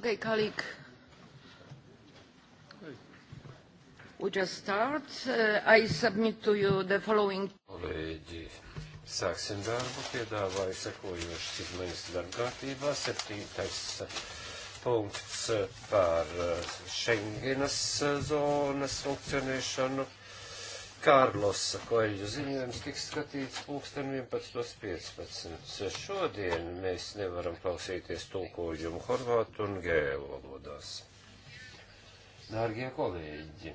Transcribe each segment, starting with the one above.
Okay, colleague. We just start. Uh, I submit to you the following. Kolēģi, sāksim darbu, piedāvāju sekojošas izmaiņas darba kārtībā. Septītais punkts par uh, Schengenas uh, zonas funkcionēšanu Kārlosa Koeļu ziņojums tiks skatīts pulksten 11.15. Šodien mēs nevaram klausīties tulkojumu horvātu un gēlu valodās. Dārgie kolēģi,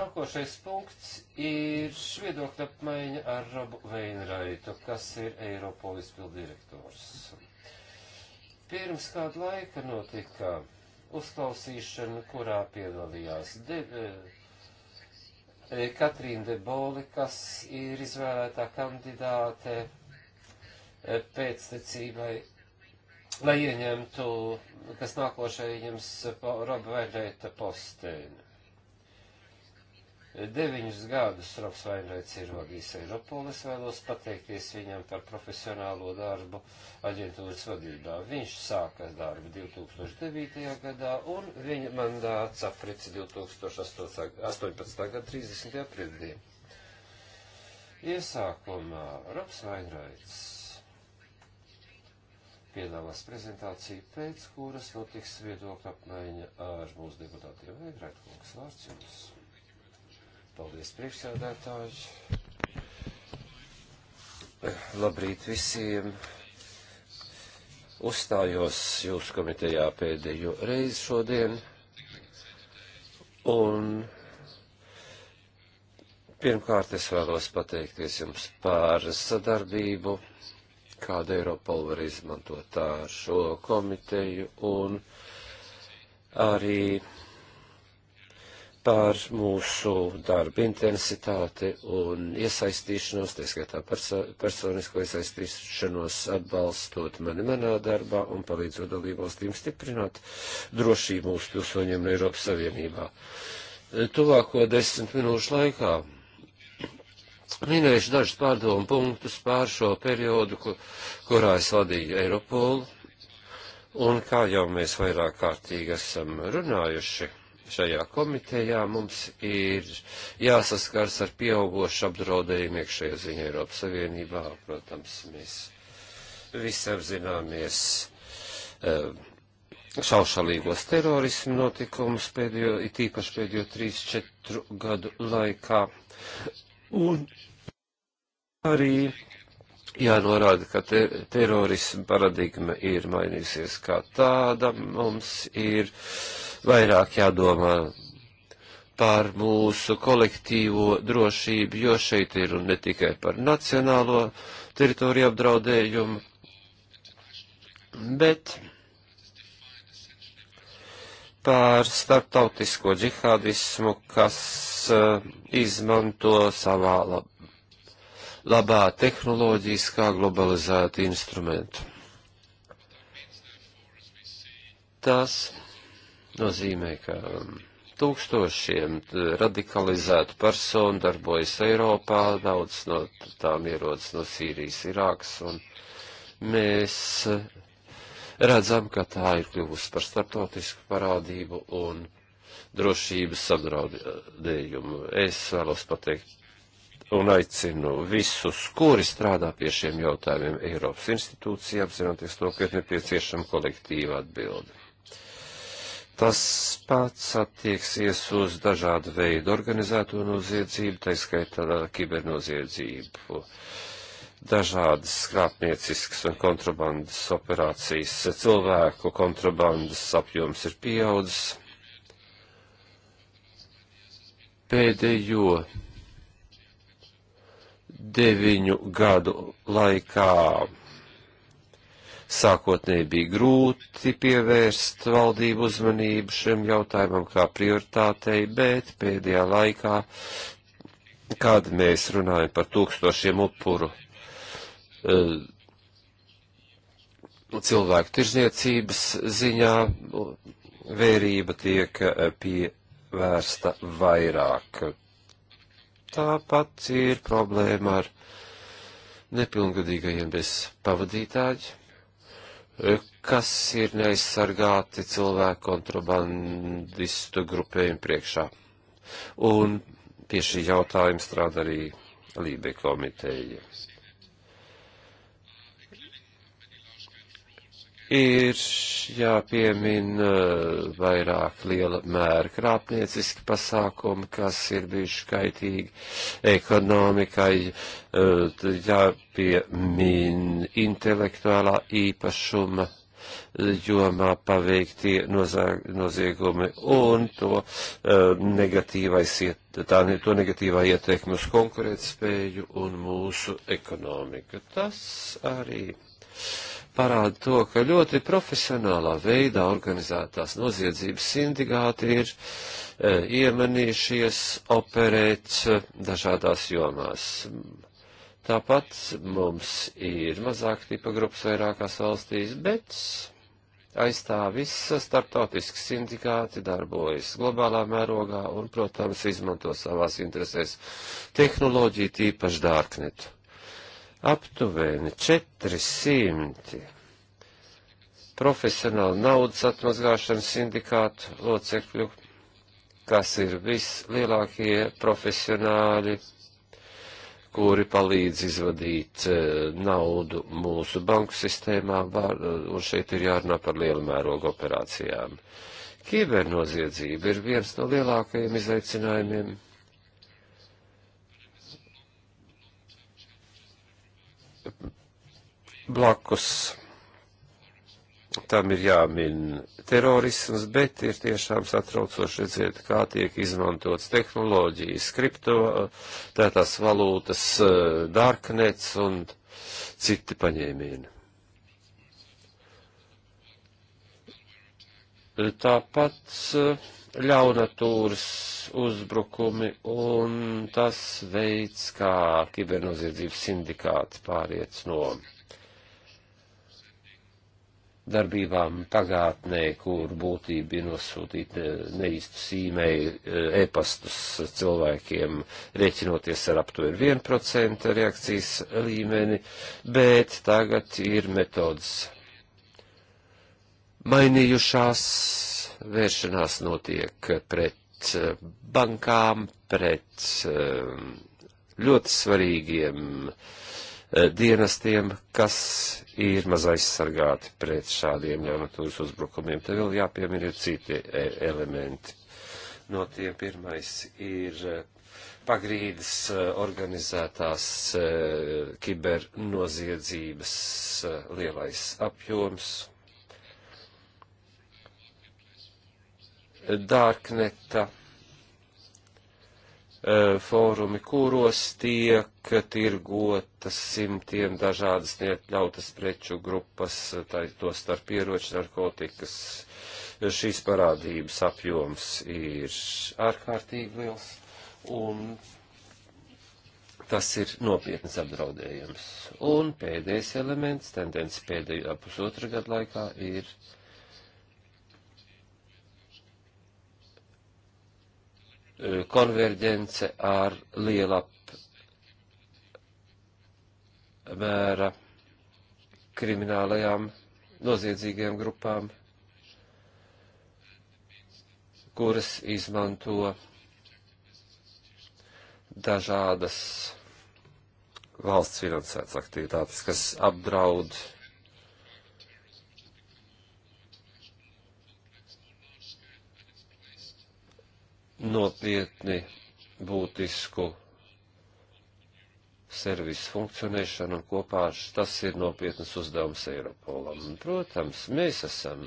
nākošais punkts ir viedokļa apmaiņa ar Robu Veinraitu, kas ir Eiropolis pildirektors. Pirms kādu laiku notika uzklausīšanu, kurā piedalījās de, eh, Katrīna Debole, kas ir izvēlētā kandidāte eh, pēctecībai, lai ieņemtu, kas nākošajai jums Roba Vērēta postēni. Deviņus gadus Robs Vainoits ir vadījis Eiropolis, vēlos pateikties viņam par profesionālo darbu aģentūras vadībā. Viņš sāka darbu 2009. gadā un viņa mandāts aprits 2018. gada 30. aprīlī. Iesākumā Robs Vainoits piedāvās prezentāciju, pēc kuras notiks viedokļa apmaiņa ar mūsu deputātiem. Vaigrēt, kungs, vārds jums. Paldies, priekšsēdētāji. Labrīt visiem. Uzstājos jūsu komitejā pēdējo reizi šodien. Un pirmkārt es vēlos pateikties jums par sadarbību, kādu Eiropa var izmantot ar šo komiteju un arī par mūsu darbu intensitāti un iesaistīšanos, tā skaitā perso personisko iesaistīšanos, atbalstot mani manā darbā un palīdzot dalībvalstīm stiprināt drošību mūsu pilsoņiem no Eiropas Savienībā. Tuvāko desmit minūšu laikā minējuši dažus pārdomu punktus pār šo periodu, kur, kurā es vadīju Eiropolu, un kā jau mēs vairāk kārtīgi esam runājuši šajā komitejā mums ir jāsaskars ar pieaugošu apdraudējumu iekšējā ziņā Eiropas Savienībā. Protams, mēs visi apzināmies eh, šaušalīgos terorismu notikumus pēdējo, it īpaši pēdējo 3-4 gadu laikā. Un arī jānorāda, ka te, terorismu paradigma ir mainīsies kā tāda. Mums ir uh, vairāk jādomā par mūsu kolektīvo drošību, jo šeit ir un ne tikai par nacionālo teritoriju apdraudējumu, bet par starptautisko džihādismu, kas uh, izmanto savā lab labā tehnoloģijas kā globalizētu instrumentu. Tas nozīmē, ka um, tūkstošiem radikalizētu personu darbojas Eiropā, daudz no tām ierodas no Sīrijas, Irākas, un mēs redzam, ka tā ir kļuvusi par startautisku parādību un drošības apdraudējumu. Es vēlos pateikt un aicinu visus, kuri strādā pie šiem jautājumiem Eiropas institūcijām, zinoties to, ka ir nepieciešama kolektīva atbildi. Tas pats attieksies uz dažādu veidu organizēto noziedzību, taiskaitā kibernoziedzību dažādas skrāpnieciskas un kontrabandas operācijas. Cilvēku kontrabandas apjoms ir pieaudzis. Pēdējo deviņu gadu laikā Sākotnēji bija grūti pievērst valdību uzmanību šim jautājumam kā prioritātei, bet pēdējā laikā, kad mēs runājam par tūkstošiem upuru, uh, cilvēku tirzniecības ziņā vērība tiek eh, pievērsta vairāk. Tāpat ir problēma ar nepilngadīgajiem bez pavadītāju kas ir neaizsargāti cilvēku kontrabandistu grupējumu priekšā. Un pie šī jautājuma strādā arī Lībe komiteja. ir jāpiemina vairāk liela mēra krāpnieciski pasākumi, kas ir bijuši kaitīgi ekonomikai, eh, jāpiemina intelektuālā īpašuma jomā paveiktie noziegumi un to eh, negatīvais, tā, to negatīvā ietekme uz konkurētspēju un mūsu ekonomiku. Tas arī parāda to, ka ļoti profesionālā veidā organizētās noziedzības sindikāti ir e, iemanījušies operēt e, dažādās jomās. Tāpat mums ir mazāk tipa grupas vairākās valstīs, bet aiz tā visa starptautiski sindikāti darbojas globālā mērogā un, protams, izmanto savās interesēs tehnoloģiju tīpaši dārknetu aptuveni 400 profesionāli naudas atmazgāšanas sindikātu locekļu, kas ir vislielākie profesionāļi, kuri palīdz izvadīt e, naudu mūsu banku sistēmā, e, un šeit ir jārunā par lielu mērogu operācijām. Kibernoziedzība ir viens no lielākajiem izaicinājumiem Blakus tam ir jāmin terorisms, bet ir tiešām satraucoši redzēt, kā tiek izmantots tehnoloģijas, kripto, tātās valūtas, darknets un citi paņēmieni. Tāpat eh, ļaunatūras uzbrukumi un tas veids, kā kibernoziedzības sindikāti pāriet no darbībām pagātnē, kur būtība ir nosūtīt eh, neīstus īmei eh, e-pastus cilvēkiem, rēķinoties ar aptuveni 1% reakcijas līmeni, bet tagad ir metodas mainījušās, vēršanās notiek pret eh, bankām, pret ļoti svarīgiem uh, Eh, dienestiem, kas ir maz aizsargāti pret šādiem ļaunatūras uzbrukumiem. Te vēl jāpiemina ir citi eh, elementi. No tiem pirmais ir eh, pagrīdes organizētās kibernoziedzības lielais apjoms. Dārkneta E, fórumi, kuros tiek tirgotas simtiem dažādas neatļautas preču grupas, tā ir to starp ieroči, narkotikas. Šīs parādības apjoms ir ārkārtīgi liels un tas ir nopietnas apdraudējums. Un pēdējais elements, tendence pēdējā pusotra gada laikā ir Eh, konverģence ar lielā mēra kriminālajām noziedzīgajām grupām, kuras izmanto dažādas valsts finansētas aktivitātes, kas apdraud nopietni būtisku servisu funkcionēšanu un kopā tas ir nopietnas uzdevums Eiropolam. Protams, mēs esam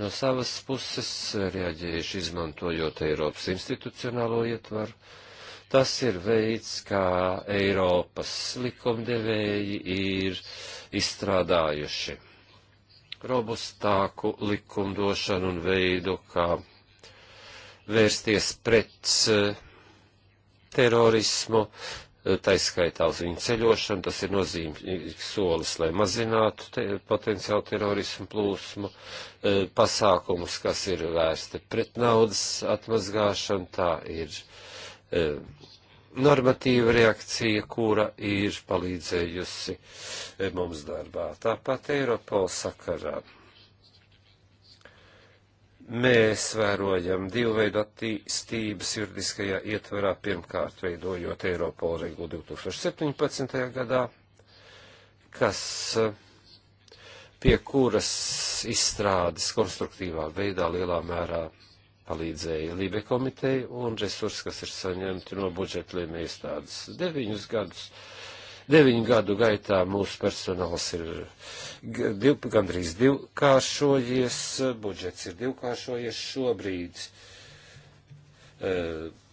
no savas puses reaģējuši izmantojot Eiropas institucionālo ietvaru. Tas ir veids, kā Eiropas likumdevēji ir izstrādājuši robustāku likumdošanu un veidu, kā vērsties pret eh, terorismu, eh, taiskaitā uz viņu ceļošanu, tas ir nozīmīgs solis, lai mazinātu te, potenciālu terorismu plūsmu, e, pasākumus, kas ir vērsti pret naudas atmazgāšanu, tā ir e, normatīva reakcija, kura ir palīdzējusi mums darbā. Tāpat Eiropola sakarā Mēs vērojam divu veidu attīstības juridiskajā ietverā, pirmkārt veidojot Eiropola regulu 2017. gadā, kas eh, pie kuras izstrādes konstruktīvā veidā lielā mērā palīdzēja Lībe komiteja un resursi, kas ir saņemti no budžeta līmeja iestādes deviņus gadus Deviņu gadu gaitā mūsu personāls ir div, gandrīz divkāršojies, budžets ir divkāršojies šobrīd. E,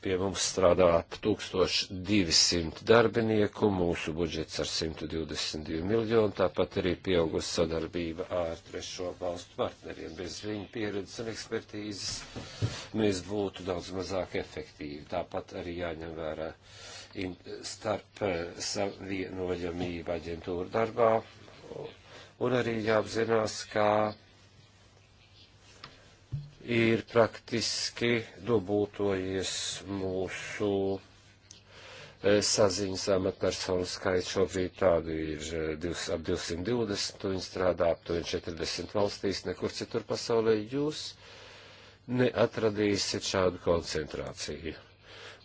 pie mums strādā ap 1200 darbinieku, mūsu budžets ar 122 miljonu, tāpat arī pieaugusi sadarbība ar trešo valstu partneriem. Bez viņu pieredzes un ekspertīzes mēs būtu daudz mazāk efektīvi. Tāpat arī jāņem vērā. Uh, starp eh, savienojamību aģentūru darbā, un arī jāapzinās, kā ir praktiski dubultojies mūsu eh, saziņas amatpersonu skaits šobrīd tādu ir eh, divs, ap 220, un viņi strādā aptuveni 40 valstīs, nekur citur pasaulē jūs neatradīsiet šādu koncentrāciju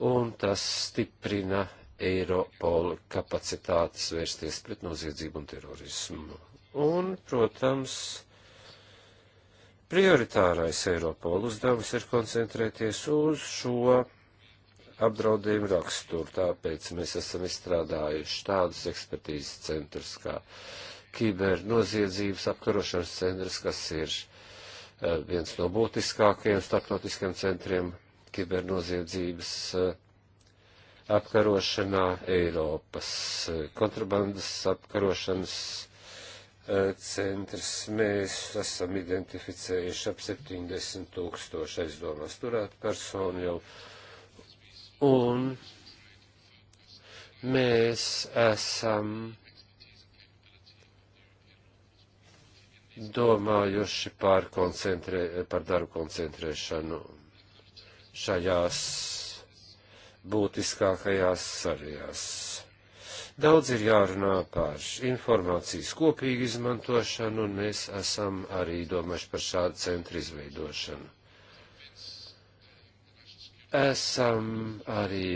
un tas stiprina Eiropola kapacitātes vērsties pret noziedzību un terorismu. Un, protams, prioritārais Eiropola uzdevums ir koncentrēties uz šo apdraudējumu raksturu, tāpēc mēs esam izstrādājuši tādus ekspertīzes centrus kā kibernoziedzības apkarošanas centrs, kas ir eh, viens no būtiskākajiem starptautiskiem centriem kibernoziedzības eh, apkarošanā Eiropas eh, kontrabandas apkarošanas eh, centrs. Mēs esam identificējuši ap 70 tūkstoši aizdomās turēt personu jau. Un mēs esam domājuši par, par darbu koncentrēšanu šajās būtiskākajās sarjās. Daudz ir jārunā par informācijas kopīgu izmantošanu, un mēs esam arī domājuši par šādu centru izveidošanu. Esam arī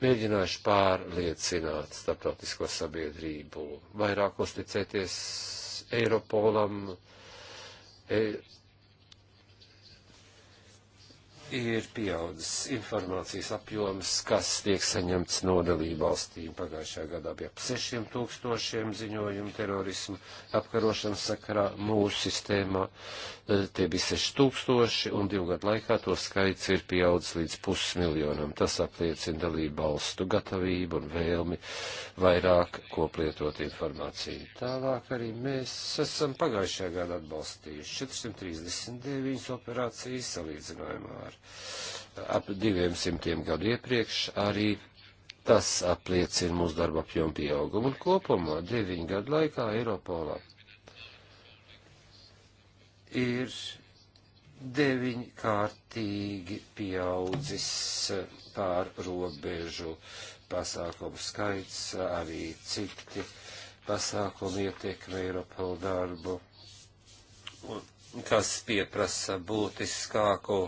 mēģinājuši pārliecināt starptautisko sabiedrību, vairāk uzticēties Eiropolam, e ir pieaudzis informācijas apjoms, kas tiek saņemts no dalību valstīm. Pagājušajā gadā bija ap 6 tūkstošiem ziņojumu terorismu apkarošanas sakarā mūsu sistēmā. Eh, tie bija 6000, un divu gadu laikā to skaits ir pieaudzis līdz pusmiljonam. Tas apliecina dalību balstu gatavību un vēlmi vairāk koplietot informāciju. Tālāk arī mēs esam pagājušajā gadā atbalstījuši 439 operācijas salīdzinājumā ar eh, ap 200 gadu iepriekš arī Tas apliecina mūsu darba apjomu pieaugumu un kopumā 9 gadu laikā Eiropolā ir deviņkārtīgi pieaudzis pār robežu pasākumu skaits, arī citi pasākumi ietekmē Eiropolu darbu, kas pieprasa būtiskāko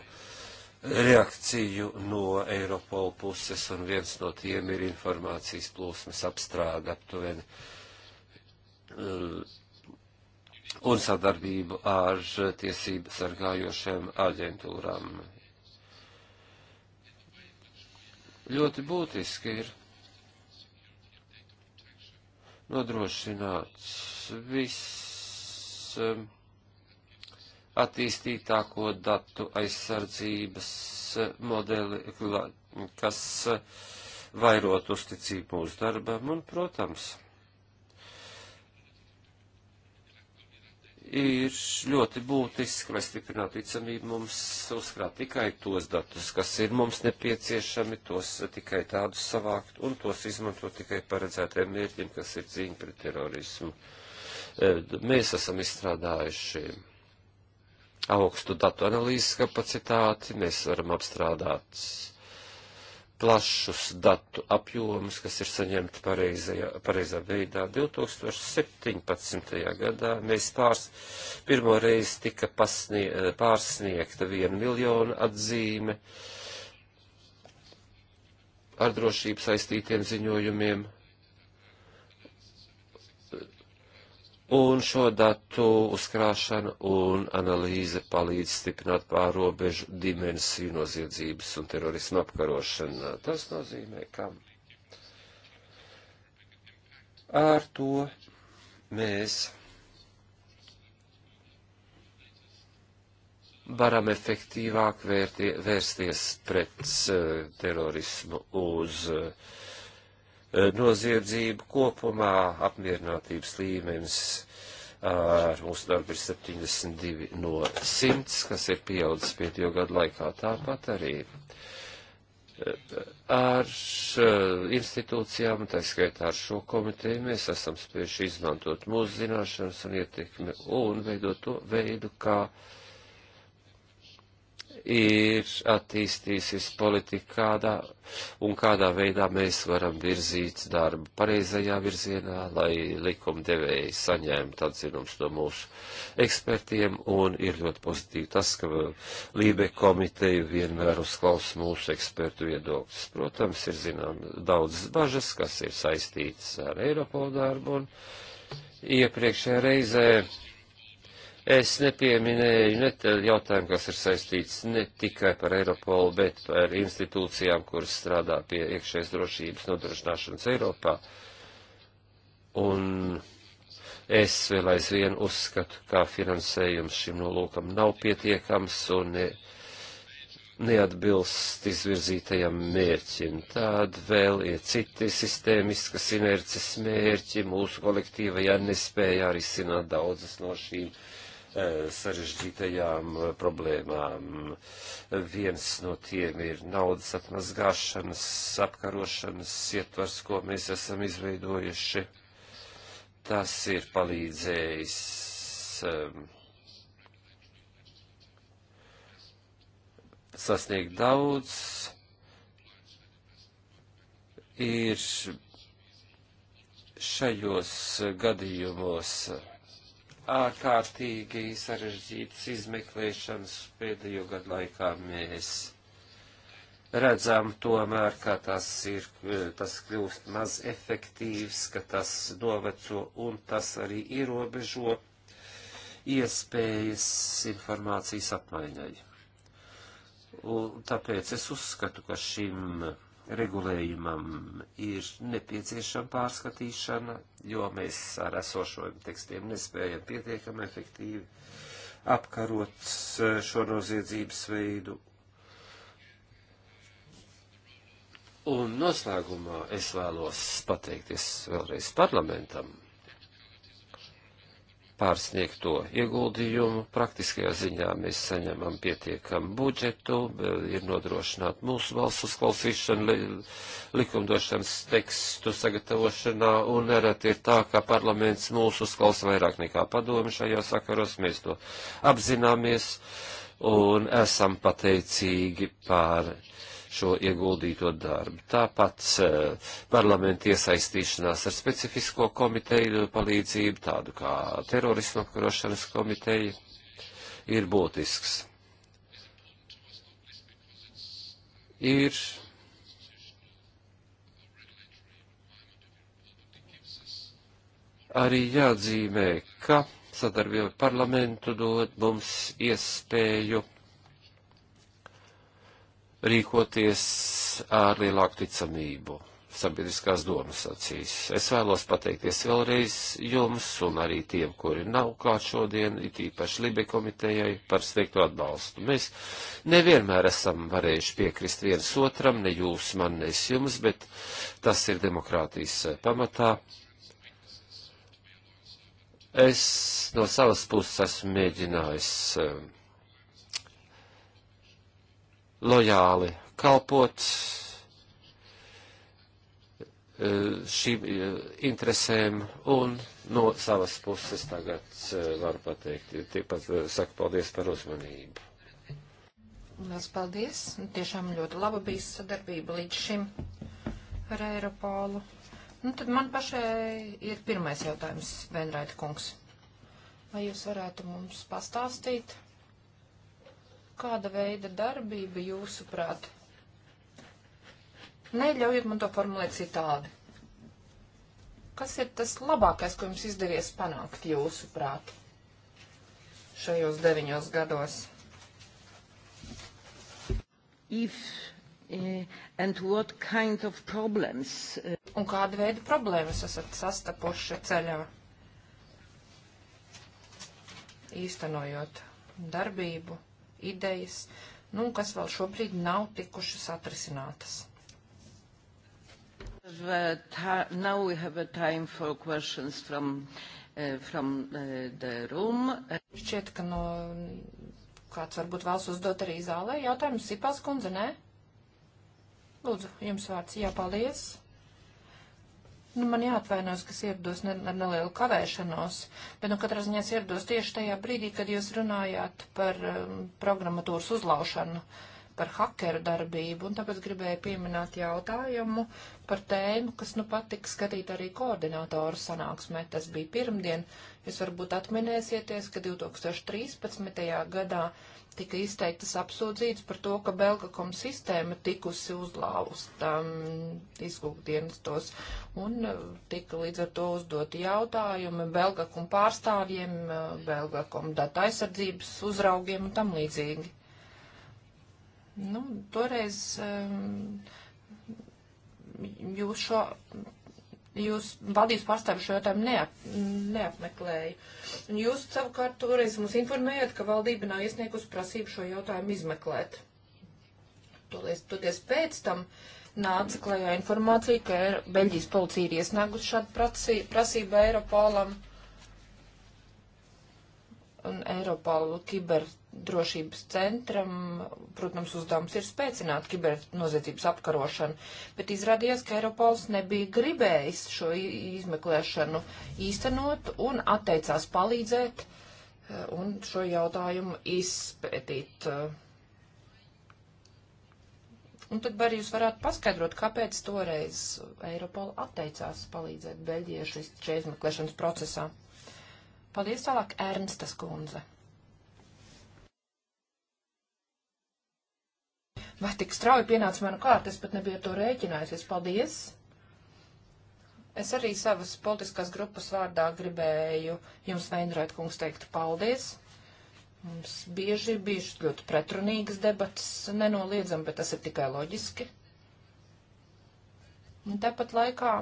reakciju no Eiropola puses, un viens no tiem ir informācijas plūsmas apstrāde aptuveni un sadarbību ar tiesību sargājošiem aģentūrām. Ļoti būtiski ir nodrošināt viss um, attīstītāko datu aizsardzības uh, modeli, kas uh, vairot uzticību mūsu darbam un, protams, ir ļoti būtiski, lai stiprinātu ticamību mums uzkrāt tikai tos datus, kas ir mums nepieciešami, tos tikai tādus savākt un tos izmantot tikai paredzētiem mērķiem, kas ir cīņa pret terorismu. E, mēs esam izstrādājuši augstu datu analīzes kapacitāti, mēs varam apstrādāt plašus datu apjomus, kas ir saņemti pareizajā, pareizā veidā. 2017. gadā mēs pārs, pirmo reizi tika pasnie, pārsniegta viena miljona atzīme ar drošību saistītiem ziņojumiem un šo datu uzkrāšana un analīze palīdz stiprināt pārobežu dimensiju noziedzības un terorisma apkarošanā. Tas nozīmē, ka ar to mēs varam efektīvāk vērtie, vērsties pret uh, terorismu uz uh, Eh, noziedzību kopumā apmierinātības līmenis ar mūsu darbu ir 72 no 100, kas ir pieaudzis pēdējo gadu laikā tāpat arī eh, ar eh, institūcijām, tā skaitā ar šo komiteju, mēs esam spējuši izmantot mūsu zināšanas un ietekmi un veidot to veidu, kā uh, ir attīstīsies politika, kādā un kādā veidā mēs varam virzīt darbu pareizajā virzienā, lai likumdevēji saņēmtu atzinums no mūsu ekspertiem, un ir ļoti pozitīvi tas, ka Lībe komiteja vienmēr uzklausa mūsu ekspertu viedokļus. Protams, ir zinām daudzas bažas, kas ir saistītas ar Eiropola darbu, un iepriekšējā reizē Es nepieminēju ne jautājumu, kas ir saistīts ne tikai par Eiropolu, bet par institūcijām, kuras strādā pie iekšējas drošības nodrošināšanas Eiropā. Un es vēl aizvien uzskatu, ka finansējums šim nolūkam nav pietiekams un ne, neatbilst izvirzītajam mērķim. Tād vēl ir citi sistēmiskas inerces mērķi mūsu kolektīvajā nespējā risināt daudzas no šīm E, sarežģītajām e, problēmām. E, viens no tiem ir naudas atmazgāšanas, apkarošanas ietvars, ko mēs esam izveidojuši. Tas ir palīdzējis um, sasniegt daudz. Ir šajos gadījumos uh, ārkārtīgi sarežģītas izmeklēšanas pēdējo gadu laikā mēs redzam tomēr, ka tas ir, tas kļūst maz efektīvs, ka tas noveco un tas arī ierobežo iespējas informācijas apmaiņai. Un tāpēc es uzskatu, ka šim regulējumam ir nepieciešama pārskatīšana, jo mēs ar esošajiem tekstiem nespējam pietiekami efektīvi apkarot eh, šo noziedzības veidu. Un noslēgumā es vēlos pateikties vēlreiz parlamentam pārsniegto ieguldījumu. Praktiskajā ziņā mēs saņemam pietiekamu budžetu, ir nodrošināta mūsu valsts uzklausīšana, li, likumdošanas tekstu sagatavošanā, un nereti ir tā, ka parlaments mūsu uzklausa vairāk nekā padomi šajā sakaros, mēs to apzināmies un esam pateicīgi par šo ieguldīto darbu. Tāpat eh, parlamenta iesaistīšanās ar specifisko komiteju palīdzību, tādu kā terorisma apkarošanas komiteja, ir būtisks. Ir arī jāatzīmē, ka sadarbība ar parlamentu dod mums iespēju rīkoties ar lielāku ticamību sabiedriskās domas acīs. Es vēlos pateikties vēlreiz jums un arī tiem, kuri nav klāt šodien, it īpaši Libe komitejai, par sniegto atbalstu. Mēs nevienmēr esam varējuši piekrist viens otram, ne jūs man, ne es jums, bet tas ir demokrātijas eh, pamatā. Es no savas puses esmu mēģinājis eh, lojāli kalpot eh, šīm eh, interesēm un no savas puses tagad eh, varu pateikt, tikpat saku paldies par uzmanību. Lielas paldies. Tiešām ļoti laba bija sadarbība līdz šim ar Eiropolu. Nu, tad man pašai ir pirmais jautājums, Venraita kungs. Vai jūs varētu mums pastāstīt kāda veida darbība jūsuprāt? Neļaujiet man to formulēt citādi. Kas ir tas labākais, ko jums izdevies panākt jūsuprāt šajos deviņos gados? If, uh, and what kind of problems? Uh... Un kāda veida problēmas esat sastapuši ceļā? īstenojot darbību idejas, nu, kas vēl šobrīd nav tikušas atrisinātas. Now we have a time for questions from, uh, from uh, the room. Šķiet, ka no kāds varbūt vēlas uzdot arī zālē jautājumu. Sipās kundze, nē? Lūdzu, jums vārds jāpaldies. Nu, man jāatvainojas, kas ierados ne, ar nelielu kavēšanos, bet nu katrā ziņā es ierados tieši tajā brīdī, kad jūs runājāt par um, programmatūras uzlaušanu. Uh, par hakeru darbību, un tāpēc gribēju pieminēt jautājumu par tēmu, kas nu patika skatīt arī koordinātoru sanāksmē. Tas bija pirmdien. Jūs varbūt atminēsieties, ka 2013. gadā tika izteiktas apsūdzības par to, ka Belgakom sistēma tikusi uzlausta um, izlūkdienestos, un uh, tika līdz ar to uzdoti jautājumi Belgakom pārstāvjiem, uh, Belgakom data aizsardzības uzraugiem un tam līdzīgi. Nu, toreiz ehm, jūs šo, jūs valdības pārstāvi šo jautājumu neap, neapmeklēja. Jūs savukārt toreiz mums informējat, ka valdība nav iesniegusi prasību šo jautājumu izmeklēt. Toties pēc tam nāca klajā informācija, ka Beļģijas policija ir iesniegusi šādu prasību Eiropolam un Eiropalu kiberdrošības centram, protams, uzdevums ir spēcināt kibernoziedzības apkarošanu, bet izrādījās, ka Eiropals nebija gribējis šo izmeklēšanu īstenot un atteicās palīdzēt eh, un šo jautājumu izpētīt. Un tad arī jūs varētu paskaidrot, kāpēc toreiz Eiropola atteicās palīdzēt Beļģiešu izmeklēšanas procesā. Paldies tālāk Ernstas kundze. Vai tik strauji pienāca mana kārta, es pat nebiju to rēķinājusies. Paldies! Es arī savas politiskās grupas vārdā gribēju jums, Veinrēt kungs, teikt paldies. Mums bieži ir bijušas ļoti pretrunīgas debatas, nenoliedzam, bet tas ir tikai loģiski. Un tāpat laikā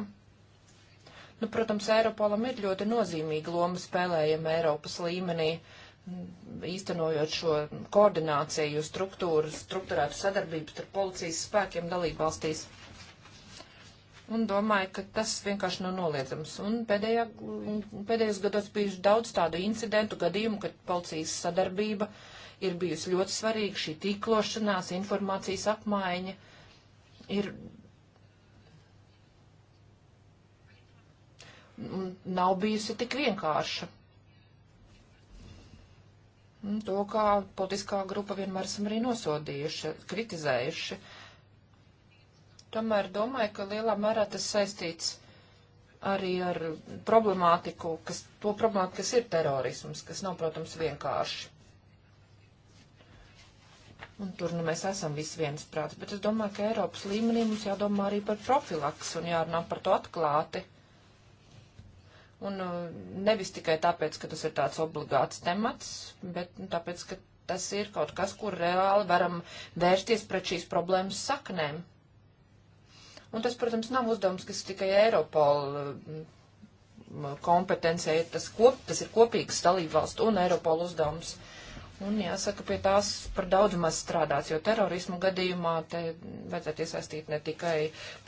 Nu, protams, Eiropolam ir ļoti nozīmīga loma spēlējama Eiropas līmenī, īstenojot šo koordināciju, struktūru, struktūrētu sadarbību starp policijas spēkiem dalībvalstīs. Un domāju, ka tas vienkārši nav noliedzams. Un pēdējā, pēdējos gados bijuši daudz tādu incidentu gadījumu, kad policijas sadarbība ir bijusi ļoti svarīga, šī tīklošanās, informācijas apmaiņa ir nav bijusi tik vienkārša. To, kā politiskā grupa vienmēr esam arī nosodījuši, kritizējuši. Tomēr domāju, ka lielā mērā tas saistīts arī ar problemātiku, kas, to problemātiku, kas ir terorisms, kas nav, protams, vienkārši. Un tur nu mēs esam visi viens prāts, bet es domāju, ka Eiropas līmenī mums jādomā arī par profilaks un jārunā par to atklāti. Un uh, nevis tikai tāpēc, ka tas ir tāds obligāts temats, bet nu, tāpēc, ka tas ir kaut kas, kur reāli varam vērsties pret šīs problēmas saknēm. Un tas, protams, nav uzdevums, kas tikai Eiropola uh, kompetencija, tas, kop, tas ir kopīgs dalībvalstu un Eiropola uzdevums. Uh, Un jāsaka, pie tās par daudz maz strādāts, jo terorismu gadījumā te vajadzētu iesaistīt ne tikai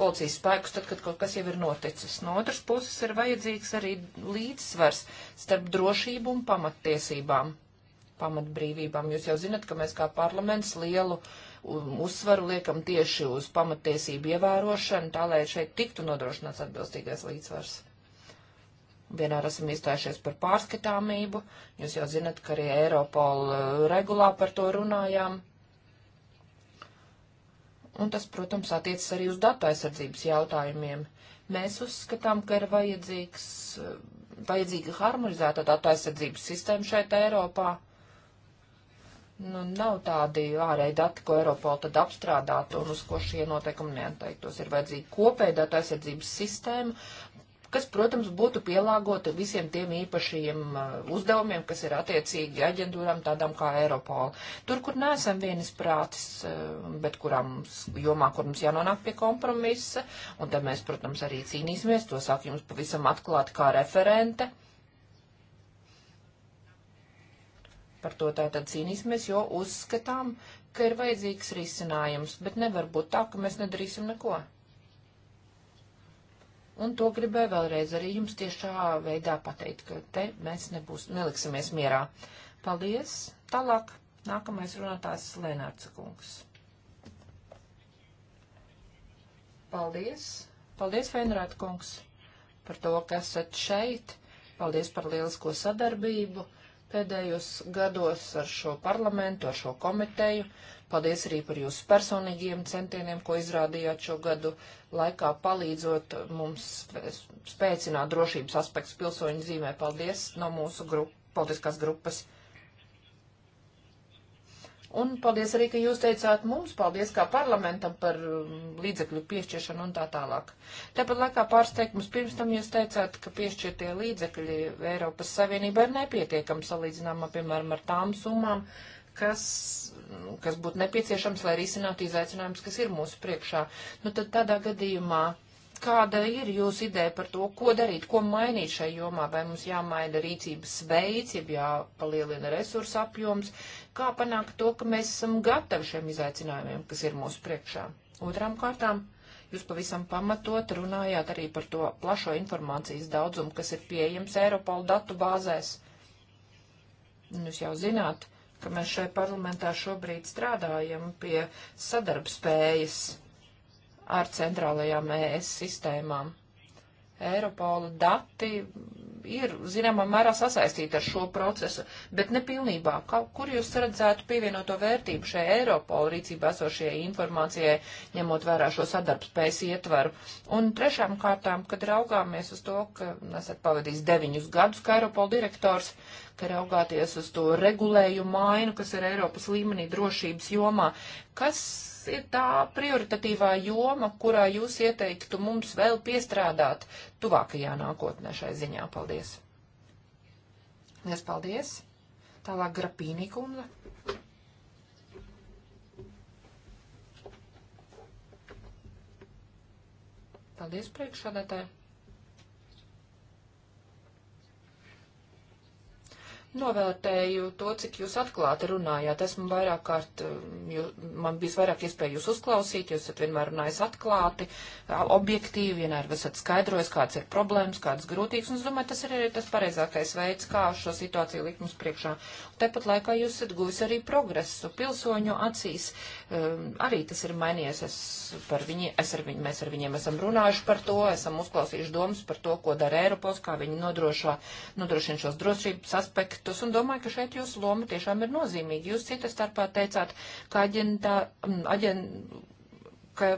policijas spēkus, tad, kad kaut kas jau ir noticis. No otras puses ir vajadzīgs arī līdzsvars starp drošību un pamattiesībām, pamatbrīvībām. Jūs jau zinat, ka mēs kā parlaments lielu uzsvaru liekam tieši uz pamattiesību ievērošanu, tā lai šeit tiktu nodrošināts atbilstīgais līdzsvars. Vienmēr esam iestājušies par pārskatāmību. Jūs jau zinat, ka arī Eiropola eh, regulā par to runājām. Un tas, protams, attiecas arī uz datu aizsardzības jautājumiem. Mēs uzskatām, ka ir vajadzīgs, eh, vajadzīga harmonizēta datu aizsardzības sistēma šeit Eiropā. Nu, nav tādi ārēji dati, ko Eiropola tad apstrādātu un uz ko šie noteikumi neatteiktos. Ir vajadzīga kopēja datu aizsardzības sistēma, kas, protams, būtu pielāgota visiem tiem īpašajiem uh, uzdevumiem, kas ir attiecīgi aģentūram tādām kā Eiropola. Tur, kur neesam vienis prātis, uh, bet kurām jomā, kur mums jānonāk pie kompromisa, un tad mēs, protams, arī cīnīsimies, to saku jums pavisam atklāti kā referente. Par to tātad cīnīsimies, jo uzskatām, ka ir vajadzīgs risinājums, bet nevar būt tā, ka mēs nedarīsim neko. Un to gribēju vēlreiz arī jums tiešā veidā pateikt, ka te mēs nebūs, neliksimies mierā. Paldies! Tālāk nākamais runātājs Lenārds Kungs. Paldies! Paldies, Fenrāt Kungs, par to, ka esat šeit. Paldies par lielisko sadarbību pēdējos gados ar šo parlamentu, ar šo komiteju. Paldies arī par jūsu personīgiem centieniem, ko izrādījāt šo gadu laikā, palīdzot mums spēcināt drošības aspektus pilsoņu dzīvē. Paldies no mūsu grup, politiskās grupas. Un paldies arī, ka jūs teicāt mums, paldies kā parlamentam par um, līdzekļu piešķiršanu un tā tālāk. Tāpat laikā pārsteigums pirms tam jūs teicāt, ka piešķirtie līdzekļi Eiropas Savienībai ir nepietiekami salīdzināmā, piemēram, ar tām summām, kas, nu, kas būtu nepieciešams, lai risinātu izaicinājumus, kas ir mūsu priekšā. Nu, tad tādā gadījumā kāda ir jūsu ideja par to, ko darīt, ko mainīt šai jomā, vai mums jāmaina rīcības veids, ja jāpalielina resursu apjoms, kā panākt to, ka mēs esam gatavi šiem izaicinājumiem, kas ir mūsu priekšā. Otrām kārtām, jūs pavisam pamatot runājāt arī par to plašo informācijas daudzumu, kas ir pieejams Eiropola datu bāzēs. Jūs jau zināt, ka mēs šai parlamentā šobrīd strādājam pie sadarbspējas ar centrālajām ES sistēmām. Eiropola dati ir, zināmā mērā, sasaistīta ar šo procesu, bet ne pilnībā. Kā, kur jūs redzētu pievienoto vērtību šai Eiropola rīcībā esošajai informācijai, ņemot vērā šo sadarbspējas ietvaru? Un trešām kārtām, kad raugāmies uz to, ka esat pavadījis deviņus gadus kā Eiropola direktors, ka raugāties uz to regulējumu mainu, kas ir Eiropas līmenī drošības jomā, kas ir tā prioritatīvā joma, kurā jūs ieteiktu mums vēl piestrādāt tuvākajā nākotnē šai ziņā? Paldies! Lies paldies! Tālāk Grapīnī kundze. Paldies priekšādātāji! novērtēju to, cik jūs atklāti runājāt. Esmu vairāk kārt, um, jū, man bijis vairāk iespēju jūs uzklausīt, jūs esat vienmēr runājis atklāti, objektīvi, vienmēr esat skaidrojis, kāds ir problēmas, kādas grūtības, un es domāju, tas ir arī tas pareizākais veids, kā šo situāciju likt mums priekšā. Tāpat laikā jūs esat guvis arī progresu pilsoņu acīs, um, arī tas ir mainījies, es par viņi, es ar viņi, mēs ar viņiem esam runājuši par to, esam uzklausījuši domas par to, ko dara Eiropos, kā viņi nodrošā, nodrošina šos drošības aspektus aspektus, un domāju, ka šeit jūsu loma tiešām ir nozīmīga. Jūs cita starpā teicāt, ka aģentā, mm, aģen, ka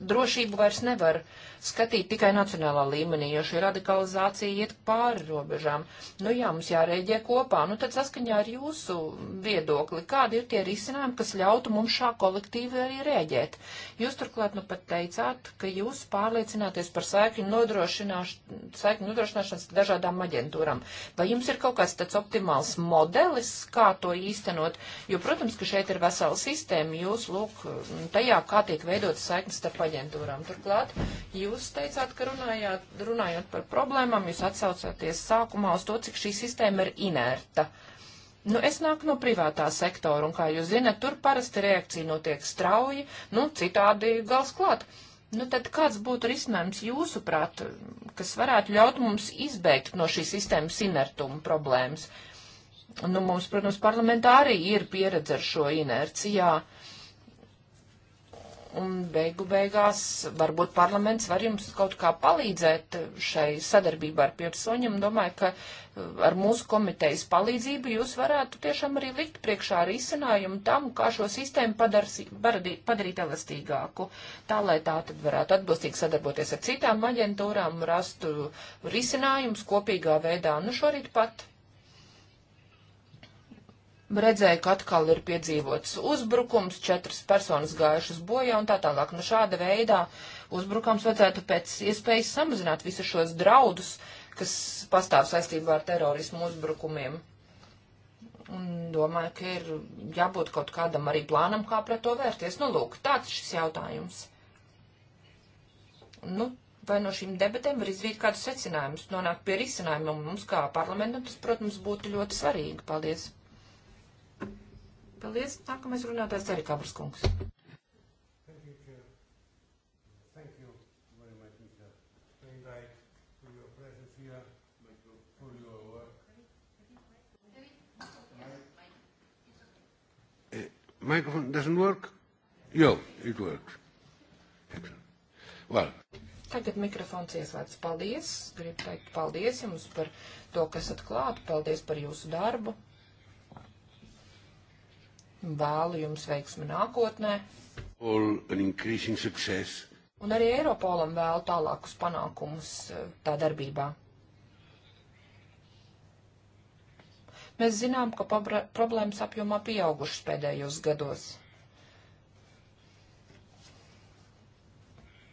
drošību vairs nevar uh, skatīt tikai nacionālā līmenī, jo šī radikalizācija iet pāri robežām. Nu jā, mums jārēģē kopā. Nu tad saskaņā ar jūsu viedokli, kādi ir tie risinājumi, kas ļautu mums šā kolektīvi arī rēģēt? Jūs turklāt nu pat teicāt, ka jūs pārliecināties par saikļu, nodrošināš, saikļu nodrošināšanas dažādām aģentūram. Vai jums ir kaut kāds tāds optimāls modelis, kā to īstenot? Jo, protams, ka šeit ir vesela sistēma. Jūs, lūk, tajā, kā tiek veidotas saiknes starp aģentūrām. Turklāt, jūs jūs teicāt, ka runājāt, runājot par problēmām, jūs atsaucāties sākumā uz to, cik šī sistēma ir inerta. Nu, es nāku no privātā sektora, un, kā jūs zinat, tur parasti reakcija notiek strauji, nu, citādi gals klāt. Nu, tad kāds būtu risinājums jūsuprāt, kas varētu ļaut mums izbeigt no šīs sistēmas inertuma problēmas? Nu, mums, protams, parlamentā arī ir pieredze ar šo inerciju un beigu beigās varbūt parlaments var jums kaut kā palīdzēt šai sadarbībā ar pilsoņiem. Domāju, ka eh, ar mūsu komitejas palīdzību jūs varētu tiešām arī likt priekšā risinājumu tam, kā šo sistēmu padars, paradī, padarīt elastīgāku, tā lai tā tad varētu atbilstīgi sadarboties ar citām aģentūrām, rastu risinājumus kopīgā veidā. Nu, šorīt pat redzēju, ka atkal ir piedzīvots uzbrukums, četras personas gājušas bojā un tā tālāk. Nu, šāda veidā uzbrukums vajadzētu pēc iespējas samazināt visus šos draudus, kas pastāv saistībā ar terorismu uzbrukumiem. Un domāju, ka ir jābūt kaut kādam arī plānam, kā pret to vērties. Nu, lūk, tāds šis jautājums. Nu, vai no šīm debatēm var izvīt kādus secinājumus, nonākt pie risinājuma mums kā parlamentam, tas, protams, būtu ļoti svarīgi. Paldies! Paldies. Nākamais runātājs arī Kabras kungs. Microphone doesn't work? Jo, it works. Excellent. Well. Tagad mikrofons ieslēdz. Paldies. Gribu teikt paldies jums par to, kas atklāt. Paldies par jūsu darbu. Vēlu jums veiksmi nākotnē. Un arī Eiropolam vēl tālākus panākumus eh, tā darbībā. Mēs zinām, ka problēmas apjomā pieaugušas pēdējos gados.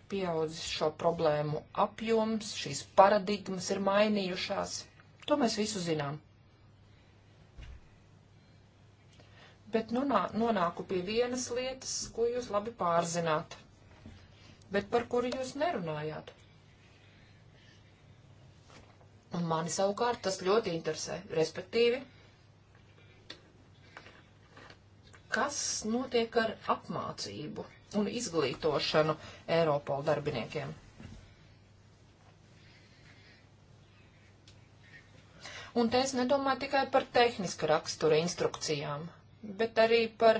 Pieaudzis šo problēmu apjoms, šīs paradigmas ir mainījušās. To mēs visu zinām. bet nu, nonāku pie vienas lietas, ko jūs labi pārzināt, bet par kuru jūs nerunājāt. Un mani savukārt tas ļoti interesē, respektīvi, kas notiek ar apmācību un izglītošanu Eiropola darbiniekiem. Un te es nedomāju tikai par tehniska rakstura instrukcijām, bet arī par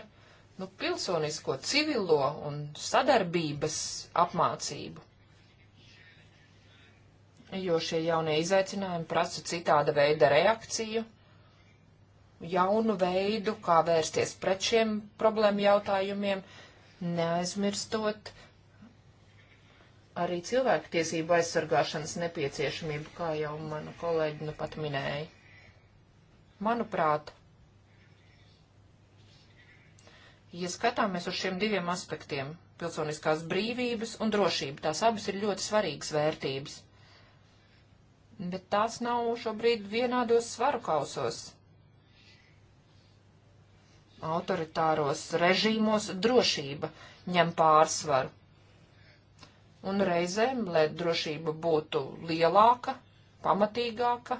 nu, pilsonisko, civilo un sadarbības apmācību. Jo šie jaunie izaicinājumi prasa citāda veida reakciju, jaunu veidu, kā vērsties pret šiem problēmu jautājumiem, neaizmirstot arī cilvēktiesību aizsargāšanas nepieciešamību, kā jau mana kolēģi nu pat minēja. Manuprāt, Ja skatāmies uz šiem diviem aspektiem - pilsoniskās brīvības un drošība, tās abas ir ļoti svarīgas vērtības. Bet tās nav šobrīd vienādos svaru kausos. Autoritāros režīmos drošība ņem pārsvaru. Un reizēm, lai drošība būtu lielāka, pamatīgāka,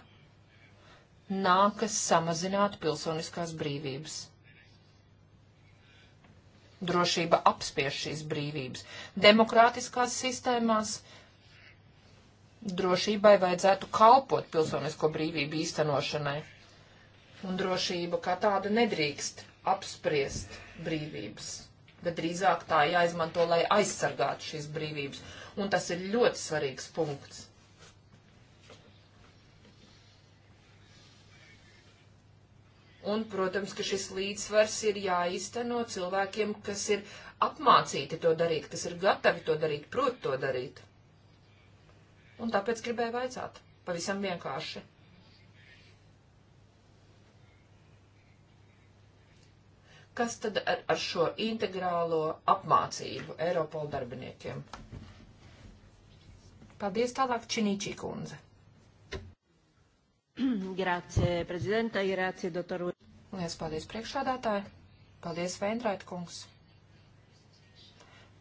nākas samazināt pilsoniskās brīvības drošība apspiež šīs brīvības. Demokrātiskās sistēmās drošībai vajadzētu kalpot pilsonisko brīvību īstenošanai. Un drošība kā tāda nedrīkst apspriest brīvības, bet drīzāk tā jāizmanto, lai aizsargātu šīs brīvības. Un tas ir ļoti svarīgs punkts. Un, protams, ka šis līdzsvars ir jāīsteno cilvēkiem, kas ir apmācīti to darīt, kas ir gatavi to darīt, prot to darīt. Un tāpēc gribēju vaicāt. Pavisam vienkārši. Kas tad ar, ar šo integrālo apmācību Eiropola darbiniekiem? Paldies tālāk Činīčī kundze. Grācie prezidenta, grācie doktoru. Lielas paldies priekšādātāji. Paldies, Veindrait kungs.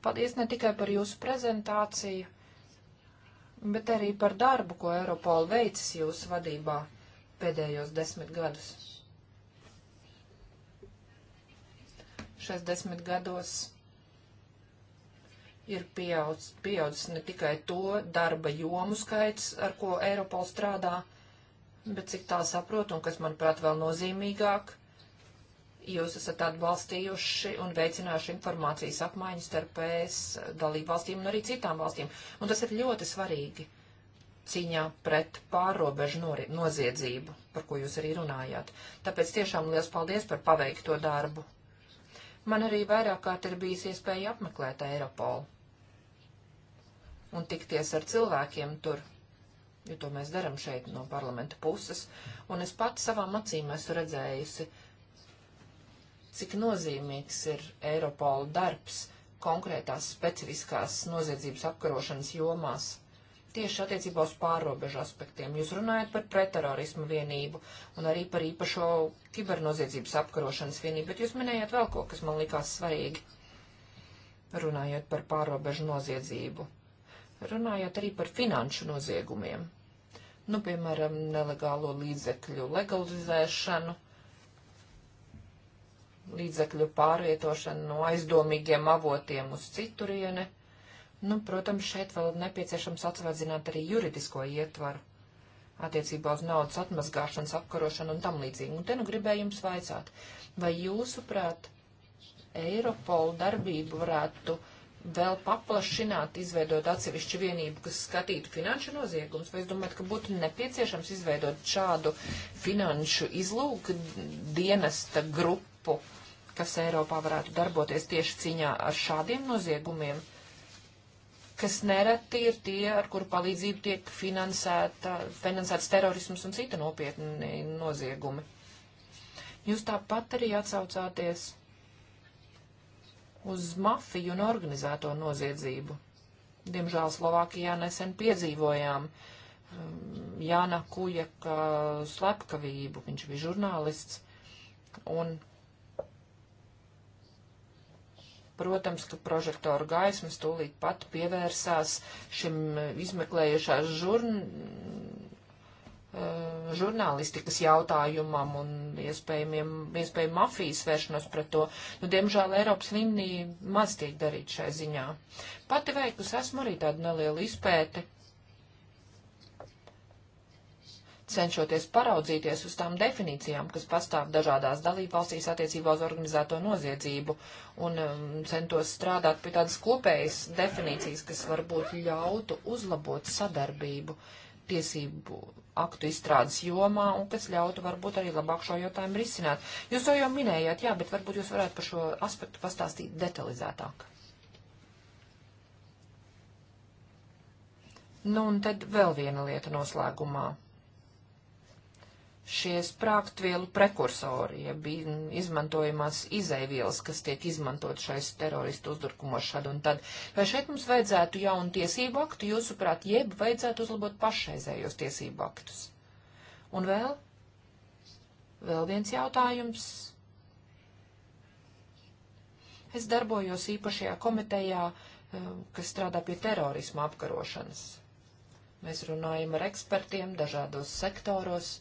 Paldies ne tikai par jūsu prezentāciju, bet arī par darbu, ko Eiropola veicis jūsu vadībā pēdējos desmit gadus. Šais desmit gados ir pieaudzis pieaudz ne tikai to darba jomu skaits, ar ko Eiropola strādā, bet cik tā saprotu, un kas, manuprāt, vēl nozīmīgāk, jūs esat atbalstījuši un veicinājuši informācijas apmaiņu starp ES dalību valstīm un arī citām valstīm. Un tas ir ļoti svarīgi cīņā pret pārrobežu no, noziedzību, par ko jūs arī runājāt. Tāpēc tiešām liels paldies par paveikto darbu. Man arī vairāk kārt ir bijis iespēja apmeklēt Eiropolu un tikties ar cilvēkiem tur, jo to mēs daram šeit no parlamenta puses, un es pats savām acīm esmu redzējusi, cik nozīmīgs ir Eiropola darbs konkrētās specifiskās noziedzības apkarošanas jomās. Tieši attiecībā uz pārobežu aspektiem. Jūs runājat par pretterorismu vienību un arī par īpašo kibernoziedzības apkarošanas vienību, bet jūs minējat vēl ko, kas man likās svarīgi, runājot par pārobežu noziedzību runājot arī par finanšu noziegumiem nu, piemēram, nelegālo līdzekļu legalizēšanu, līdzekļu pārvietošanu no aizdomīgiem avotiem uz citurieni. Nu, protams, šeit vēl nepieciešams atsvādzināt arī juridisko ietvaru attiecībā uz naudas atmazgāšanas apkarošanu un tam līdzīgi. Un te nu gribēju jums vaicāt, vai jūsuprāt, Eiropola darbību varētu uh, vēl paplašināt, izveidot atsevišķu vienību, kas skatītu finanšu noziegumus, vai es domāju, ka būtu nepieciešams izveidot šādu finanšu izlūku dienesta grupu, kas Eiropā varētu darboties tieši ciņā ar šādiem noziegumiem, kas nereti ir tie, ar kuru palīdzību tiek finansēta, finansēts terorisms un cita nopietni noziegumi. Jūs tāpat arī atsaucāties uz mafiju un organizēto noziedzību. Diemžēl Slovākijā nesen piedzīvojām um, Jāna Kujaka slepkavību. Viņš bija žurnālists. Un, protams, ka prožektoru gaismas tūlīt pat pievērsās šim izmeklējušās žurn Eh, žurnālistikas jautājumam un iespējamiem, iespējami mafijas vēršanos pret to. Nu, diemžēl Eiropas līmenī maz tiek darīt šai ziņā. Pati veikusi esmu arī tādu nelielu izpēti, cenšoties paraudzīties uz tām definīcijām, kas pastāv dažādās dalībvalstīs attiecībā uz organizēto noziedzību, un um, centos strādāt pie tādas kopējas definīcijas, kas varbūt ļautu uzlabot sadarbību. Uh, tiesību aktu izstrādes jomā un kas ļautu varbūt arī labāk šo jautājumu risināt. Jūs to jau minējāt, jā, bet varbūt jūs varētu par šo aspektu pastāstīt detalizētāk. Nu, un tad vēl viena lieta noslēgumā šie sprāktvielu prekursori, ja bija izmantojamās izēvielas, kas tiek izmantot šais teroristu uzbrukumos šad un tad. Vai šeit mums vajadzētu jaunu tiesību aktu, jūsuprāt, jeb vajadzētu uzlabot pašreizējos tiesību aktus? Un vēl? Vēl viens jautājums. Es darbojos īpašajā komitejā, eh, kas strādā pie terorisma apkarošanas. Mēs runājam ar ekspertiem dažādos sektoros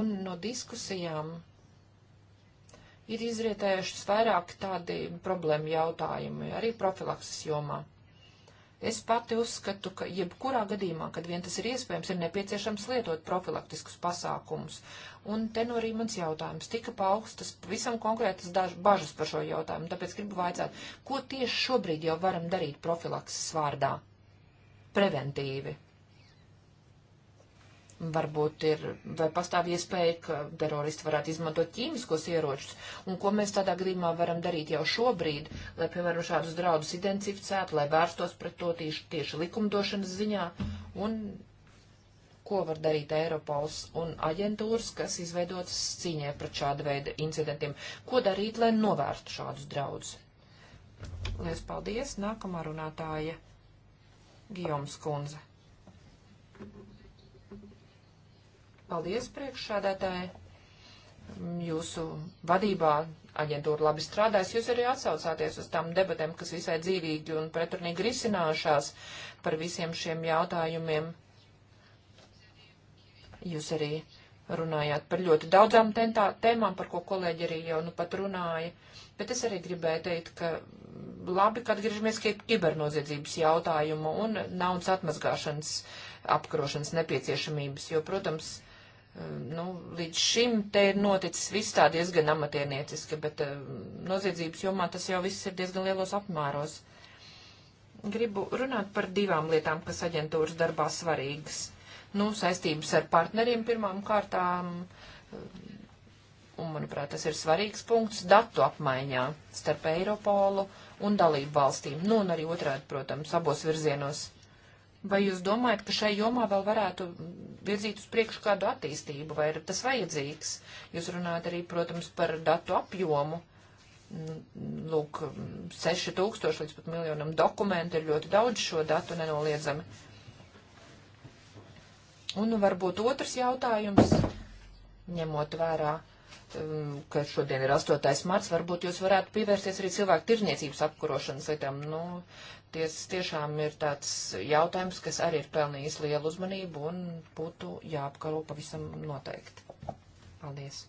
un no diskusijām ir izrietējušas vairāk tādi problēma jautājumi, arī profilakses jomā. Es pati uzskatu, ka jebkurā gadījumā, kad vien tas ir iespējams, ir nepieciešams lietot profilaktiskus pasākumus. Un te no nu arī mans jautājums tika paaugstas visam konkrētas daž, bažas par šo jautājumu, tāpēc gribu vaicāt, ko tieši šobrīd jau varam darīt profilakses vārdā? Preventīvi. Varbūt ir, vai pastāv iespēja, ka teroristi varētu izmantot ķīmiskos ieročus, un ko mēs tādā gadījumā varam darīt jau šobrīd, lai, piemēram, šādus draudus identificētu, lai vērstos pret to tieši, tieši likumdošanas ziņā, un ko var darīt Eiropols un aģentūras, kas izveidotas cīņai pret šādu veidu incidentiem. Ko darīt, lai novērstu šādus draudus? Lielas paldies! Nākamā runātāja Gijoms Kunze. Paldies, priekšsādētāji. Jūsu vadībā aģentūra labi strādājas. Jūs arī atsaucāties uz tām debatēm, kas visai dzīvīgi un pretrunīgi risinājušās par visiem šiem jautājumiem. Jūs arī runājāt par ļoti daudzām tentā, tēmām, par ko kolēģi arī jau nu pat runāja. Bet es arī gribēju teikt, ka labi, kad griežamies pie kibernoziedzības jautājumu un naudas atmazgāšanas apkarošanas nepieciešamības, jo, protams, uh, Ehm, nu, līdz šim te ir noticis viss tā diezgan amatienieciski, bet ehm, noziedzības jomā tas jau viss ir diezgan lielos apmēros. Gribu runāt par divām lietām, kas aģentūras darbā svarīgas. Nu, saistības ar partneriem pirmām kārtām, ehm, un, manuprāt, tas ir svarīgs punkts, datu apmaiņā starp Eiropolu un dalību valstīm. Nu, un arī otrādi, protams, abos virzienos Vai jūs domājat, ka šai jomā vēl varētu virzīt uz priekšu kādu attīstību, vai ir tas vajadzīgs? Jūs runājat arī, protams, par datu apjomu. Nu, lūk, 6000 līdz pat miljonam dokumentu ir ļoti daudz šo datu nenoliedzami. Un nu, varbūt otrs jautājums, ņemot vērā um, ka šodien ir 8. marts, varbūt jūs varētu pievērsties arī cilvēku tirniecības apkurošanas lietām. Nu, tas tiešām ir tāds jautājums, kas arī ir pelnījis lielu uzmanību un būtu jāapkaro pavisam noteikti. Paldies!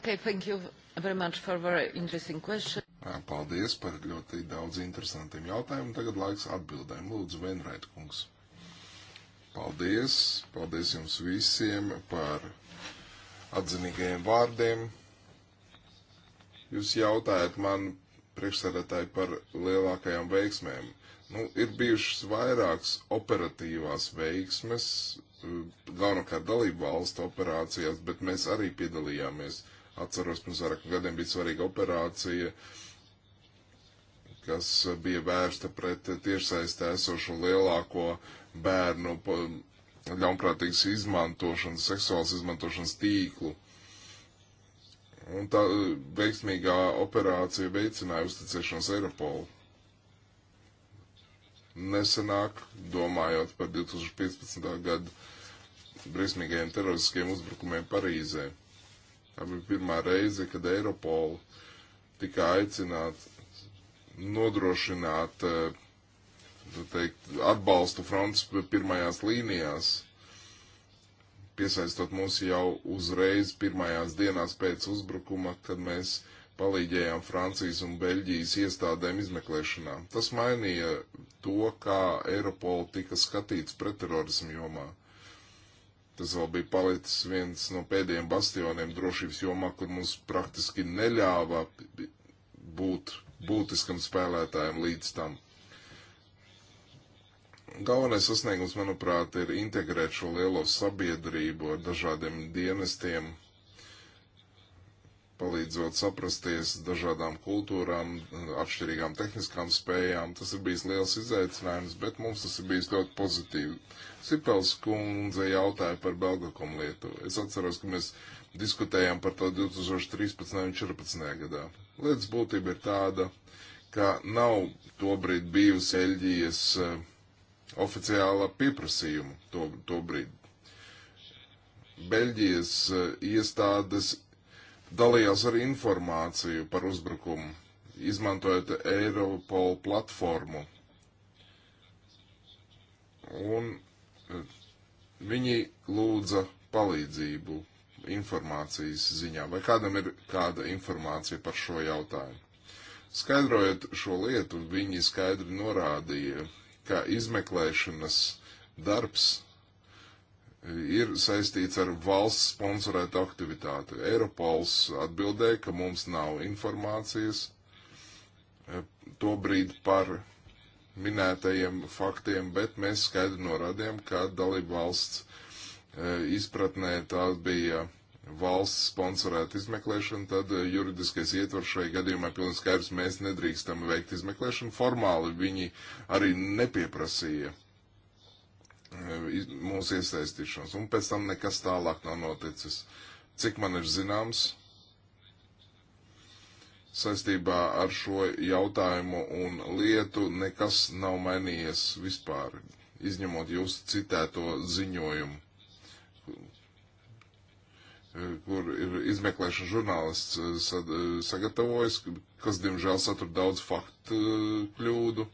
Okay, thank you very much for very interesting question. Paldies par ļoti daudz interesantiem jautājumiem. Tagad laiks atbildēm. Lūdzu, Venrait kungs. Paldies. Paldies jums visiem par atzinīgajiem vārdiem. Jūs jautājat man priekšsēdētāji par lielākajām veiksmēm. Nu, ir bijušas vairākas operatīvās veiksmes, eh, galvenokārt dalību valstu operācijās, bet mēs arī piedalījāmies. Atceros, pirms vairāk gadiem bija svarīga operācija, kas bija vērsta pret tiešsaistē esošo lielāko bērnu ļaunprātīgas izmantošanas, seksuālas izmantošanas tīklu. Un tā e, veiksmīgā operācija veicināja uzticēšanos Eiropolu. Nesenāk, domājot par 2015. gadu briesmīgajiem teroristiskiem uzbrukumiem Parīzē. Tā bija pirmā reize, kad Eiropola tika aicināta nodrošināt e, teikt, atbalstu fronts pirmajās līnijās piesaistot mūs jau uzreiz pirmajās dienās pēc uzbrukuma, kad mēs palīdzējām Francijas un Beļģijas iestādēm izmeklēšanā. Tas mainīja to, kā Eiropola tika skatīts pretterorismu jomā. Tas vēl bija palicis viens no pēdējiem bastioniem drošības jomā, kur mums praktiski neļāva būt būtiskam spēlētājam līdz tam. Galvenais sasniegums, manuprāt, ir integrēt šo lielo sabiedrību ar dažādiem dienestiem, palīdzot saprasties dažādām kultūrām, atšķirīgām tehniskām spējām. Tas ir bijis liels izaicinājums, bet mums tas ir bijis ļoti pozitīvi. Sipels kundze jautāja par Belgakom lietu. Es atceros, ka mēs diskutējām par to 2013. un 2014. gadā. Lietas būtība ir tāda, ka nav tobrīd bijusi Eļģijas uh, eh, oficiālā pieprasījuma to, to brīdi. Beļģijas eh, iestādes dalījās ar informāciju par uzbrukumu, izmantojot Eiropol platformu. Un eh, viņi lūdza palīdzību informācijas ziņā, vai kādam ir kāda informācija par šo jautājumu. Skaidrojot šo lietu, viņi skaidri norādīja, ka izmeklēšanas darbs ir saistīts ar valsts sponsorētu aktivitāti. Eiropols atbildēja, ka mums nav informācijas tobrīd par minētajiem faktiem, bet mēs skaidri norādījām, ka dalība valsts e, izpratnē tā bija valsts sponsorētu izmeklēšanu, tad eh, juridiskais ietvars šai gadījumā pilnīgi skaidrs, mēs nedrīkstam veikt izmeklēšanu. Formāli viņi arī nepieprasīja eh, mūsu iesaistīšanos, un pēc tam nekas tālāk nav noticis. Cik man ir zināms, saistībā ar šo jautājumu un lietu nekas nav mainījies vispār, izņemot jūsu citēto ziņojumu kur ir izmeklēšana žurnālists eh, eh, sagatavojis, kas, diemžēl, satur daudz faktu eh, kļūdu,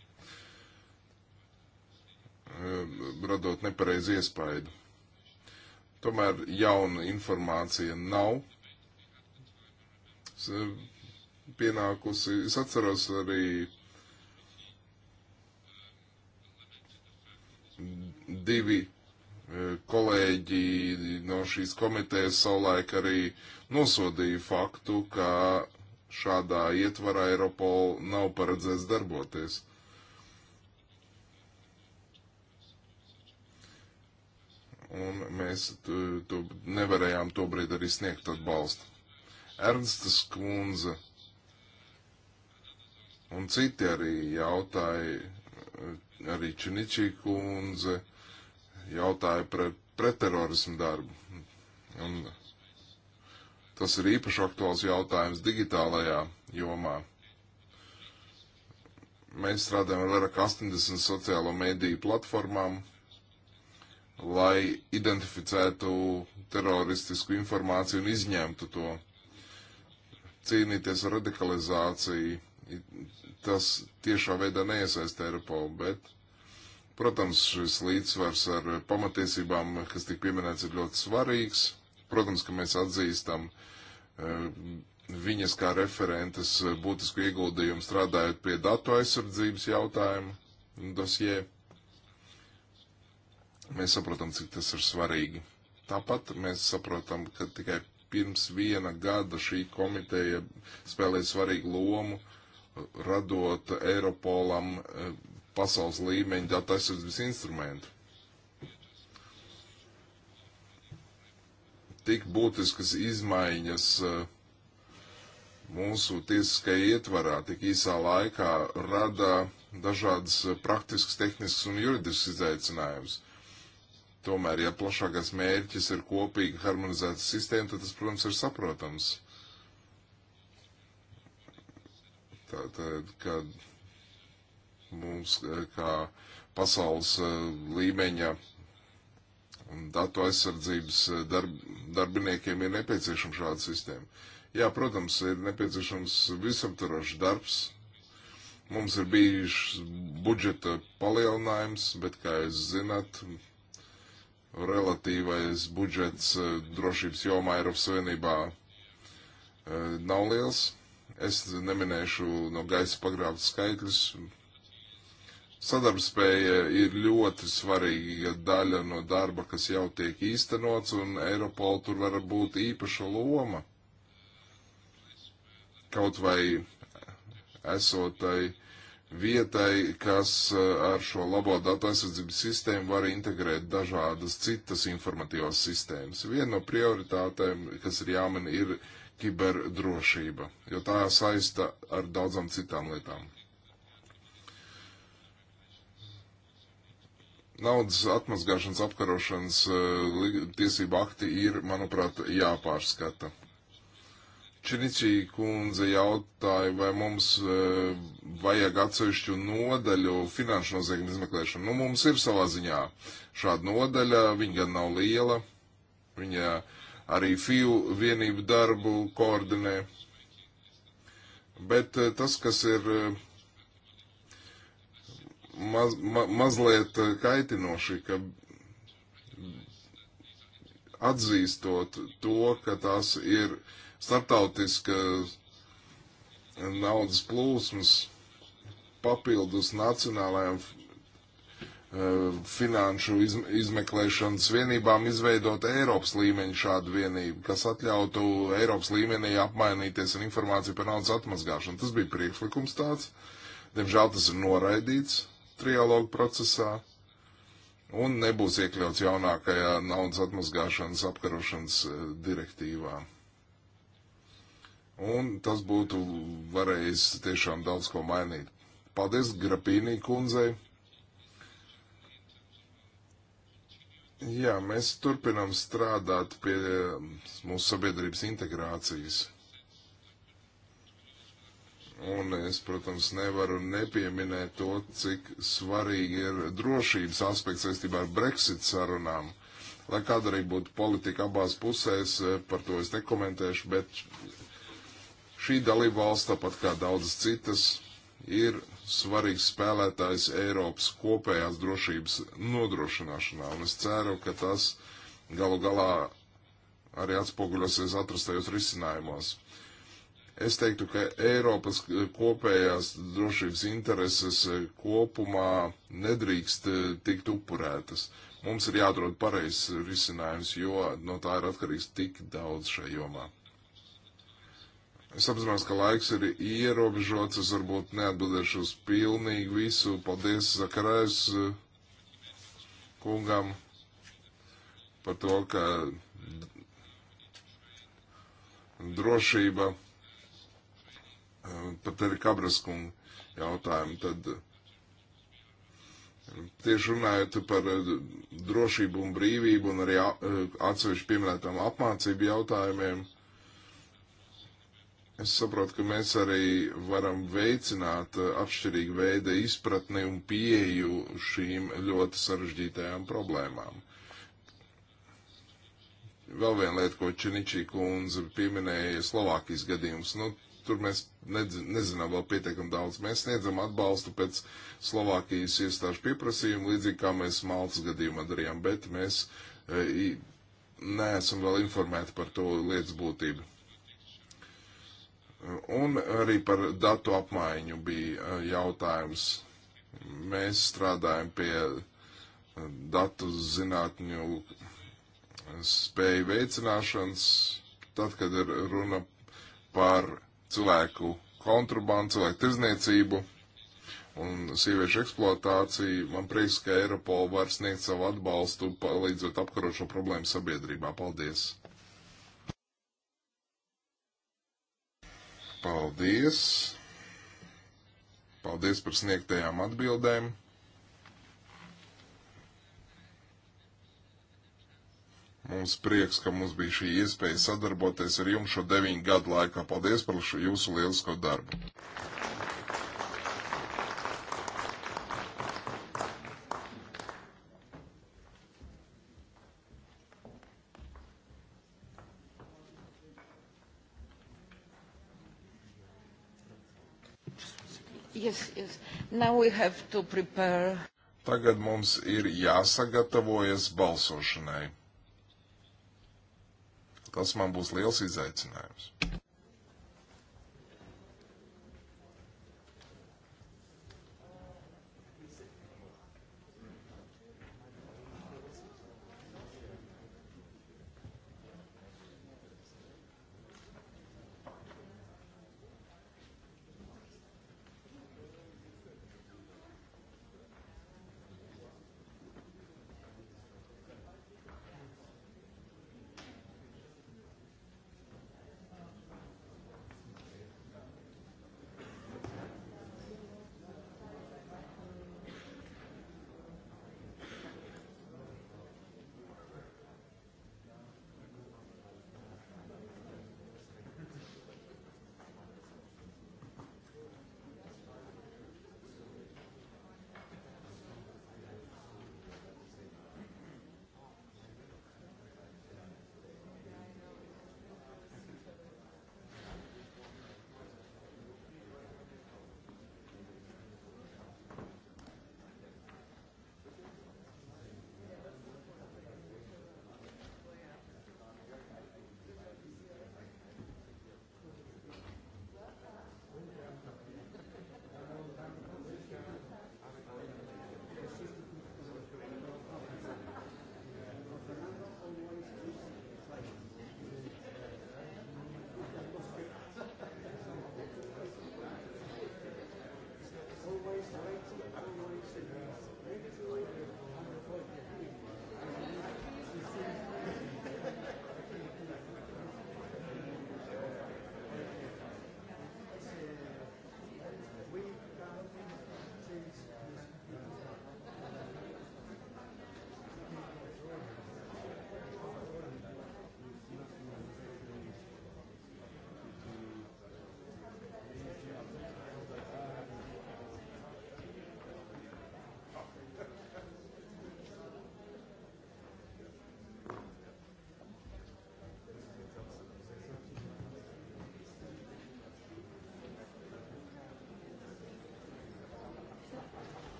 radot nepareizi iespaidu. Tomēr jauna informācija nav pienākusi. Es atceros arī divi kolēģi no šīs komitejas savulaik arī nosodīja faktu, ka šādā ietvarā Eiropol nav paredzēts darboties. Un mēs to, to nevarējām tobrīd arī sniegt atbalstu. Ernsta Skundze un citi arī jautāja, arī Činičī kundze jautāja par pretterorismu darbu. Un tas ir īpaši aktuāls jautājums digitālajā jomā. Mēs strādājam ar vairāk 80 sociālo mediju platformām, lai identificētu teroristisku informāciju un izņemtu to. Cīnīties ar radikalizāciju, tas tiešā veidā neiesaista Eiropolu, bet Protams, šis līdzsvars ar pamatiesībām, kas tik pieminēts, ir ļoti svarīgs. Protams, ka mēs atzīstam eh, viņas kā referentes būtisku ieguldījumu strādājot pie datu aizsardzības jautājumu dosjē. Mēs saprotam, cik tas ir svarīgi. Tāpat mēs saprotam, ka tikai pirms viena gada šī komiteja spēlēja svarīgu lomu, radot Eiropolam eh, pasaules līmeņa datu aizsardzības instrumentu. Tik būtiskas izmaiņas eh, mūsu tiesiskajā ietvarā tik īsā laikā rada dažādas eh, praktiskas, tehniskas un juridiskas izaicinājumus. Tomēr, ja plašākais mērķis ir kopīga harmonizēta sistēma, tad tas, protams, ir saprotams. Tātad, kad mums eh, kā pasaules eh, līmeņa datu aizsardzības eh, darb, darbiniekiem ir nepieciešama šāda sistēma. Jā, protams, ir nepieciešams visaptvarošs darbs. Mums ir bijis budžeta palielinājums, bet, kā jūs zināt, relatīvais budžets drošības jomā Eiropas Savienībā nav liels. Es neminēšu no gaisa pagrābtas skaitļus, Sadarbspēja ir ļoti svarīga daļa no darba, kas jau tiek īstenots, un Eiropola tur var būt īpaša loma. Kaut vai esotai vietai, kas eh, ar šo labo datu aizsardzības sistēmu var integrēt dažādas citas informatīvās sistēmas. Viena no prioritātēm, kas ir jāmin, ir kiberdrošība, jo tā saista ar daudzām citām lietām. Naudas atmazgāšanas apkarošanas eh, tiesība akti ir, manuprāt, jāpārskata. Činičī kundze jautāja, vai mums eh, vajag atsevišķu nodaļu finanšu noziegumu izmeklēšanu. Nu, mums ir savā ziņā šāda nodaļa, viņa gan nav liela, viņa arī FIU vienību darbu koordinē. Bet eh, tas, kas ir maz, ma, mazliet eh, kaitinoši, ka atzīstot to, ka tās ir startautiska naudas plūsmas papildus nacionālajām eh, finanšu izmeklēšanas vienībām izveidot Eiropas līmeņu šādu vienību, kas atļautu Eiropas līmenī apmainīties ar informāciju par naudas atmazgāšanu. Tas bija priekšlikums tāds. Diemžēl tas ir noraidīts trialogu procesā un nebūs iekļauts jaunākajā naudas atmazgāšanas apkarošanas e, direktīvā. Un tas būtu varējis tiešām daudz ko mainīt. Paldies Grapīnī kundzei. Jā, mēs turpinām strādāt pie e, mūsu sabiedrības integrācijas un es, protams, nevaru nepieminēt to, cik svarīgi ir drošības aspekts saistībā ar Brexit sarunām. Lai kāda arī būtu politika abās pusēs, eh, par to es nekomentēšu, bet šī dalība valsts, tāpat kā daudzas citas, ir svarīgs spēlētājs Eiropas kopējās drošības nodrošināšanā, un es ceru, ka tas galu galā arī atspoguļosies atrastajos risinājumos. Es teiktu, ka Eiropas kopējās drošības intereses kopumā nedrīkst eh, tikt upurētas. Mums ir jāatrod pareizs risinājums, jo no tā ir atkarīgs tik daudz šajā jomā. Es apzinos, ka laiks ir ierobežots, es varbūt neatbildēšu uz pilnīgi visu. Paldies Zakarēs eh, kungam par to, ka drošība Eh, par tevi Kabraskungu jautājumu, tad eh, tieši runājot par eh, drošību un brīvību un arī atsevišķi pieminētām apmācību jautājumiem, es saprotu, ka mēs arī varam veicināt atšķirīgu veidu izpratni un pieeju šīm ļoti sarežģītajām problēmām. Vēl viena lieta, ko Čeničī kundze pieminēja, Slovākijas gadījums. Nu, tur mēs nezinām vēl pietiekam daudz. Mēs sniedzam atbalstu pēc Slovākijas iestāžu pieprasījuma, līdzīgi kā mēs Maltas gadījumā darījām, bet mēs e, neesam vēl informēti par to lietas būtību. Un arī par datu apmaiņu bija e, jautājums. Mēs strādājam pie e, datu zinātņu spēju veicināšanas, tad, kad ir runa par cilvēku kontrabandu, cilvēku tirzniecību un sieviešu eksploatāciju. Man prieks, ka Eiropola var sniegt savu atbalstu, palīdzot apkarot šo problēmu sabiedrībā. Paldies! Paldies! Paldies par sniegtajām atbildēm! Mums prieks, ka mums bija šī iespēja sadarboties ar jums šo deviņu gadu laikā. Paldies par šo jūsu lielisko darbu. Yes, yes. Now we have to prepare. Tagad mums ir jāsagatavojas balsošanai. Tas man būs liels izaicinājums.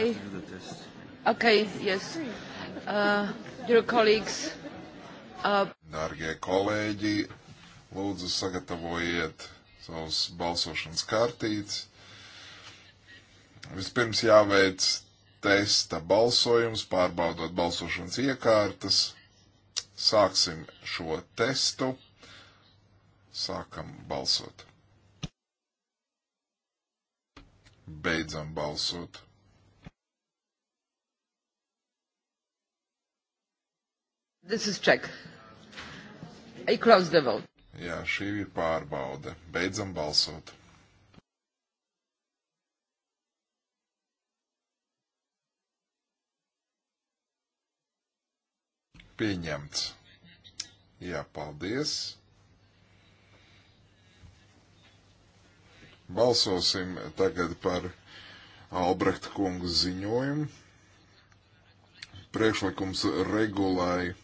Okay. Okay, yes. Uh, your colleagues. Uh... Dārgie kolēģi, lūdzu sagatavojiet savus balsošanas kārtītes. Vispirms jāveic testa balsojums, pārbaudot balsošanas iekārtas. Sāksim šo testu. Sākam balsot. Beidzam balsot. This is check. I close the vote. Jā, šī ir pārbaude. Beidzam balsot. Pieņemts. Jā, paldies. Balsosim tagad par Albrehta kungu ziņojumu. Priekšlikums regulēja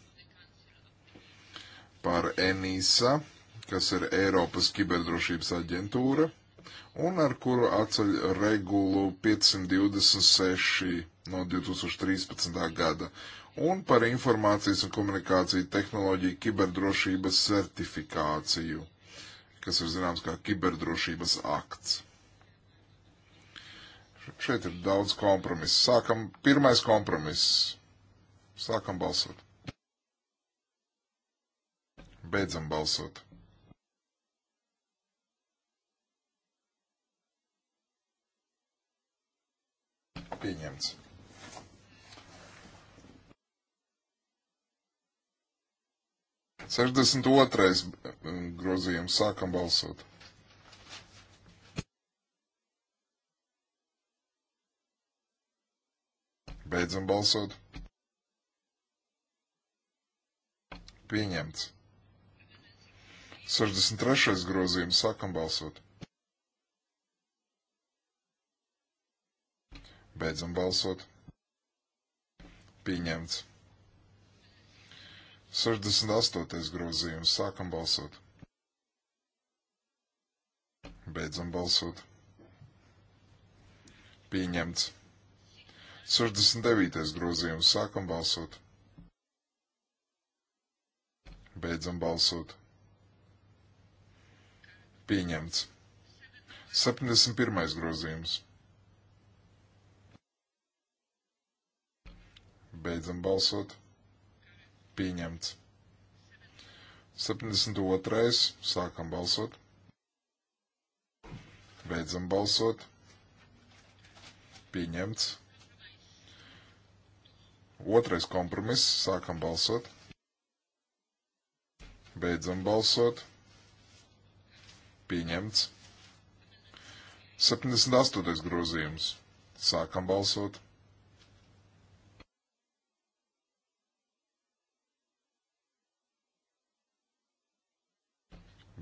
par ENISA, kas ir Eiropas kiberdrošības aģentūra, un ar kuru atceļ regulu 526 no 2013. gada, un par informācijas un komunikāciju tehnoloģiju kiberdrošības certifikāciju, kas ir zināms kā kiberdrošības akts. Šeit ir daudz kompromisu. Sākam, pirmais kompromiss. Sākam balsot. Beidzam balsot. Pieņemts. Sešdesmit otrais mm, grozījums. Sākam balsot. Beidzam balsot. Pieņemts. 63. grozījums. Sākam balsot. Beidzam balsot. Pieņemts. 68. grozījums. Sākam balsot. Beidzam balsot. Pieņemts. 69. grozījums. Sākam balsot. Beidzam balsot. Pieņemts. 71. grozījums. Beidzam balsot. Pieņemts. 72. Sākam balsot. Beidzam balsot. Pieņemts. Otrais kompromiss. Sākam balsot. Beidzam balsot. Pieņemts. 78. grozījums. Sākam balsot.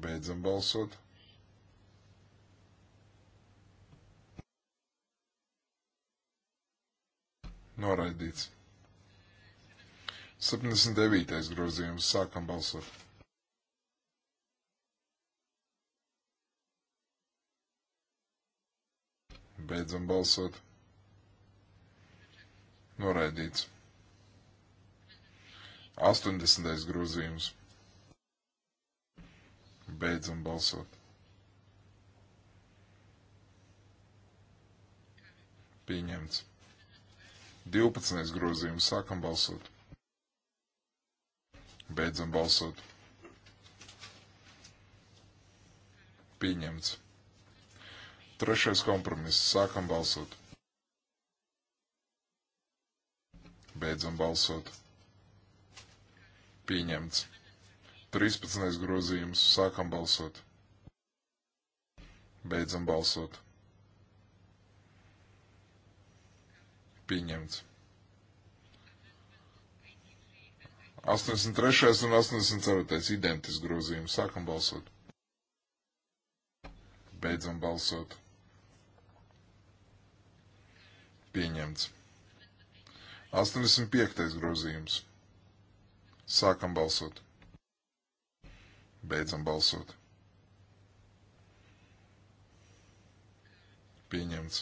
Beidzam balsot. Noraidīts. 79. grozījums. Sākam balsot. Beidzam balsot. Noraidīts. 80. grozījums. Beidzam balsot. Pieņemts. 12. grozījums. Sākam balsot. Beidzam balsot. Pieņemts. Trešais kompromiss. Sākam balsot. Beidzam balsot. Pieņemts. 13. grozījums. Sākam balsot. Beidzam balsot. Pieņemts. 83. un 84. identisks grozījums. Sākam balsot. Beidzam balsot. Pieņemts. 85. grozījums. Sākam balsot. Beidzam balsot. Pieņemts.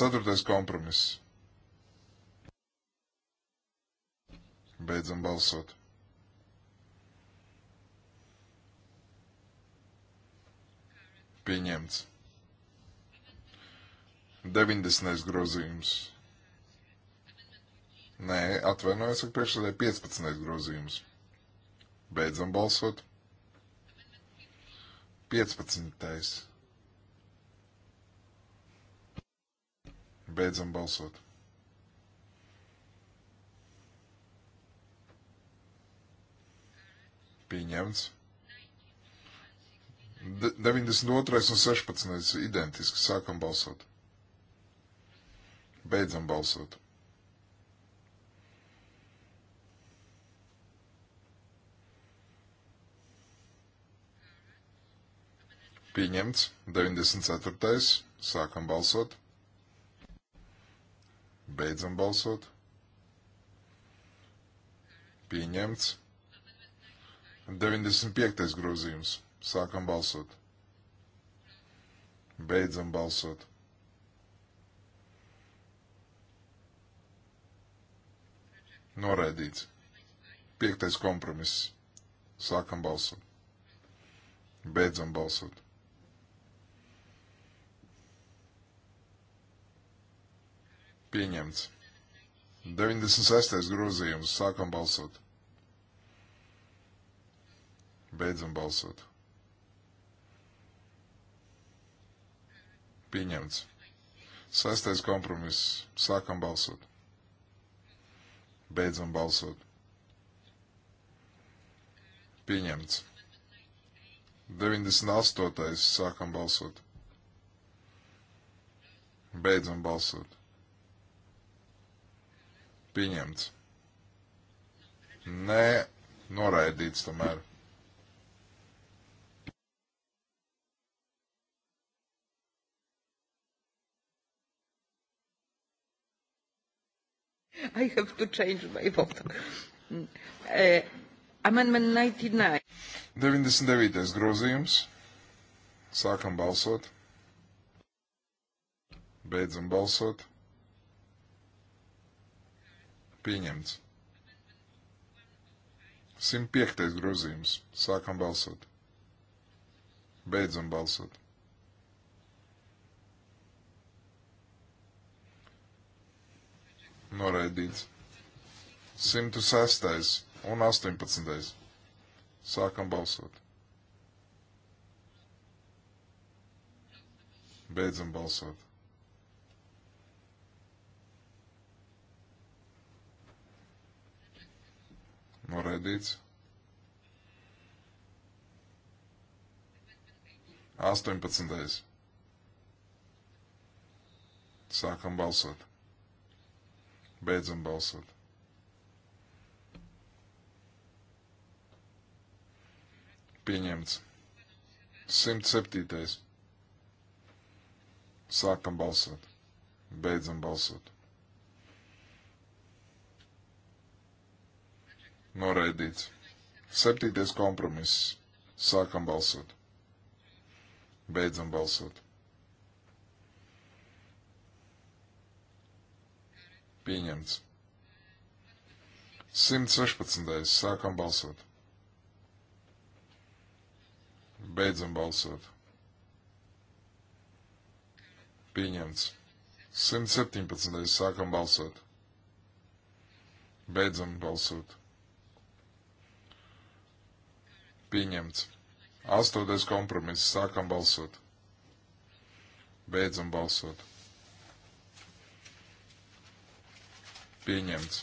Ceturtais kompromiss. Beidzam balsot. Pieņemts. 90. grozījums. Nē, atvainojos, ka priekšsēdē 15. grozījums. Beidzam balsot. 15. Beidzam balsot. Pieņemts. De 92. un 16. identiski. Sākam balsot. Beidzam balsot. Pieņemts 94. Sākam balsot. Beidzam balsot. Pieņemts 95. grozījums. Sākam balsot. Beidzam balsot. Noraidīts. Piektais kompromiss. Sākam balsot. Beidzam balsot. Pieņemts. 96. grozījums. Sākam balsot. Beidzam balsot. Pieņemts. Sestais kompromiss. Sākam balsot. Beidzam balsot. Pieņemts. 98. sākam balsot. Beidzam balsot. Pieņemts. Nē, noraidīts tomēr. I have to change my vote. Mm. Uh, amendment 99. 99. grozījums. Sākam balsot. Beidzam balsot. Pieņemts. 105. grozījums. Sākam balsot. Beidzam balsot. noraidīts. 106. un 18. Sākam balsot. Beidzam balsot. Noraidīts. 18. Sākam balsot. Beidzam balsot. Pieņemts. 107. Sākam balsot. Beidzam balsot. Noraidīts. Septītais kompromiss. Sākam balsot. Beidzam balsot. Pieņemts. 116. Sākam balsot. Beidzam balsot. Pieņemts. 117. Sākam balsot. Beidzam balsot. Pieņemts. Astotais kompromiss. Sākam balsot. Beidzam balsot. pieņemts.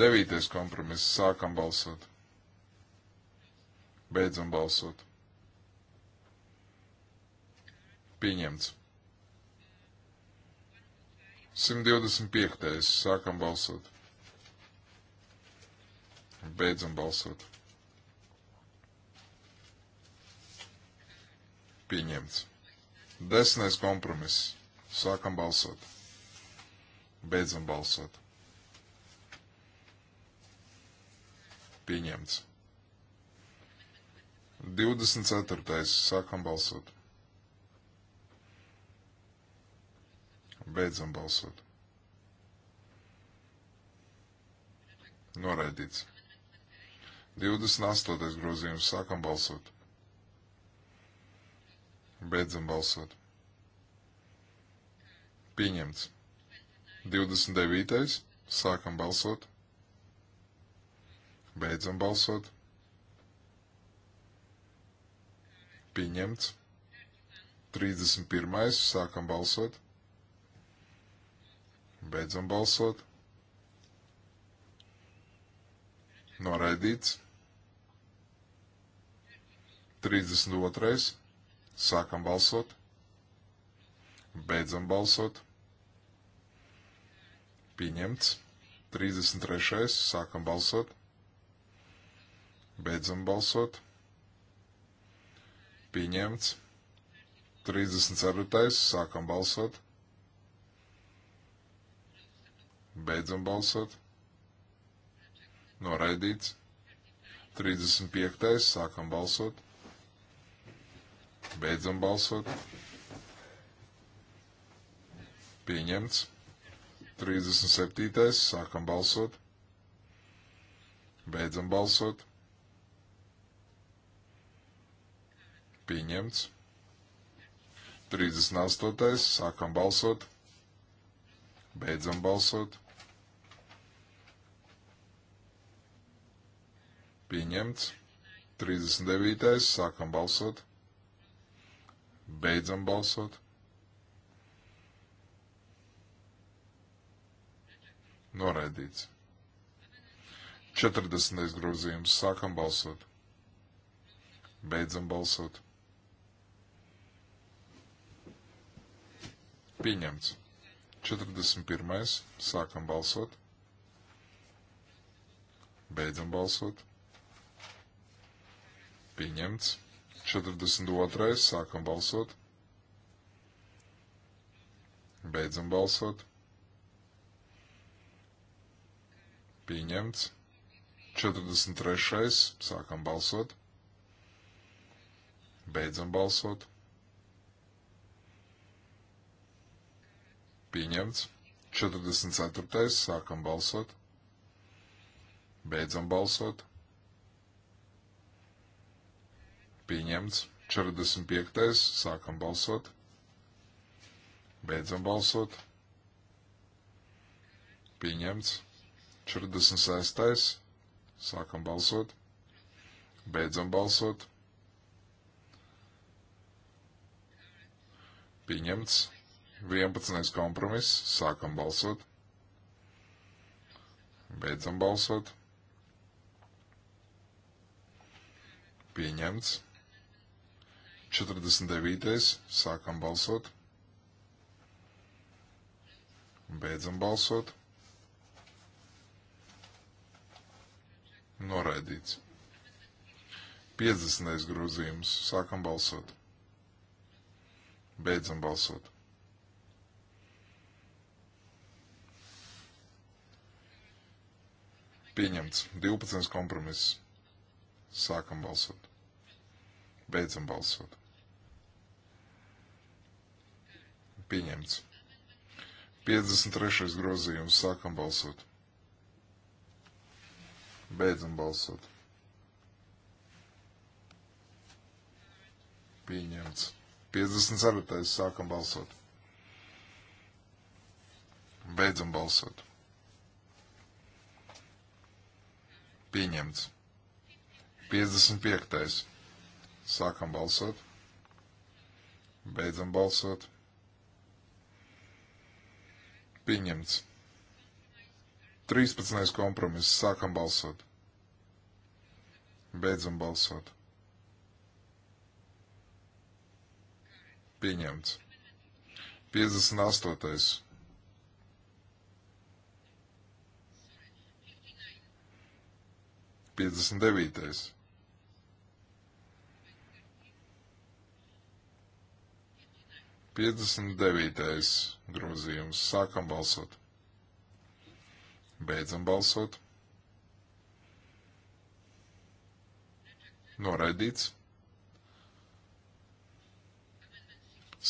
Devītais kompromiss. Sākam balsot. Beidzam balsot. Pieņemts. 125. Sākam balsot. Beidzam balsot. Pieņemts. Desmitais kompromiss. Sākam balsot. Beidzam balsot. Pieņemts. 24. Sākam balsot. Beidzam balsot. Noraidīts. 28. grozījums. Sākam balsot. Beidzam balsot. Pieņemts. 29. Sākam balsot. Beidzam balsot. Pieņemts. 31. Sākam balsot. Beidzam balsot. Noraidīts. 32. Sākam balsot. Beidzam balsot. Pieņemts. 33. Sākam balsot. Beidzam balsot. Pieņemts. 34. Sākam balsot. Beidzam balsot. Noraidīts. 35. Sākam balsot. Beidzam balsot. Pieņemts. 37. sākam balsot. Beidzam balsot. Pieņemts. 38. sākam balsot. Beidzam balsot. Pieņemts. 39. sākam balsot. Beidzam balsot. Noraidīts. 40. grozījums. Sākam balsot. Beidzam balsot. Pieņemts. 41. Sākam balsot. Beidzam balsot. Pieņemts. 42. Sākam balsot. Beidzam balsot. pieņemts. 43. sākam balsot. Beidzam balsot. Pieņemts. 44. sākam balsot. Beidzam balsot. Pieņemts. 45. sākam balsot. Beidzam balsot. Pieņemts. 46. Sākam balsot. Beidzam balsot. Pieņemts. 11. kompromiss. Sākam balsot. Beidzam balsot. Pieņemts. 49. Sākam balsot. Beidzam balsot. Noraidīts. 50. grozījums. Sākam balsot. Beidzam balsot. Pieņemts. 12. kompromiss. Sākam balsot. Beidzam balsot. Pieņemts. 53. grozījums. Sākam balsot. Beidzam balsot. Pieņemts. 54. sākam balsot. Beidzam balsot. Pieņemts. 55. Sākam balsot. Beidzam balsot. Pieņemts. 13. kompromiss. Sākam balsot. Beidzam balsot. Pieņemts. 58. Piecdesmit devītais. Piecdesmit devītais grozījums. Sākam balsot. Beidzam balsot. Noraidīts.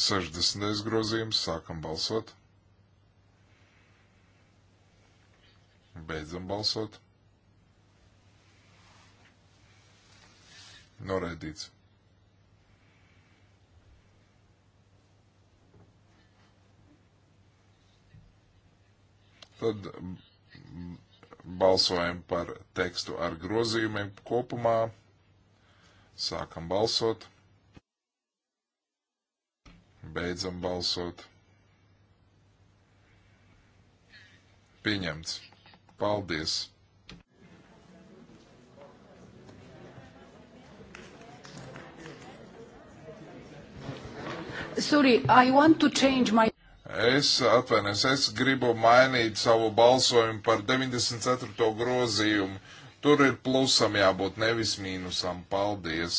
60. grozījums. Sākam balsot. Beidzam balsot. Noraidīts. Tad balsojam par tekstu ar grozījumiem kopumā. Sākam balsot. Beidzam balsot. Pieņemts. Paldies! Sorry, I want to change my Es atvainojos, es gribu mainīt savu balsojumu par 94. grozījumu. Tur ir plusam jābūt, nevis mīnusam. Paldies!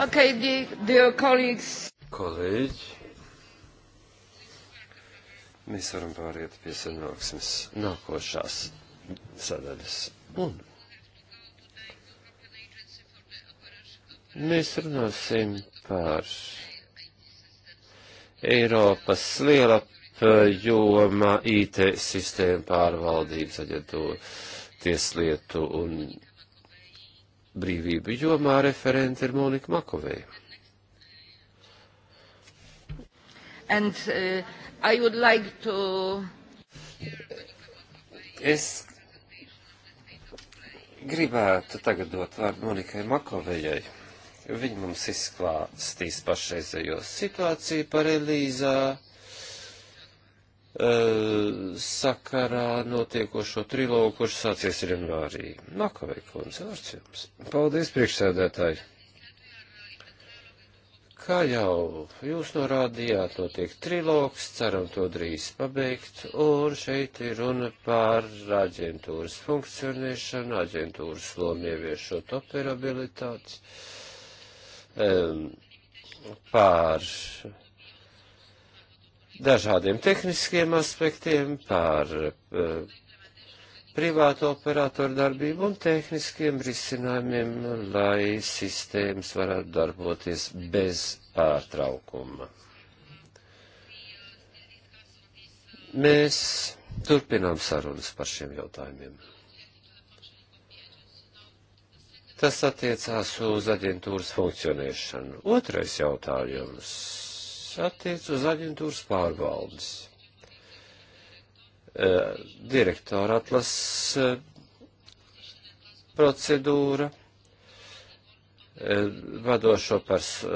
Okay, dear colleagues. Kolēģi, mēs varam pāriet pie sanāksmes nākošās sadaļas. Un mēs runāsim par Eiropas liela joma IT sistēma pārvaldības aģentūra tieslietu un brīvību jomā referents ir Monika Makovēja. And uh, I would like to... Es gribētu tagad dot vārdu Monikai Makovējai. Viņa mums izklāstīs pašreizējo situāciju par Elīzā Eh, sakarā notiekošo trilogu, kurš sācies janvārī. Makavei kundze, vārds jums. Paldies, priekšsēdētāji. Kā jau jūs norādījāt, notiek trilogs, ceram to drīz pabeigt, un šeit ir runa par aģentūras funkcionēšanu, aģentūras lomu ieviešot operabilitātes, um, par dažādiem tehniskiem aspektiem, par eh, privātu operatoru darbību un tehniskiem risinājumiem, lai sistēmas varētu darboties bez pārtraukuma. Mēs turpinām sarunas par šiem jautājumiem. Tas attiecās uz aģentūras funkcionēšanu. Otrais jautājums attiec uz aģentūras pārvaldes. Eh, direktora atlases procedūra, eh, vadošo pers eh,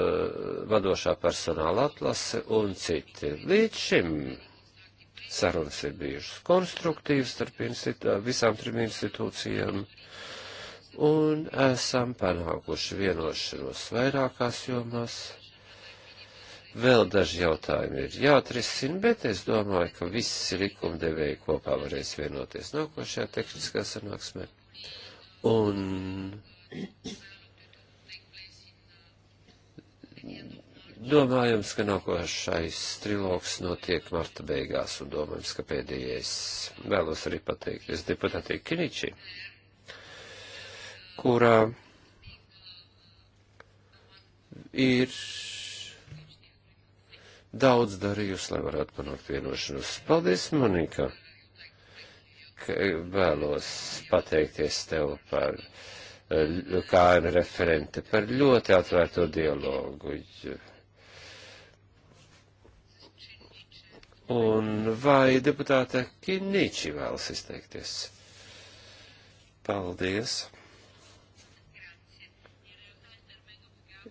vadošā personāla atlase un citi. Līdz šim sarunas ir bijušas konstruktīvas starp visām trim institūcijām un esam panākuši vienošanos vairākās jomās. Vēl daži jautājumi ir jāatrisina, bet es domāju, ka visi likumdevēji kopā varēs vienoties nākošajā tehniskā sanāksmē. Un domājams, ka nākošais trilogs notiek marta beigās, un domājams, ka pēdējais vēlos arī pateikties deputātei Kiniči, kurā ir daudz darījusi, lai varētu panākt vienošanos. Paldies, Monika! Vēlos pateikties tev par eh, KM referente, par ļoti atvērto dialogu. Un vai deputāte Kiniči vēlas izteikties? Paldies!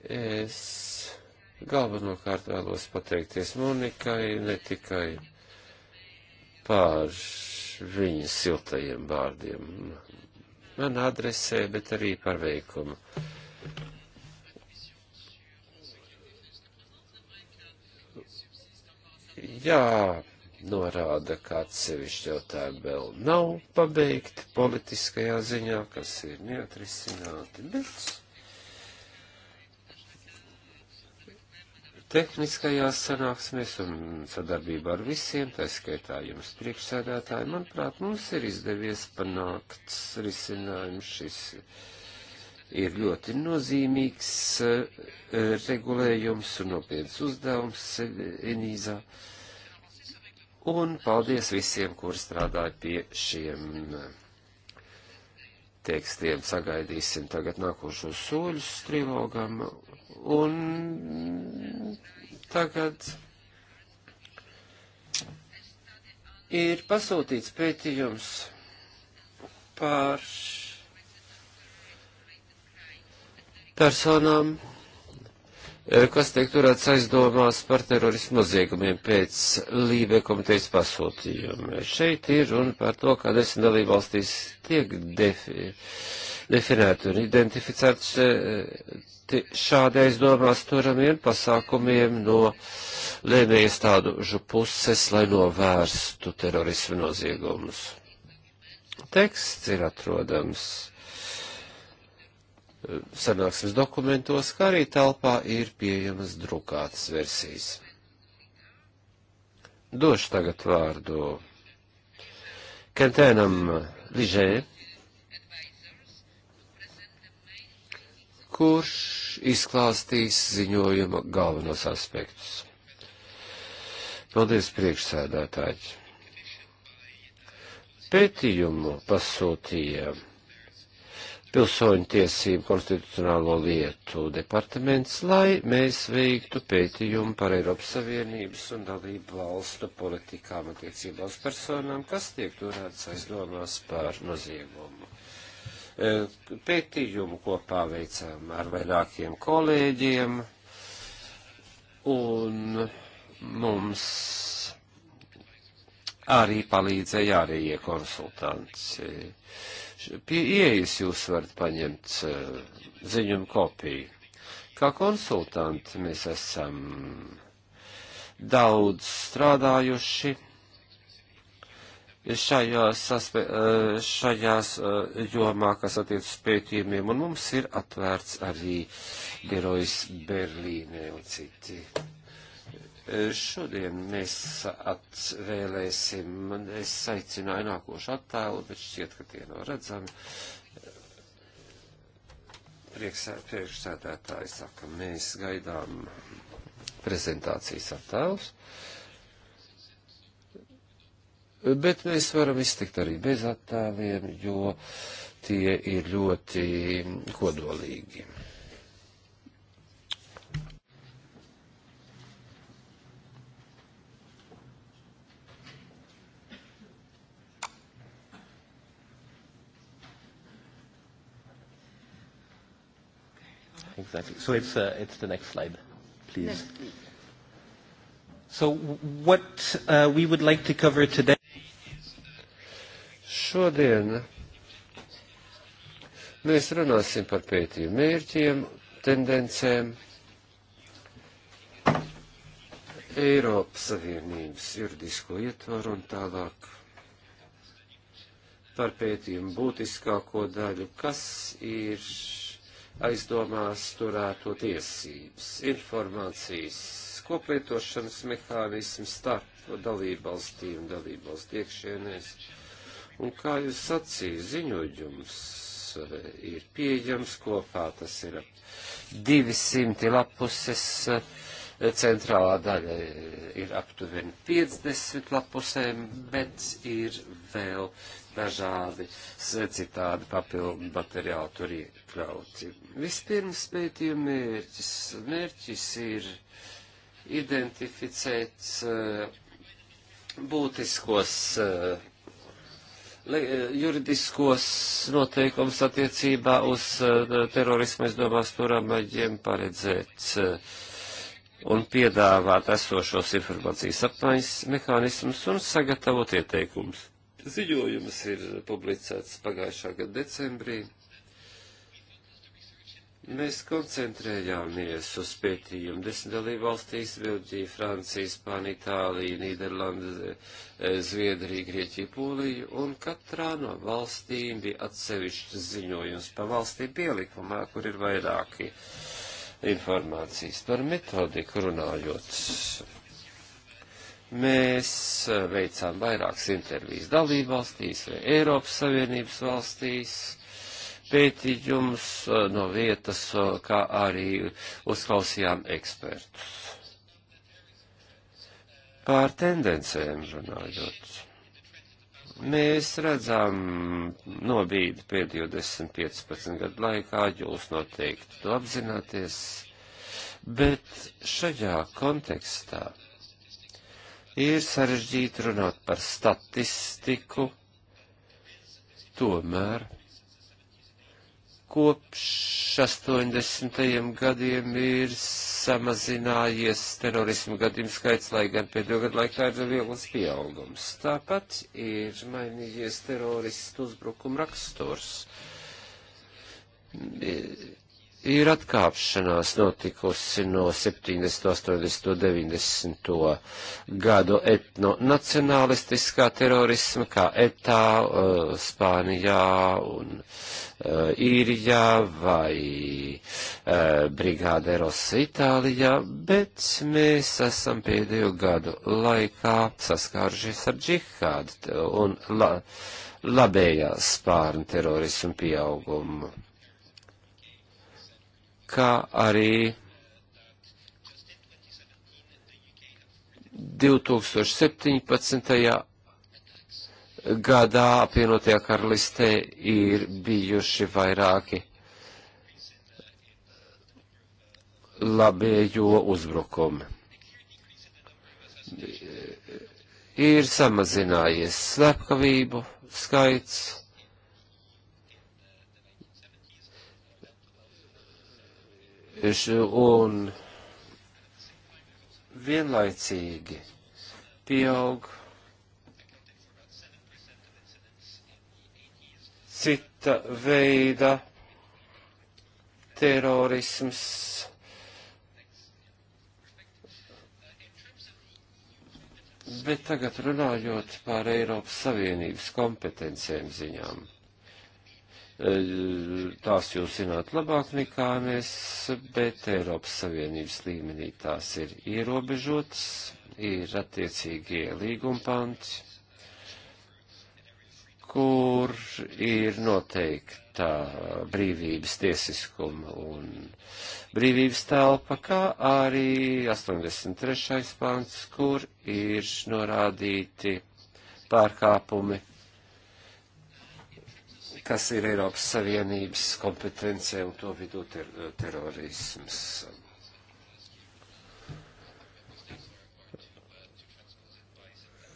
Es Galvenokārt vēlos pateikties Monikai ne tikai pār viņas siltajiem vārdiem man adresē, bet arī par veikumu. Jā, norāda, ka atsevišķi jautājumi vēl nav pabeigti politiskajā ziņā, kas ir neatrisināti, bet tehniskajās sanāksmēs un sadarbībā ar visiem, tā skaitā jums priekšsēdētāji, manuprāt, mums ir izdevies panākt risinājumu šis ir ļoti nozīmīgs eh, regulējums un nopietns uzdevums eh, Enīzā. Un paldies visiem, kur strādāja pie šiem eh, tekstiem. Sagaidīsim tagad nākošos soļus trilogam Un tagad ir pasūtīts pētījums par personām, eh, kas tiek turēts aizdomās par terorismu noziegumiem pēc Lībe komitejas pasūtījuma. Šeit ir runa par to, kā desmit dalībvalstīs tiek defi, definēti un identificēti eh, pakļauti šādai aizdomās turamiem pasākumiem no lēmējas tādužu puses, lai novērstu terorismu noziegumus. Teksts ir atrodams eh, sanāksmes dokumentos, kā arī telpā ir pieejamas drukātas versijas. Došu tagad vārdu Kentēnam Ližē kurš izklāstīs ziņojuma galvenos aspektus. Paldies, priekšsēdētāji! Pētījumu pasūtīja Pilsoņu tiesību konstitucionālo lietu departaments, lai mēs veiktu pētījumu par Eiropas Savienības un dalību valstu politikām attiecībā uz personām, kas tiek turēts aizdomās par noziegumu. Eh, pētījumu kopā veicām ar vairākiem kolēģiem, un mums arī palīdzēja arī konsultanci. Eh, pie ieejas jūs varat paņemt eh, ziņumu kopiju. Kā konsultanti mēs esam daudz strādājuši šajās, aspe, eh, šajās eh, jomā, kas attiec uz pētījumiem, un mums ir atvērts arī birojs Berlīnē un citi. Eh, šodien mēs atvēlēsim, es aicināju nākošu attēlu, bet šķiet, ka tie nav redzami. Priekšsēdētāji saka, mēs gaidām prezentācijas attēlus. Uh, bet mēs varam iztikt arī bez attēliem, jo tie ir ļoti kodolīgi. Exactly. So it's, uh, it's the next slide, please. Next. So what uh, we would like to cover today Šodien mēs runāsim par pētījumu mērķiem, tendencēm. Eiropas Savienības juridisko ietvaru un tālāk par pētījumu būtiskāko daļu, kas ir aizdomās turēto tiesības, informācijas koplietošanas mehānismu starp dalībvalstīm, dalībvalstu iekšienēs. Dalību Un kā jūs sacīju, ziņojums eh, ir pieejams kopā, tas ir 200 lapuses, eh, centrālā daļa eh, ir aptuveni 50 lapusēm, bet ir vēl dažādi citādi papildu materiāli tur iekļauti. Vispirms pētījuma mērķis. Mērķis ir identificēt būtiskos Eh, juridiskos noteikumus attiecībā uz eh, terorismu, es domās, turam aģiem paredzēt eh, un piedāvāt esošos informācijas apmaiņas mehānismus un sagatavot ieteikumus. Ziņojums ir publicēts pagājušā gada decembrī. Mēs koncentrējāmies uz pētījumu desmit dalību valstīs - Beļģija, Francija, Spānija, Itālija, Nīderlanda, eh, Zviedrija, Grieķija, Polija, un katrā no valstīm bija atsevišķs ziņojums pa valstī pielikumā, kur ir vairāki informācijas par metodiku runājot. Mēs eh, veicām vairākas intervijas dalību valstīs vai Eiropas Savienības valstīs pētījumus eh, no vietas, eh, kā arī uzklausījām ekspertus. Pār tendencēm runājot. Mēs redzam nobīdi pēdējo 10-15 gadu laikā, jūs noteikti to apzināties, bet šajā kontekstā ir sarežģīti runāt par statistiku, tomēr kopš 80. gadiem ir samazinājies terorismu gadījumu skaits, lai gan pēdējo gadu laikā ir liels pieaugums. Tāpat ir mainījies teroristu uzbrukuma raksturs ir atkāpšanās notikusi no 70, 80, 90 gadu etnonacionalistiskā terorisma, kā ETA, uh, eh, Spānijā un uh, Īrijā vai uh, eh, Brigāderos Itālijā, bet mēs esam pēdējo gadu laikā saskārušies ar džihādu un la, labējā spārnu terorismu pieaugumu kā arī 2017. gadā apvienotajā karalistē ir bijuši vairāki labējo uzbrukumi. Ir samazinājies slepkavību skaits un vienlaicīgi pieaug cita veida terorisms. Bet tagad runājot par Eiropas Savienības kompetencijām ziņām. Eh, tās jūs zināt labāk nekā mēs, bet Eiropas Savienības līmenī tās ir ierobežotas, ir attiecīgie līgumpanti, kur ir noteikta brīvības tiesiskuma un brīvības telpa, kā arī 83. pants, kur ir norādīti pārkāpumi kas ir Eiropas Savienības kompetencija un to vidū ter terorisms.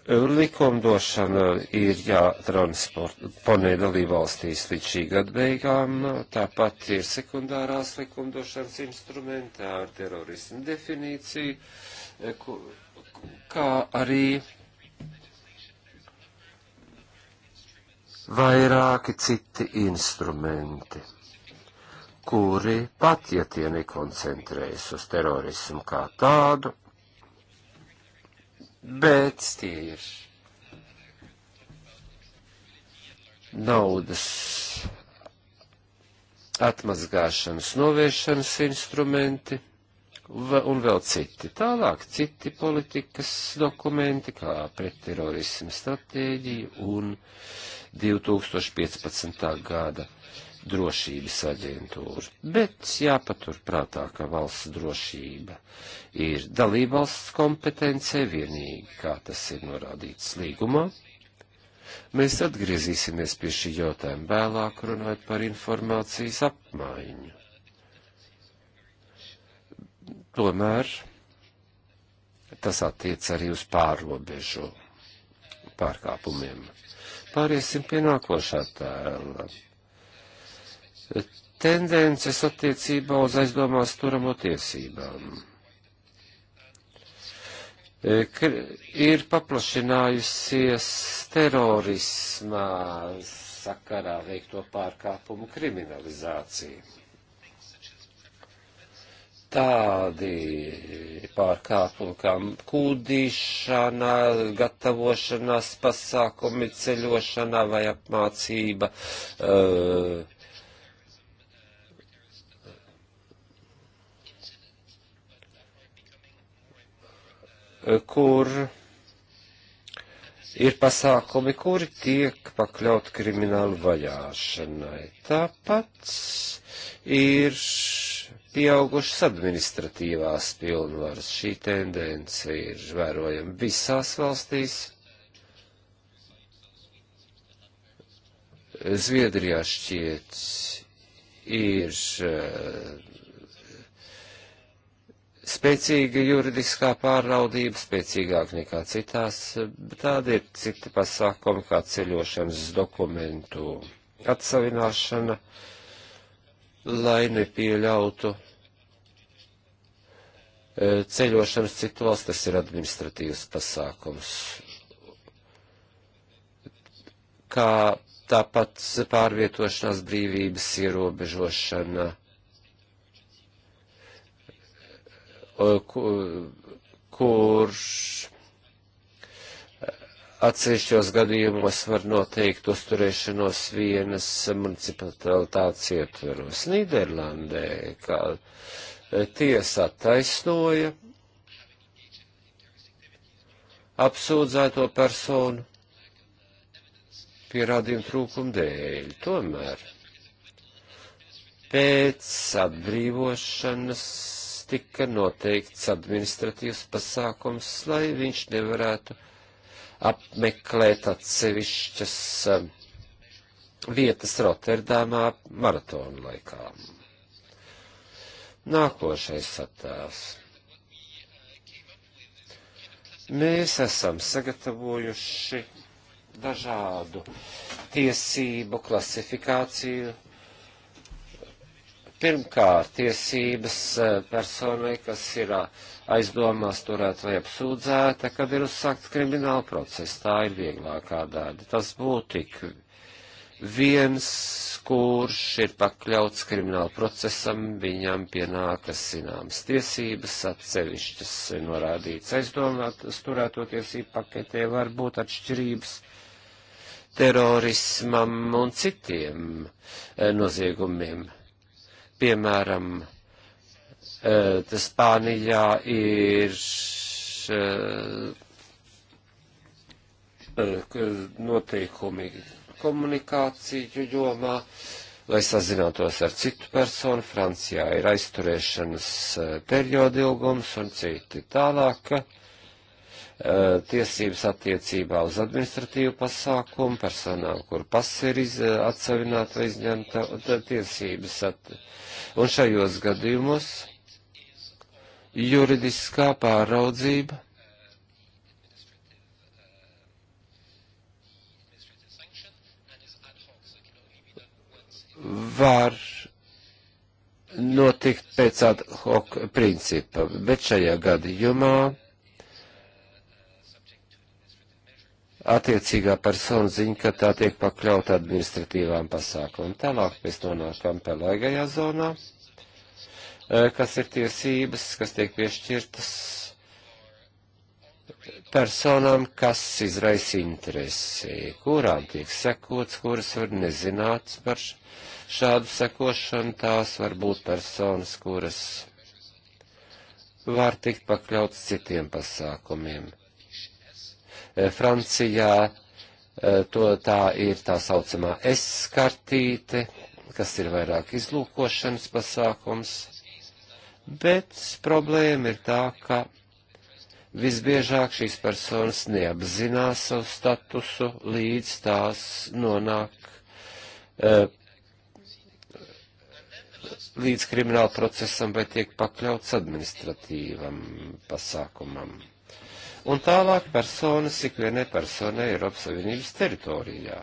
Likumdošana ir jātransponē dalībvalstīs līdz šī gada beigām, tāpat ir sekundārās likumdošanas instrumenti ar terorismu definīciju, kā arī vairāki citi instrumenti, kuri pat, ja tie nekoncentrējas uz terorismu kā tādu, bet tie ir naudas atmazgāšanas novēršanas instrumenti un vēl citi. Tālāk citi politikas dokumenti, kā pretterorisma stratēģija un uh, 2015. gada drošības aģentūru. Bet jāpaturprātā, ka valsts drošība ir dalībvalsts kompetencē vienīgi, kā tas ir norādīts līgumā. Mēs atgriezīsimies pie šī jautājuma vēlāk, runājot par informācijas apmaiņu. Tomēr tas attiec arī uz pārobežu pārkāpumiem. Pāriesim pie nākošā tēla. Tendences attiecībā uz aizdomās turamo tiesībām ir paplašinājusies terorismā sakarā veikto pārkāpumu kriminalizācija tādi pārkāpumi kā kūdīšana, gatavošanās pasākumi ceļošanā vai apmācība. Uh, kur ir pasākumi, kuri tiek pakļaut kriminālu vajāšanai. Tāpat ir pieaugušas administratīvās pilnvaras. Šī tendence ir vērojama visās valstīs. Zviedrijā šķiet ir eh, spēcīga juridiskā pārraudība, spēcīgāk nekā citās, bet tādi ir citi pasākumi kā ceļošanas dokumentu atsavināšana, lai nepieļautu E, ceļošanas citu valsts, tas ir administratīvs pasākums. Kā tāpat pārvietošanās brīvības ierobežošana, e, kur atsevišķos gadījumos var noteikt uzturēšanos vienas municipalitātes ietveros Nīderlandē, kā tiesa taisnoja apsūdzēto personu pierādījumu trūkumu dēļ. Tomēr pēc atbrīvošanas tika noteikts administratīvs pasākums, lai viņš nevarētu apmeklēt atsevišķas um, vietas Rotterdamā maratona laikā. Nākošais satēls. Mēs esam sagatavojuši dažādu tiesību klasifikāciju. Pirmkārt, tiesības eh, personai, kas ir aizdomās turēt vai apsūdzēta, kad ir uzsākts krimināla process, tā ir vieglākā daļa. Tas būtu tik viens, kurš ir pakļauts krimināla procesam, viņam pienākas zināmas tiesības, atsevišķas norādīts aizdomātas turēto tiesību paketē, var būt atšķirības terorismam un citiem eh, noziegumiem. Piemēram, eh, Spānijā ir eh, noteikumi komunikāciju jomā, lai sazinātos ar citu personu. Francijā ir aizturēšanas eh, perioda ilgums un citi tālāk eh, tiesības attiecībā uz administratīvu pasākumu, personām, kur pasi ir iz, eh, atsavināta vai izņemta tiesības. At, un šajos gadījumos juridiskā pāraudzība var notikt pēc ad hoc principa, bet šajā gadījumā attiecīgā persona ziņa, ka tā tiek pakļauta administratīvām pasākumam. Tālāk mēs nonākam pelēgajā zonā, eh, kas ir tiesības, kas tiek piešķirtas personām, kas izraisa interesi, kurām tiek sekots, kuras var nezināt par šādu sekošanu, tās var būt personas, kuras var tikt pakļauts citiem pasākumiem. E, Francijā e, to tā ir tā saucamā S-kartīte, kas ir vairāk izlūkošanas pasākums, bet problēma ir tā, ka Visbiežāk šīs personas neapzinās savu statusu, līdz tās nonāk uh, līdz krimināla procesam vai tiek pakļauts administratīvam pasākumam. Un tālāk personas ikvienai personai Eiropas Savienības teritorijā.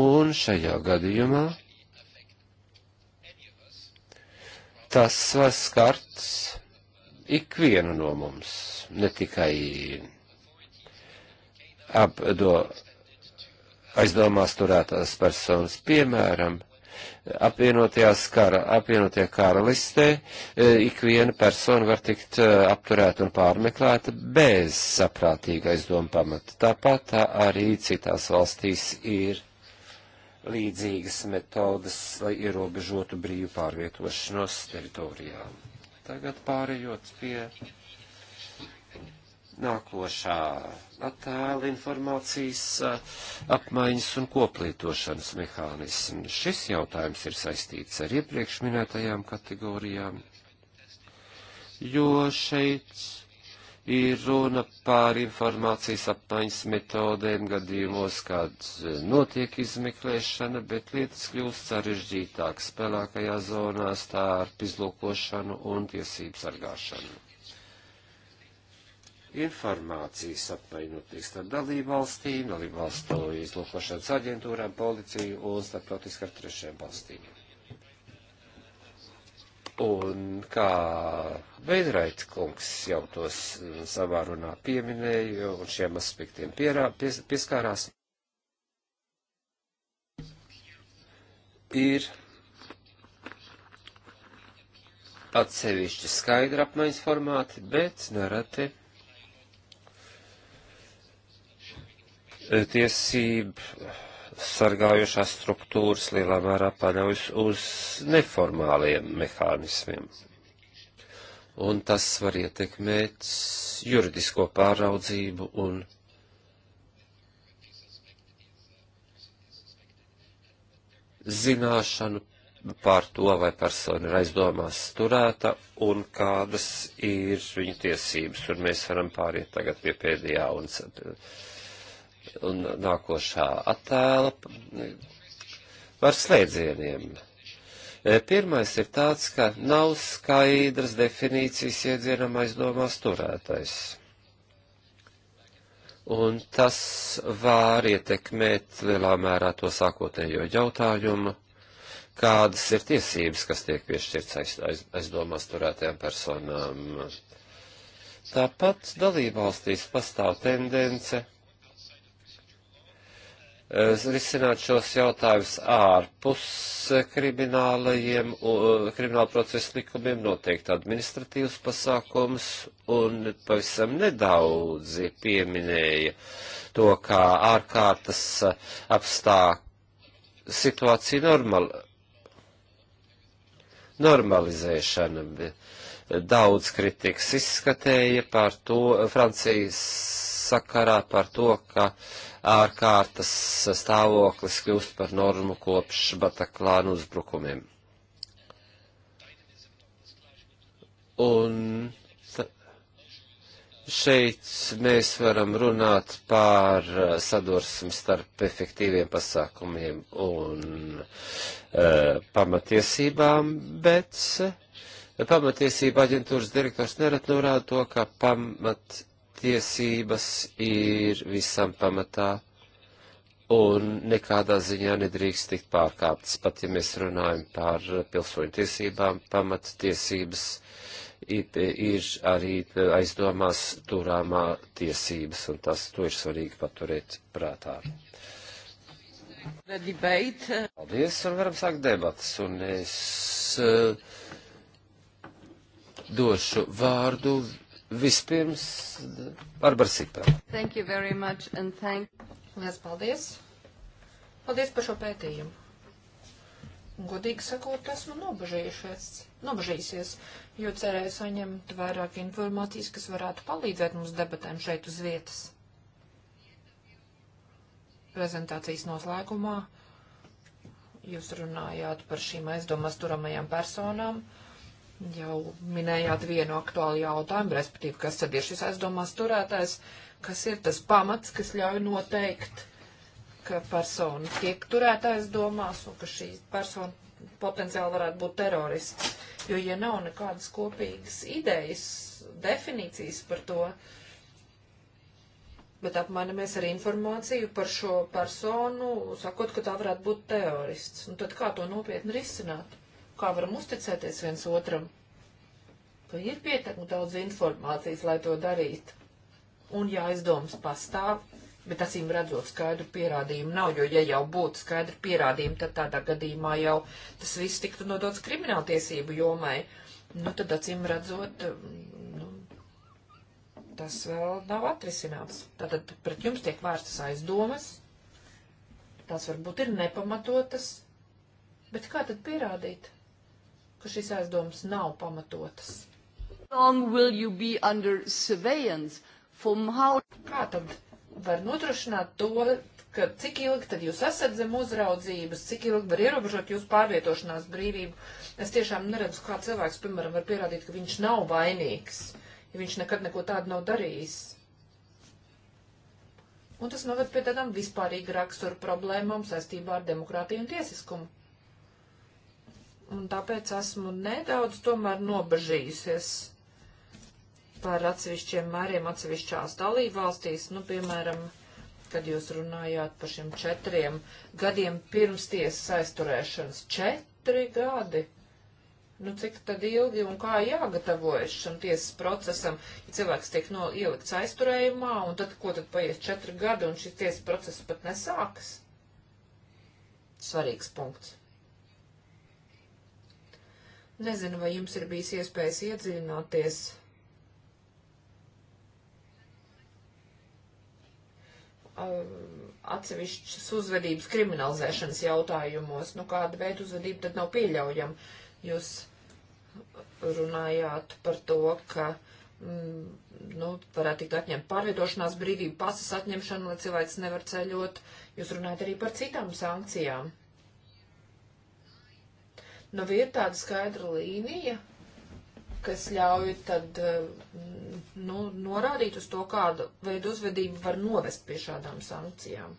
Un šajā gadījumā tas var skarts ikvienu no mums, ne tikai apdo aizdomās turētās personas, piemēram, apvienotajās kara, apvienotajā karalistē e, ikviena persona var tikt e, apturēta un pārmeklēta bez saprātīga aizdoma pamata. Tāpat tā arī citās valstīs ir līdzīgas metodas, lai ierobežotu brīvu pārvietošanos teritorijām. Tagad pārējot pie nākošā attēla informācijas eh, apmaiņas un koplietošanas mehānismu. Šis jautājums ir saistīts ar iepriekš minētajām kategorijām, jo šeit ir runa par informācijas apmaiņas metodēm gadījumos, kad notiek izmeklēšana, bet lietas kļūst sarežģītākas spēlākajā zonā starp izlūkošanu un tiesību sargāšanu. Informācijas apmaiņa notiek starp dalību valstīm, dalību valstu izlūkošanas aģentūrām, policiju un starptautiskām trešajām valstīm. Un kā Veidraits kungs jau tos mm, savā runā pieminēja un šiem aspektiem pierā, pies, pieskārās, ir atsevišķi skaidra apmaiņas formāti, bet nereti tiesību sargājušās struktūras lielā mērā paļaujas uz neformāliem mehānismiem. Un tas var ietekmēt juridisko pāraudzību un zināšanu pār to, vai persona ir aizdomās turēta un kādas ir viņu tiesības. Un mēs varam pāriet tagad pie pēdējā un un nākošā attēla par slēdzieniem. E, pirmais ir tāds, ka nav skaidras definīcijas iedzienam aizdomās turētais. Un tas var ietekmēt lielā mērā to sākotnējo jautājumu, kādas ir tiesības, kas tiek piešķirts aiz, aiz, aizdomās turētajām personām. Tāpat dalībvalstīs pastāv tendence risināt šos jautājumus ārpus kriminālajiem, krimināla procesa likumiem, noteikti administratīvas pasākums, un pavisam nedaudzi pieminēja to, kā ārkārtas apstāk situācija normal, normalizēšana. Daudz kritikas izskatēja par to, Francijas sakarā par to, ka uh, ārkārtas stāvoklis kļūst par normu kopš Bataklāna uzbrukumiem. Un šeit mēs varam runāt par sadursmi starp efektīviem pasākumiem un e, pamatiesībām, bet pamatiesība aģentūras direktors nerad norāda to, ka pamat tiesības ir visam pamatā un nekādā ziņā nedrīkst tikt pārkāptas, pat ja mēs runājam par pilsoņu tiesībām, pamat tiesības ir arī aizdomās turāmā tiesības, un tas to ir svarīgi paturēt prātā. Uh, Paldies, un varam sākt debatas, un es uh, došu vārdu Vispirms Barbara Sipela. Thank you very much and thank. Lielas paldies. Paldies par šo pētījumu. Godīgi sakot, esmu nobežījušies, nobežījusies, jo cerēju saņemt vairāk informācijas, kas varētu palīdzēt mums debatēm šeit uz vietas. Prezentācijas noslēgumā jūs runājāt par šīm aizdomās turamajām personām. Uh, Jau minējāt vienu aktuālu jautājumu, respektīvi, kas tad ir šis aizdomās turētājs, kas ir tas pamats, kas ļauj noteikt, ka persona tiek turēta aizdomās un ka šī persona potenciāli varētu būt terorists. Jo, ja nav nekādas kopīgas idejas, definīcijas par to, bet apmainamies ar informāciju par šo personu, sakot, ka tā varētu būt terorists, nu tad kā to nopietni risināt? kā varam uzticēties viens otram. Tu ir pietiekami daudz informācijas, lai to darītu. Un jā, aizdomas pastāv, bet acīm redzot skaidru pierādījumu nav, jo ja jau būtu skaidru pierādījumu, tad tādā gadījumā jau tas viss tiktu nodots krimināltiesību jomai. Nu, tad acīm redzot, mm, nu, tas vēl nav atrisināts. Tātad pret jums tiek vērstas aizdomas, tās varbūt ir nepamatotas, bet kā tad pierādīt? ka šis aizdoms nav pamatotas. How... Kā tad var nodrošināt to, ka cik ilgi tad jūs esat zem uzraudzības, cik ilgi var ierobežot jūsu pārvietošanās brīvību. Es tiešām neredzu, kā cilvēks, piemēram, var pierādīt, ka viņš nav vainīgs, ja viņš nekad neko tādu nav darījis. Un tas noved pie tādām vispārīga rakstura problēmām saistībā ar demokrātiju un tiesiskumu un tāpēc esmu nedaudz tomēr nobežījusies par atsevišķiem mēriem atsevišķās dalībvalstīs, nu, piemēram, kad jūs runājāt par šiem četriem gadiem pirms tiesas aizturēšanas. Četri gadi! Nu, cik tad ilgi un kā jāgatavojas šim tiesas procesam, ja cilvēks tiek no, ielikts aizturējumā, un tad, ko tad paies četri gadi, un šis tiesas process pat nesākas? Svarīgs punkts. Nezinu, vai jums ir bijis iespējas iedziļināties. atsevišķas uzvedības kriminalizēšanas jautājumos, nu kāda veida uzvedība tad nav pieļaujama. Jūs runājāt par to, ka mm, nu, varētu tikt atņemt pārvietošanās brīvību, pasas atņemšanu, lai cilvēks nevar ceļot. Jūs runājat arī par citām sankcijām. Nu, ir tāda skaidra līnija, kas ļauj tad, eh, nu, norādīt uz to, kādu veidu uzvedību var novest pie šādām sankcijām.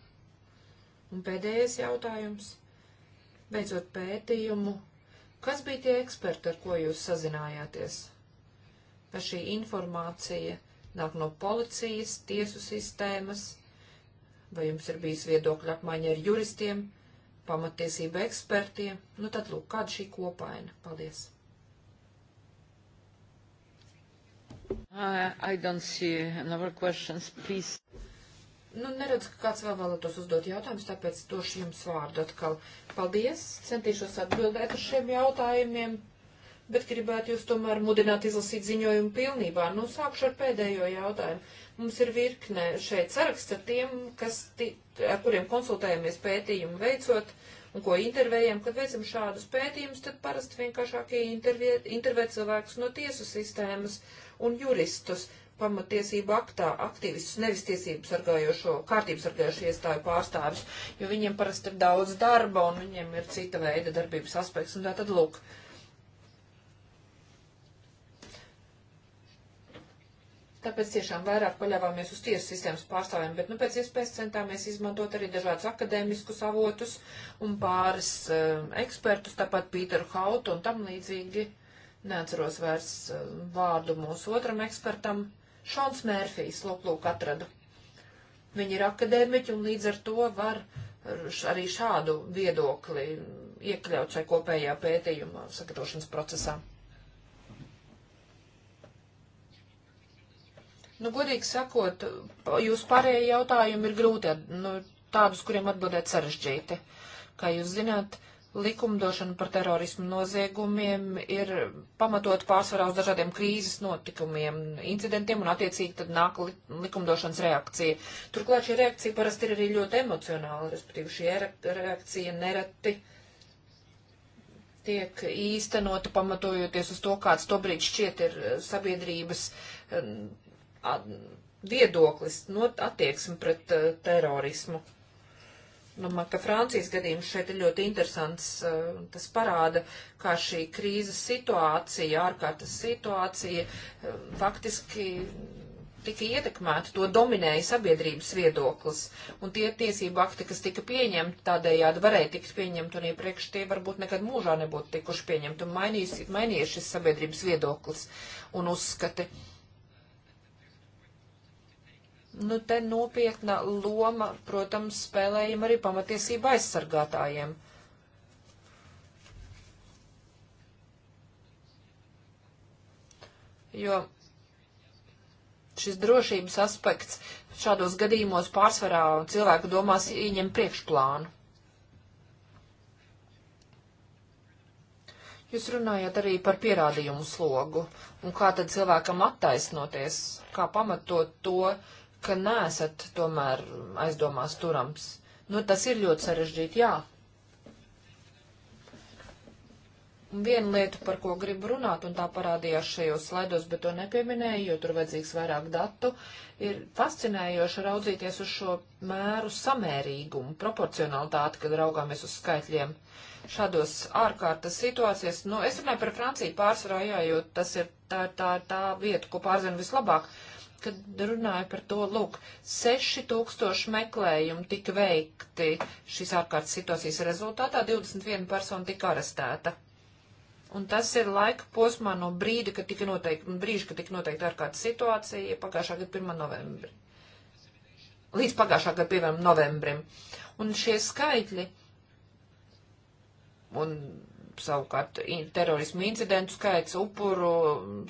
Un pēdējais jautājums. Beidzot pētījumu, kas bija tie eksperti, ar ko jūs sazinājāties? Vai šī informācija nāk no policijas, tiesu sistēmas, vai jums ir bijis viedokļa apmaiņa ar juristiem? pamatiesība ekspertiem. Nu tad lūk, kāda šī kopaina. Paldies. Uh, I don't see another questions, please. Nu, neredzu, ka kāds vēl vēlētos uzdot jautājumus, tāpēc došu jums vārdu atkal. Paldies, centīšos atbildēt uz šiem jautājumiem bet gribētu jūs tomēr mudināt izlasīt ziņojumu pilnībā. Nu, sākšu ar pēdējo jautājumu. Mums ir virkne šeit saraksts ar tiem, kas, ar kuriem konsultējamies pētījumu veicot un ko intervējam, kad veicam šādus pētījumus, tad parasti vienkāršāk intervē cilvēkus no tiesu sistēmas un juristus pamatiesību aktā aktīvistus, nevis tiesību sargājošo, kārtības sargājošo iestāju pārstāvis, jo viņiem parasti ir daudz darba un viņiem ir cita veida darbības aspekts. Un tā tad lūk, uh, Tāpēc tiešām vairāk paļāvāmies uz tiesu sistēmas pārstāvjiem, bet nu, pēc iespējas centāmies izmantot arī dažādus akadēmiskus avotus un pāris uh, ekspertus, tāpat Pīteru Hautu un tam līdzīgi. Neatceros vairs uh, vārdu mūsu otram ekspertam. Šons Mērfijs, lūk, lūk, atradu. Viņi ir akadēmiķi un līdz ar to var arī šādu viedokli iekļaut šai kopējā pētījuma sagatavošanas procesā. Nu, godīgi sakot, jūs pārējie jautājumi ir grūti, nu, tādus, kuriem atbildēt sarežģīti. Kā jūs zināt, likumdošana par terorismu noziegumiem ir pamatot pārsvarā uz dažādiem krīzes notikumiem, incidentiem, un attiecīgi tad nāk li likumdošanas reakcija. Turklāt šī reakcija parasti ir arī ļoti emocionāla, respektīvi šī re reakcija nereti tiek īstenota pamatojoties uz to, kāds tobrīd šķiet ir eh, sabiedrības eh, viedoklis, no attieksme pret uh, terorismu. Domāju, nu, ka Francijas gadījums šeit ir ļoti interesants. Uh, tas parāda, kā šī krīzes situācija, ārkārtas situācija uh, faktiski tika ietekmēta, to dominēja sabiedrības viedoklis. Un tie tiesību akti, kas tika pieņemti, tādējādi varēja tikt pieņemti, un iepriekš tie varbūt nekad mūžā nebūtu tikuši pieņemti, un mainījies šis sabiedrības viedoklis un uzskati. Uh, Nu, te nopietna loma, protams, spēlējama arī pamatiesība aizsargātājiem. Jo šis drošības aspekts šādos gadījumos pārsvarā cilvēku domās ieņem priekšplānu. Jūs runājat arī par pierādījumu slogu un kā tad cilvēkam attaisnoties, kā pamatot to, ka nesat tomēr aizdomās turams. Nu, tas ir ļoti sarežģīti, jā. Viena lieta, par ko gribu runāt, un tā parādījās šajos slaidos, bet to nepieminēju, jo tur vajadzīgs vairāk datu, ir fascinējoši raudzīties uz šo mēru samērīgumu, proporcionalitāti, kad raugāmies uz skaitļiem. Šādos ārkārtas situācijas, nu, es runāju par Franciju pārsvarā, jā, jo tas ir tā, tā, tā vieta, ko pārzinu vislabāk, uh, kad runāju par to, lūk, 6000 meklējumu tika veikti šīs ārkārtas situācijas rezultātā, 21 persona tika arestēta. Un tas ir laika posmā no brīdi, kad tika noteikti, brīži, kad tika noteikti ārkārtas situācija pagājušā gada 1. novembrī. Līdz pagājušā gada 1. novembrim. Un šie skaitļi un savukārt in, terorismu incidentu skaits, upuru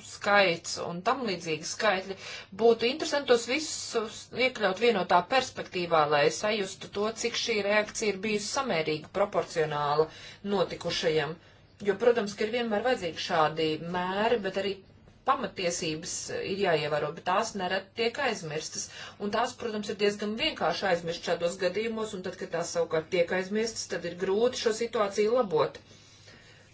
skaits un tam līdzīgi skaitļi, būtu interesanti tos visus iekļaut vienotā perspektīvā, lai sajustu to, cik šī reakcija ir bijusi samērīga, proporcionāla notikušajam. Jo, protams, ka ir vienmēr vajadzīgi šādi mēri, bet arī pamatiesības ir jāievēro, bet tās nerad tiek aizmirstas. Un tās, protams, ir diezgan vienkārši aizmirst šādos gadījumos, un tad, kad tās savukārt tiek aizmirstas, tad ir grūti šo situāciju labot.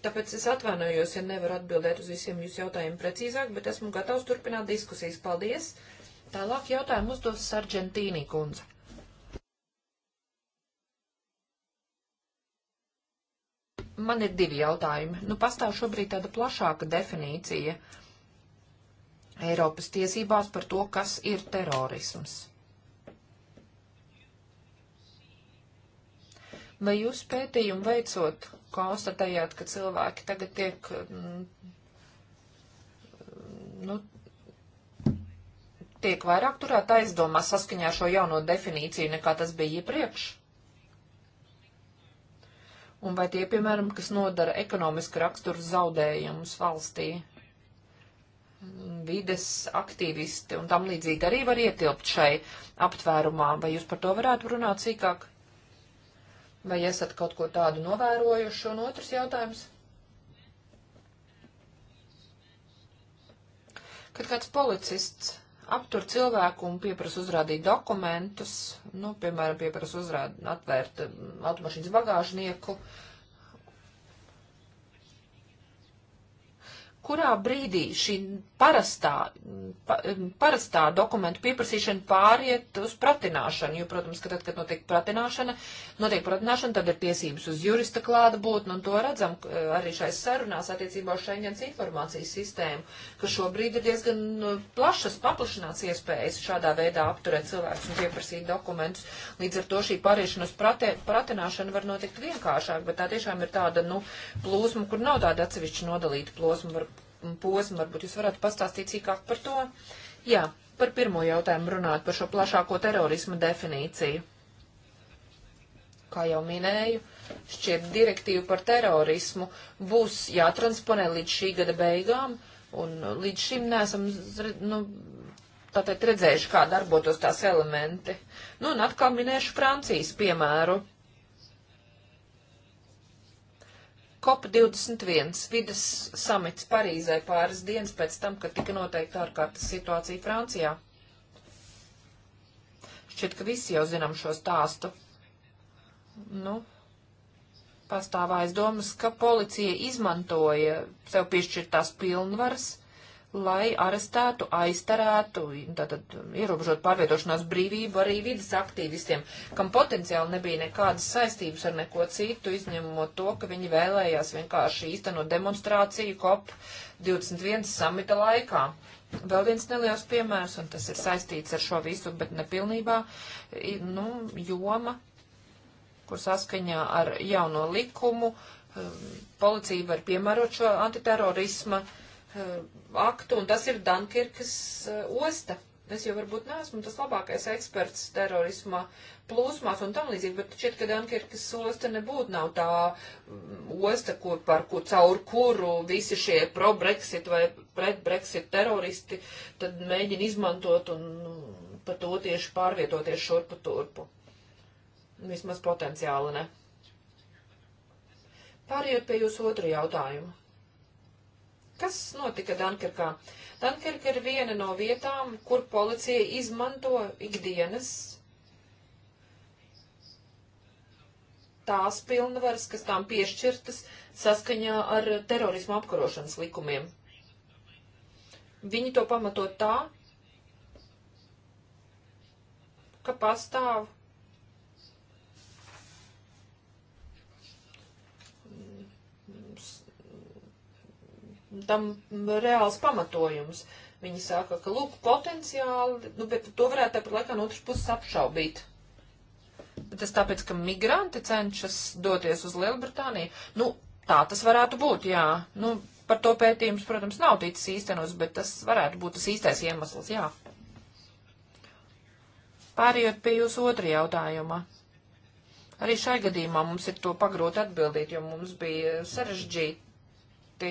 Tāpēc es atvainojos, ja nevaru atbildēt uz visiem jūsu jautājumiem precīzāk, bet esmu gatavs turpināt diskusijas. Paldies! Tālāk jautājumu uzdos Sargentīni kundze. Man ir divi jautājumi. Nu, pastāv šobrīd tāda plašāka definīcija Eiropas tiesībās par to, kas ir terorisms. Vai jūs pētījumu veicot konstatējāt, ka cilvēki tagad tiek, mm, nu, tiek vairāk turēt aizdomā saskaņā ar šo jauno definīciju, nekā tas bija iepriekš? Un vai tie, piemēram, kas nodara ekonomiski raksturu zaudējumus valstī, vides aktīvisti un tam līdzīgi arī var ietilpt šai aptvērumā, vai jūs par to varētu runāt sīkāk? Vai esat kaut ko tādu novērojuši? Un otrs jautājums. Kad kāds policists aptur cilvēku un pieprasa uzrādīt dokumentus, nu, piemēram, pieprasa uzrādīt, atvērt mm, automašīnas bagāžnieku, uh, kurā brīdī šī parastā, pa, parastā dokumentu pieprasīšana pāriet uz pratināšanu, jo, protams, ka tad, kad notiek pratināšana, notiek pratināšana, tad ir tiesības uz jurista klātbūtni, un to redzam eh, arī šais sarunās attiecībā uz Schengens informācijas sistēmu, ka šobrīd ir diezgan nu, plašas paplašināts iespējas šādā veidā apturēt cilvēkus un pieprasīt dokumentus. Līdz ar to šī pāriešana uz prate, pratināšanu var notikt vienkāršāk, bet tā tiešām ir tāda, nu, plūsma, kur nav tāda atsevišķa nodalīta plūsma, var, posmu. Varbūt jūs varētu pastāstīt sīkāk par to. Jā, par pirmo jautājumu runāt par šo plašāko terorismu definīciju. Kā jau minēju, šķiet direktīva par terorismu būs jātransponē līdz šī gada beigām, un līdz šim nesam, nu, tātad redzējuši, kā darbotos tās elementi. Nu, un atkal minēšu Francijas piemēru COP21 vidas samits Parīzē pāris dienas pēc tam, kad tika noteikta ārkārtas situācija Francijā. Šķiet, ka visi jau zinām šo stāstu. Nu, pastāv aizdomas, ka policija izmantoja sev piešķirtās pilnvaras lai arestētu, aiztarētu, tātad um, ierobežot pārvietošanās brīvību arī vidas aktīvistiem, kam potenciāli nebija nekādas saistības ar neko citu, izņemot to, ka viņi vēlējās vienkārši īstenot demonstrāciju COP 21 samita laikā. Vēl viens neliels piemērs, un tas ir saistīts ar šo visu, bet nepilnībā, nu, joma, kur saskaņā ar jauno likumu um, policija var piemērot šo antiterorisma um, aktu, un tas ir Dunkirkas eh, osta. Es jau varbūt neesmu tas labākais eksperts terorismā plūsmās un tam līdzīgi, bet šķiet, ka Dunkirkas osta nebūtu nav tā mm, osta, kur, par kur, caur kuru visi šie pro-Brexit vai pret-Brexit teroristi tad mēģina izmantot un mm, pa to tieši pārvietoties šurpu turpu. Vismaz potenciāli ne. Pārējot pie jūsu otru jautājumu. Kas notika Dunkirkā? Dunkirka ir viena no vietām, kur policija izmanto ikdienas tās pilnvaras, kas tām piešķirtas saskaņā ar terorismu apkarošanas likumiem. Viņi to pamato tā, ka pastāv tam reāls pamatojums. Viņi saka, ka, lūk, potenciāli, nu, bet to varētu tāpat laikā no otras puses apšaubīt. Bet tas tāpēc, ka migranti cenšas doties uz Lielbritāniju, nu, tā tas varētu būt, jā. Nu, par to pētījums, protams, nav ticis īstenos, bet tas varētu būt tas īstais iemesls, jā. Pārējot pie jūsu otra jautājuma. Arī šai gadījumā mums ir to pagrot atbildīt, jo mums bija sarežģīti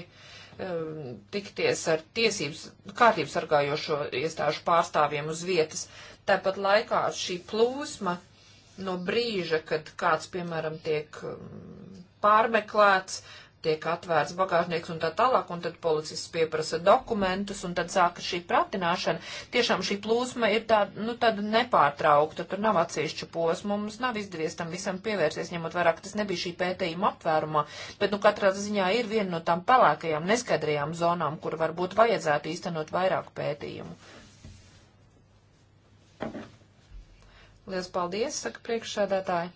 um, tikties ar tiesības kārtības sargājošo iestāžu pārstāvjiem uz vietas. Tāpat laikā šī plūsma no brīža, kad kāds, piemēram, tiek um, pārmeklēts, uh, tiek atvērts bagāžnieks un tā tālāk, un tad policists pieprasa dokumentus, un tad sāka šī pratināšana. Tiešām šī plūsma ir tāda, nu, tāda nepārtraukta, tur nav atsevišķa posma, mums nav izdevies tam visam pievērsties, ņemot vairāk, tas nebija šī pētījuma aptvērumā, bet, nu, katrā ziņā ir viena no tām pelēkajām, neskadrajām zonām, kur varbūt vajadzētu īstenot vairāk pētījumu. Lielas paldies, saka priekšsēdētāji.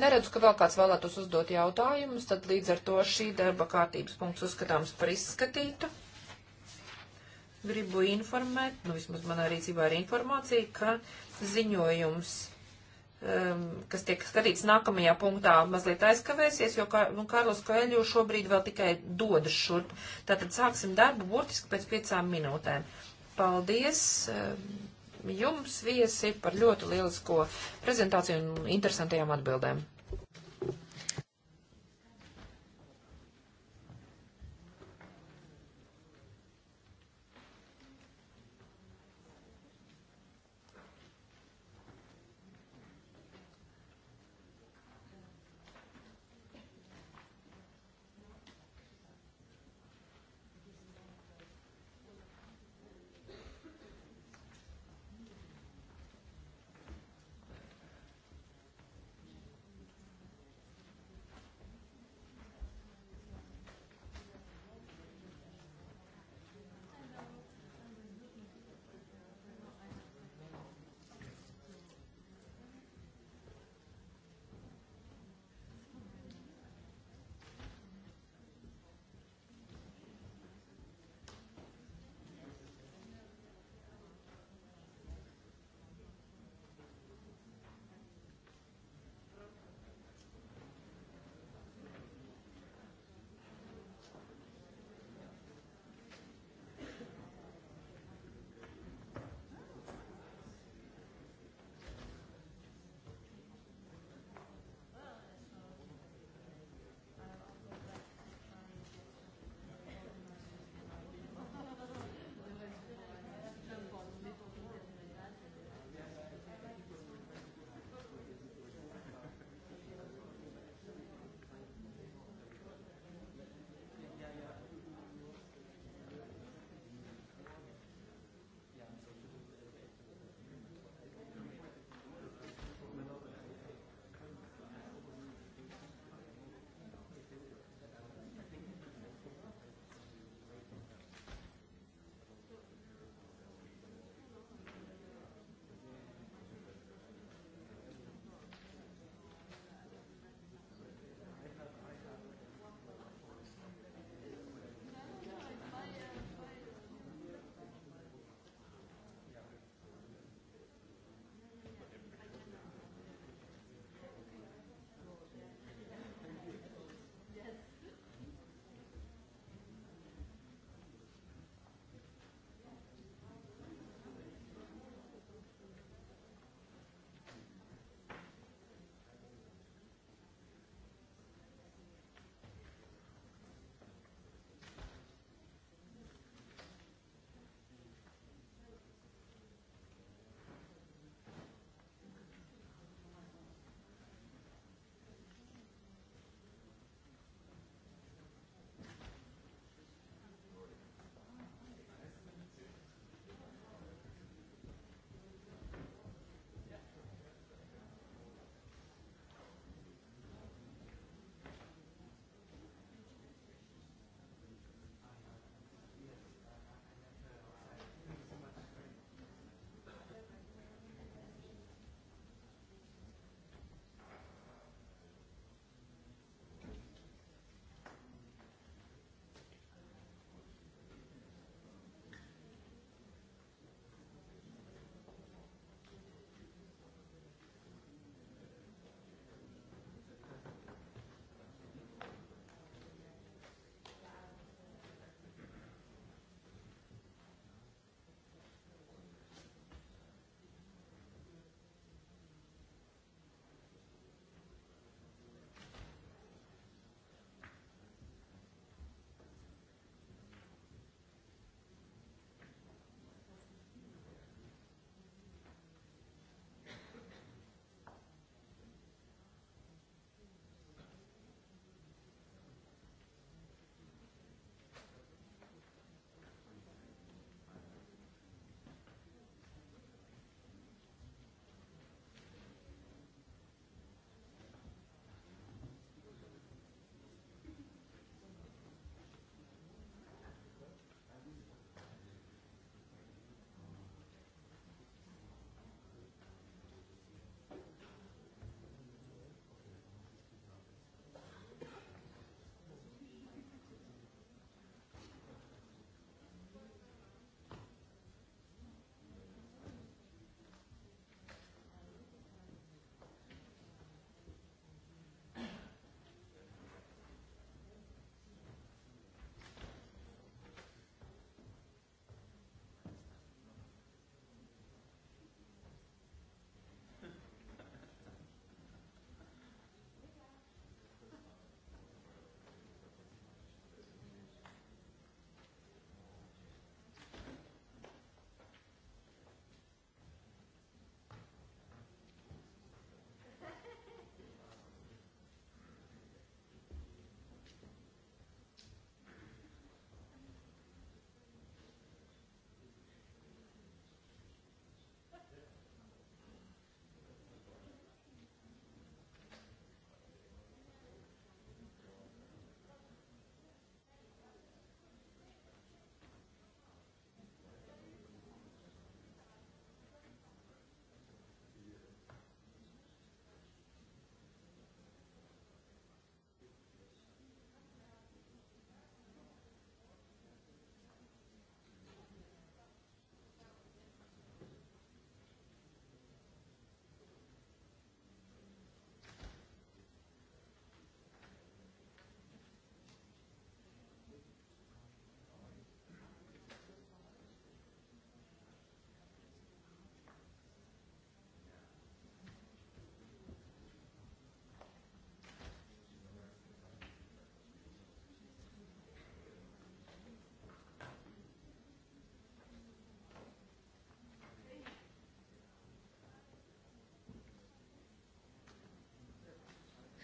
Neredzu, ka vēl kāds vēlētos uzdot jautājumus, tad līdz ar to šī darba kārtības punkts uzskatāms par izskatītu. Gribu informēt, nu vismaz manā rīcībā ir informācija, ka ziņojums um, kas tiek skatīts nākamajā punktā, mazliet aizkavēsies, jo kā, nu, Kārlis Koeļo šobrīd vēl tikai dodas šurp. Tātad sāksim darbu burtiski pēc piecām minūtēm. Paldies! Um, jums viesi par ļoti lielisko prezentāciju un interesantajām atbildēm.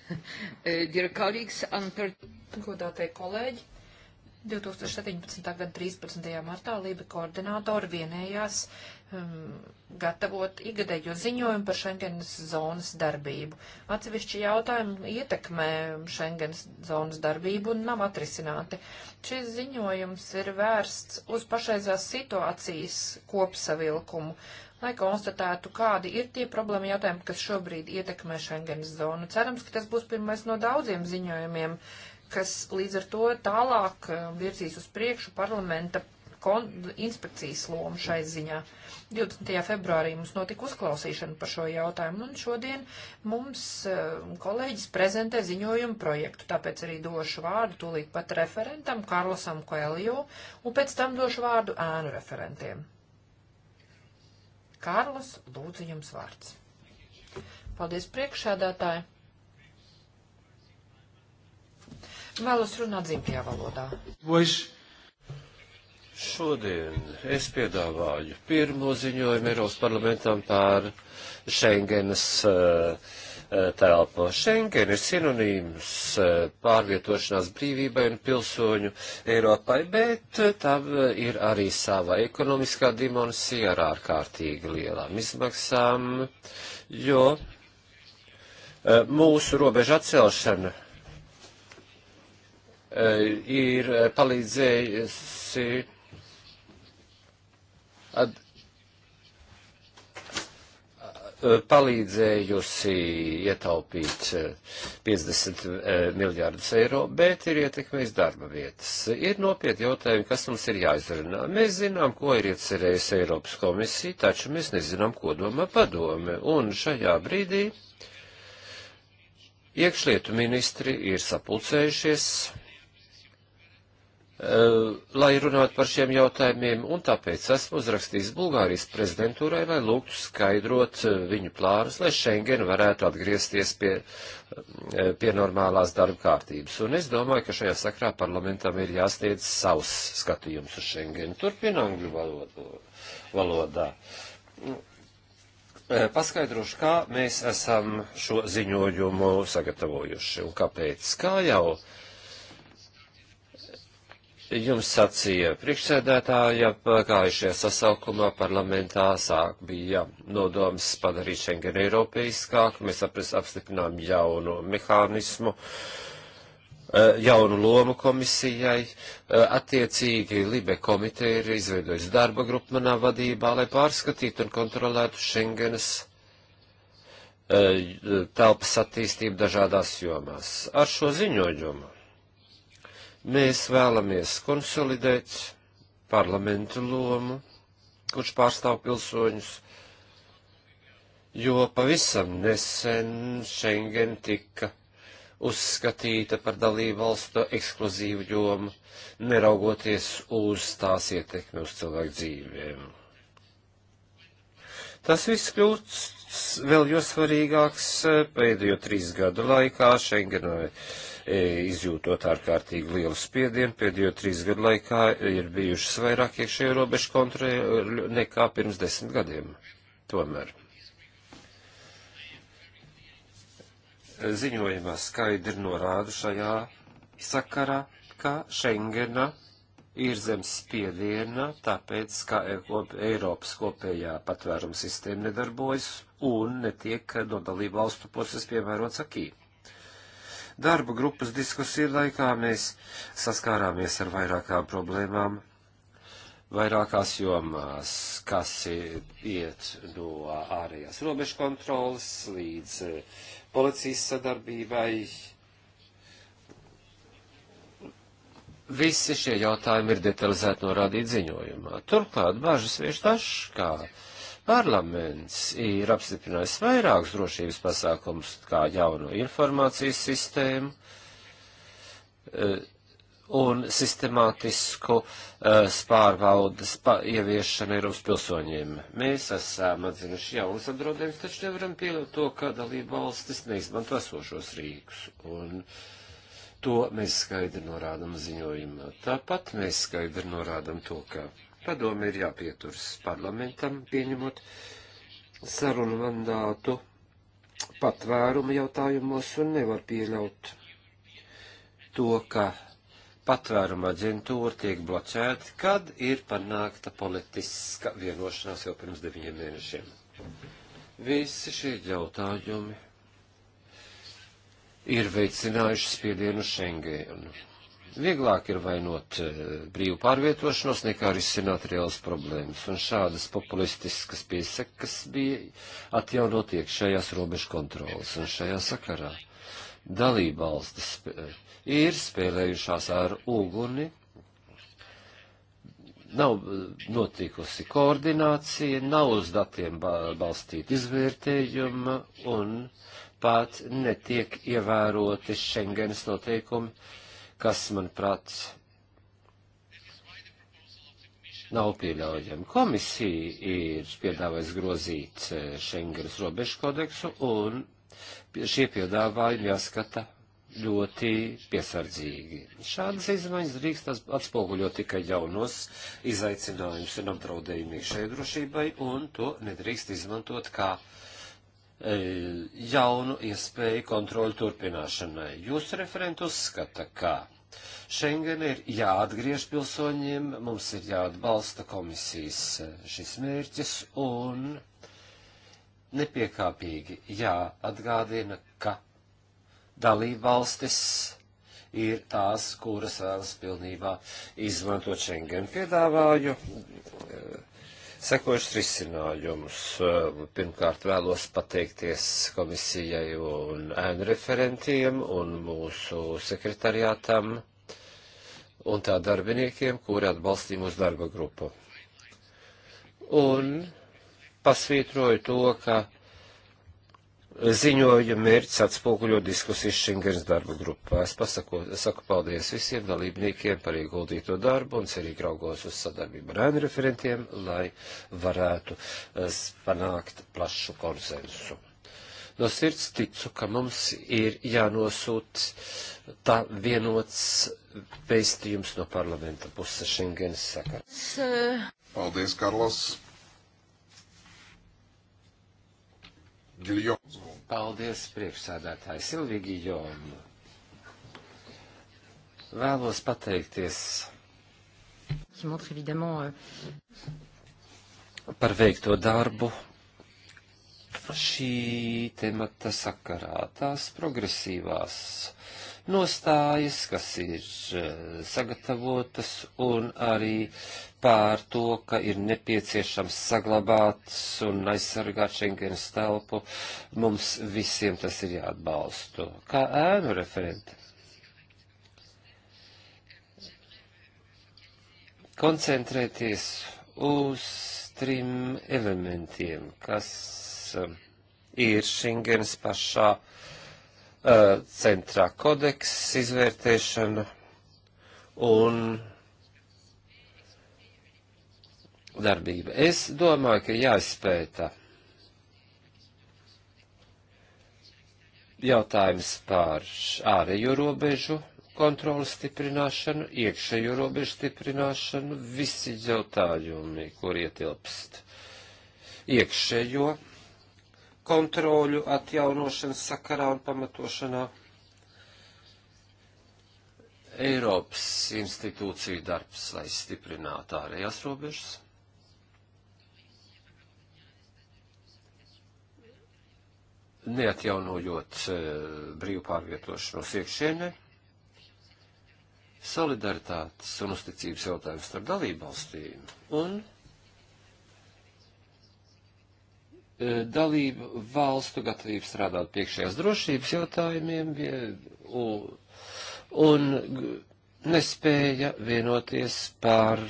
Eh, dear colleagues, per... godātie kolēģi, 2017. gada 13. martā Lība koordinātori vienējās um, gatavot igadējo ziņojumu par Schengenas zonas darbību. Atsevišķi jautājumi ietekmē Schengenas zonas darbību un nav atrisināti. Šis ziņojums ir vērsts uz pašreizās situācijas kopsavilkumu lai konstatētu, kādi ir tie problēma jautājumi, kas šobrīd ietekmē Schengens zonu. Cerams, ka tas būs pirmais no daudziem ziņojumiem, kas līdz ar to tālāk eh, virzīs uz priekšu parlamenta inspekcijas lomu šai ziņā. 20. februārī mums notika uzklausīšana par šo jautājumu, un šodien mums eh, kolēģis prezentē ziņojumu projektu, tāpēc arī došu vārdu tūlīt pat referentam Karlosam Koeliju, un pēc tam došu vārdu ēnu referentiem. Kārlis, lūdzu jums vārds. Paldies priekšsēdētāji. Vēlos runāt dzimtajā valodā. Bož. Šodien es piedāvāju pirmo ziņojumu Eiropas parlamentam par Schengenas uh, Eh, telpo. Schengen ir sinonīms eh, pārvietošanās brīvībai un pilsoņu Eiropai, bet eh, tā ir arī sava ekonomiskā dimensija ar ārkārtīgi lielām izmaksām, jo mūsu robeža atcelšana ir palīdzējusi palīdzējusi ietaupīt 50 eh, eh, miljārdus eiro, bet ir ietekmējis darba vietas. Ir nopietni jautājumi, kas mums ir jāizrunā. Mēs zinām, ko ir iecerējusi Eiropas komisija, taču mēs nezinām, ko domā padome. Un šajā brīdī iekšlietu ministri ir sapulcējušies Eh, lai runātu par šiem jautājumiem, un tāpēc esmu uzrakstījis Bulgārijas prezidentūrai, lai lūgtu skaidrot eh, viņu plānus, lai Schengen varētu atgriezties pie, eh, pie normālās darba kārtības. Un es domāju, ka šajā sakrā parlamentam ir jāsniedz savs skatījums uz Schengen. Turpin angļu valodā. Paskaidrošu, kā mēs esam šo ziņojumu sagatavojuši un kāpēc. Kā jau uh, jums sacīja priekšsēdētāja pagājušajā sasaukumā parlamentā sāk bija nodoms padarīt Schengen Eiropeiskāku. Mēs apstiprinām jaunu mehānismu, eh, jaunu lomu komisijai. Eh, attiecīgi Libe komiteja ir izveidojusi darba grupu manā vadībā, lai pārskatītu un kontrolētu Schengenas eh, telpas attīstību dažādās jomās. Ar šo ziņojumu Mēs vēlamies konsolidēt parlamentu lomu, kurš pārstāv pilsoņus, jo pavisam nesen Schengen tika uzskatīta par dalību valstu ekskluzīvu jomu, neraugoties uz tās ietekmi uz cilvēku dzīvēm. Tas viss kļūst vēl jo svarīgāks eh, pēdējo trīs gadu laikā Schengenai E, izjūtot ārkārtīgi lielu spiedienu. Pēdējo trīs gadu laikā ir bijušas vairāk iekšējo robežu kontroļu nekā pirms desmit gadiem. Tomēr. Ziņojumā skaidri norādu šajā sakarā, ka Schengena ir zem spiediena, tāpēc, ka e, Eiropas kopējā patvērums sistēma nedarbojas un netiek no dalību valstu puses piemērots akī. Darba grupas diskusiju laikā mēs saskārāmies ar vairākām problēmām, vairākās jomās, kas iet no ārējās robežu kontrolas līdz eh, policijas sadarbībai. Visi šie jautājumi ir detalizēti norādīti ziņojumā. Turklāt bažas vieš tašs, kā Parlaments ir apstiprinājis vairākus drošības pasākumus, kā jauno informācijas sistēmu eh, un sistemātisku eh, spārvaldes ieviešanu Eiropas pilsoņiem. Mēs esam atzinuši jaunas apdraudējumus, taču nevaram pieļaut to, ka dalība valstis neizmanto esošos rīkus. Un, uh, To mēs skaidri norādām ziņojumā. Tāpat mēs skaidri norādām to, ka Padomi ir jāpieturas parlamentam, pieņemot sarunu mandātu patvērumu jautājumos un nevar pieļaut to, ka patvēruma aģentūra tiek bloķēta, kad ir panākta politiska vienošanās jau pirms deviņiem mēnešiem. Visi šie jautājumi ir veicinājuši spiedienu Schengenu. Vieglāk ir vainot eh, brīvu pārvietošanos, nekā risināt reālas problēmas, un šādas populistiskas piesekas bija atjaunot iekšējās robežu kontrolas, un šajā sakarā dalībvalstis eh, ir spēlējušās ar uguni, nav eh, notikusi koordinācija, nav uz datiem balstīta izvērtējuma, un pat netiek ievēroti Schengenas noteikumi kas, manuprāt, nav pieļaujami. Komisija ir piedāvājusi grozīt eh, Schengeras robežu kodeksu, un šie piedāvājumi jāskata ļoti piesardzīgi. Šādas izmaiņas drīkst atspoguļot tikai jaunos izaicinājumus un apdraudējumu iekšēju drošībai, un to nedrīkst izmantot kā uh, E, jaunu iespēju kontroļu turpināšanai. Jūsu referenti uzskata, ka Schengen ir jāatgriež pilsoņiem, mums ir jāatbalsta komisijas e, šis mērķis un nepiekāpīgi jāatgādina, ka dalībvalstis ir tās, kuras vēlas pilnībā izmantot Schengen. Piedāvāju. Uh, sekojušas risinājumus. Ehm, pirmkārt vēlos pateikties komisijai un ēnu referentiem un mūsu sekretariātam un tā darbiniekiem, kuri atbalstīja mūsu darba grupu. Un pasvītroju to, ka ziņojuma mērķis atspoguļo diskusijas Šingens darba grupā. Es pasako, saku paldies visiem dalībniekiem par ieguldīto darbu un cerīgi raugos uz sadarbību ar ēnu referentiem, lai varētu eh, panākt plašu konsensu. No sirds ticu, ka mums ir jānosūt tā vienots pēstījums no parlamenta puses Šingens sakarā. Paldies, Karlos! Giljons. Paldies, priekšsādātāji Silvija Giljona. Vēlos pateikties par veikto darbu šī temata sakarā. Tās progresīvās nostājas, kas ir eh, sagatavotas, un arī pār to, ka ir nepieciešams saglabāt un aizsargāt Schengenas telpu. Mums visiem tas ir jāatbalstu. Kā ēnu referenti. Koncentrēties uz trim elementiem, kas um, ir Schengenas pašā uh, centrā kodeks, izvērtēšana un darbība. Es domāju, ka jāizpēta jautājums par ārējo robežu kontrolu stiprināšanu, iekšējo robežu stiprināšanu, visi jautājumi, kur ietilpst iekšējo kontroļu atjaunošanas sakarā un pamatošanā. Eiropas institūciju darbs, lai stiprinātu ārējās robežas. neatjaunojot e, brīvu pārvietošanos iekšienē, solidaritātes un uzticības jautājums starp dalībvalstīm un e, dalību valstu gatavību strādāt piekšējās drošības jautājumiem un, un nespēja vienoties par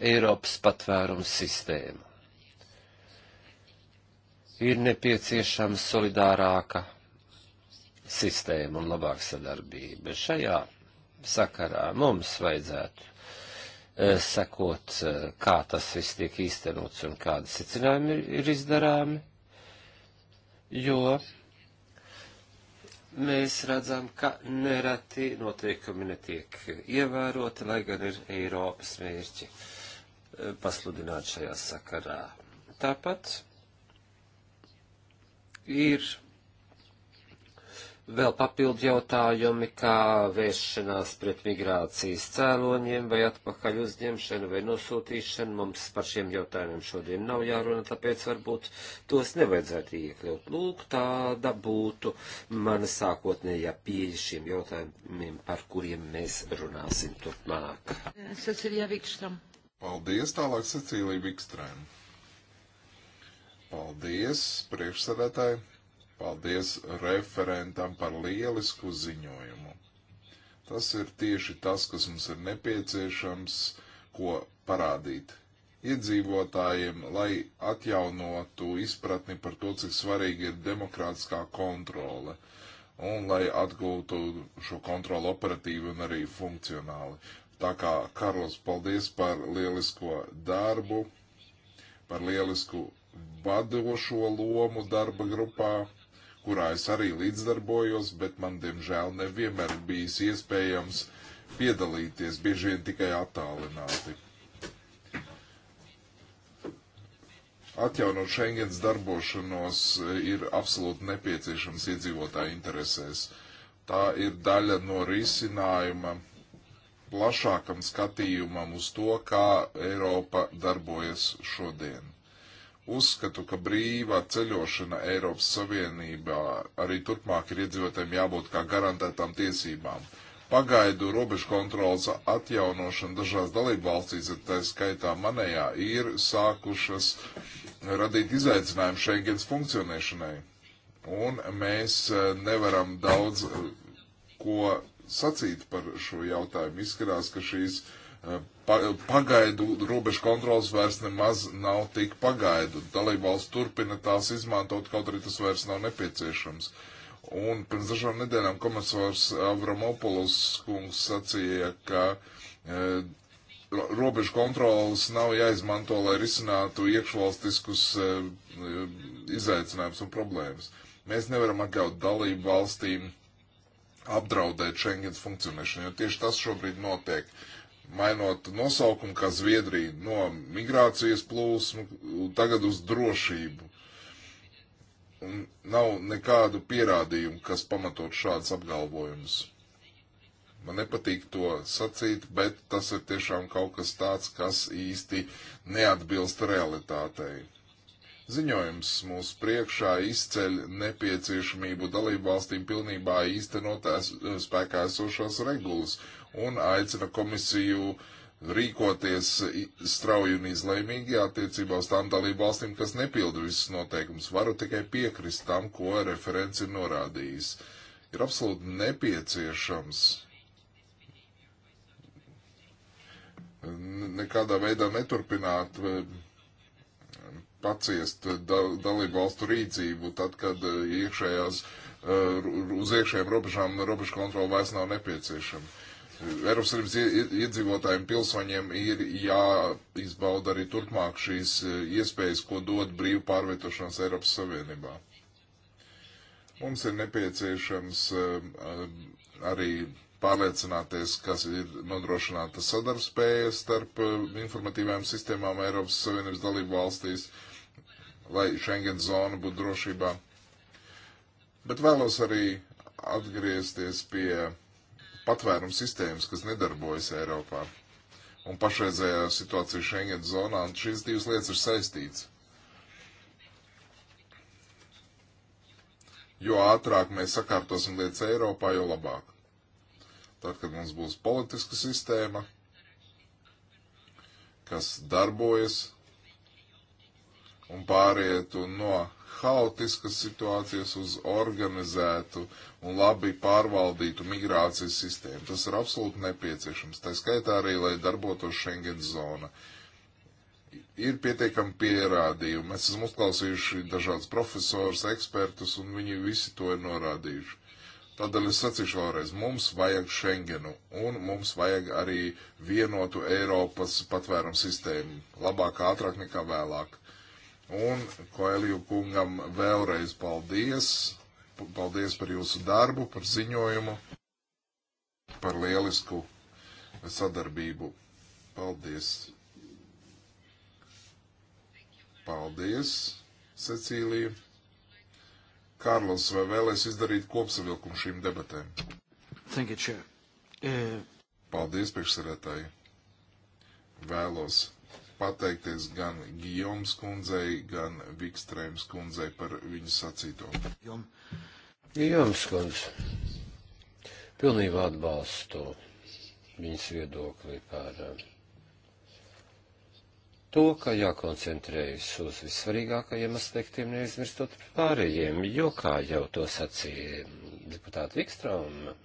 Eiropas patvērums sistēmu ir nepieciešama solidārāka sistēma un labāka sadarbība. Šajā sakarā mums vajadzētu e, sekot, e, kā tas viss tiek īstenots un kādi secinājumi ir, ir izdarāmi, jo mēs redzam, ka nereti noteikumi netiek ievēroti, lai gan ir Eiropas mērķi e, pasludināt šajā sakarā. Tāpat ir vēl papildu jautājumi, kā vēršanās pret migrācijas cēloņiem vai atpakaļ uzņemšana vai nosūtīšana. Mums par šiem jautājumiem šodien nav jārunā, tāpēc varbūt tos nevajadzētu iekļaut. Lūk, tāda būtu mana sākotnējā pieeja šiem jautājumiem, par kuriem mēs runāsim turpmāk. Cecilija Vikstram. Paldies, tālāk Cecilija Vikstrēm. Paldies priekšsēdētāji, paldies referentam par lielisku ziņojumu. Tas ir tieši tas, kas mums ir nepieciešams, ko parādīt iedzīvotājiem, lai atjaunotu izpratni par to, cik svarīgi ir demokrātiskā kontrole un lai atgūtu šo kontroli operatīvi un arī funkcionāli. Tā kā, Karls, paldies par lielisko darbu, par lielisku vadošo lomu darba grupā, kurā es arī līdzdarbojos, bet man, diemžēl, nevienmēr bijis iespējams piedalīties, bieži vien tikai attālināti. Atjaunot Schengens darbošanos eh, ir absolūti nepieciešams iedzīvotāju interesēs. Tā ir daļa no risinājuma plašākam skatījumam uz to, kā Eiropa darbojas šodien. Uzskatu, ka brīvā ceļošana Eiropas Savienībā arī turpmāk ir iedzīvotājiem jābūt kā garantētām tiesībām. Pagaidu robežu kontrolas atjaunošana dažās dalību valstīs, tā skaitā manējā, ir sākušas radīt izaicinājumu Schengens funkcionēšanai. Un mēs eh, nevaram daudz eh, ko sacīt par šo jautājumu. Izskatās, ka šīs eh, pagaidu robežu kontrols vairs nemaz nav tik pagaidu. Dalībvalsts turpina tās izmantot, kaut arī tas vairs nav nepieciešams. Un pirms dažām nedēļām komisārs Avramopoulos kungs sacīja, ka e, robežu kontrolas nav jāizmanto, lai risinātu iekšvalstiskus e, e, izaicinājumus un problēmas. Mēs nevaram atļaut dalību valstīm apdraudēt Schengens funkcionēšanu, jo tieši tas šobrīd notiek. Uh, mainot nosaukumu kā Zviedrija no migrācijas plūsmu tagad uz drošību. Un nav nekādu pierādījumu, kas pamatot šādas apgalvojumus. Man nepatīk to sacīt, bet tas ir tiešām kaut kas tāds, kas īsti neatbilst realitātei. Ziņojums mūsu priekšā izceļ nepieciešamību dalībvalstīm pilnībā īstenot es, spēkā esošās regulas un aicina komisiju rīkoties strauji un izlēmīgi attiecībā uz tām dalību valstīm, kas nepilda visus noteikumus. Varu tikai piekrist tam, ko referents ir norādījis. Ir absolūti nepieciešams nekādā veidā neturpināt eh, paciest dalību valstu rīcību, tad, kad eh, iekšējās, eh, uz iekšējām robežām robežu kontrola vairs nav nepieciešama. Eiropas Savienības iedzīvotājiem, pilsoņiem ir jāizbauda arī turpmāk šīs e, iespējas, ko dod brīvu pārvietošanās Eiropas Savienībā. Mums ir nepieciešams e, e, arī pārliecināties, kas ir nodrošināta sadarbspēja starp informatīvajām sistēmām Eiropas Savienības dalību valstīs, lai Schengen zona būtu drošībā. Bet vēlos arī atgriezties pie patvērums sistēmas, kas nedarbojas Eiropā. Un pašreizējā situācija Schengen zonā, un šīs divas lietas ir saistītas. Jo ātrāk mēs sakārtosim lietas Eiropā, jo labāk. Tad, kad mums būs politiska sistēma, kas darbojas un pārietu no haotiskas situācijas uz organizētu un labi pārvaldītu migrācijas sistēmu. Tas ir absolūti nepieciešams. Tā skaitā arī, lai darbotos Schengen zona. Ir pietiekami pierādījumi. Mēs esam uzklausījuši dažādas profesors, ekspertus, un viņi visi to ir norādījuši. Tādēļ es sacīšu vēlreiz, mums vajag Schengenu un mums vajag arī vienotu Eiropas patvērumu sistēmu, labāk ātrāk nekā vēlāk. Un Koeliju kungam vēlreiz paldies. Paldies par jūsu darbu, par ziņojumu, par lielisku sadarbību. Paldies. Paldies, Cecīlija. Kārlis, vai vēlēs izdarīt kopsavilkumu šīm debatēm? Thank you, Chair. Uh... Paldies, priekšsarētāji. Vēlos pateikties gan Gijoms kundzei, gan Vikstrēms kundzei par viņu sacīto. Gijoms kundze, pilnībā atbalstu viņas viedokli par eh, to, ka jākoncentrējas uz vissvarīgākajiem aspektiem, neaizmirstot par pārējiem, jo, kā jau to sacīja deputāta Vikstrauma,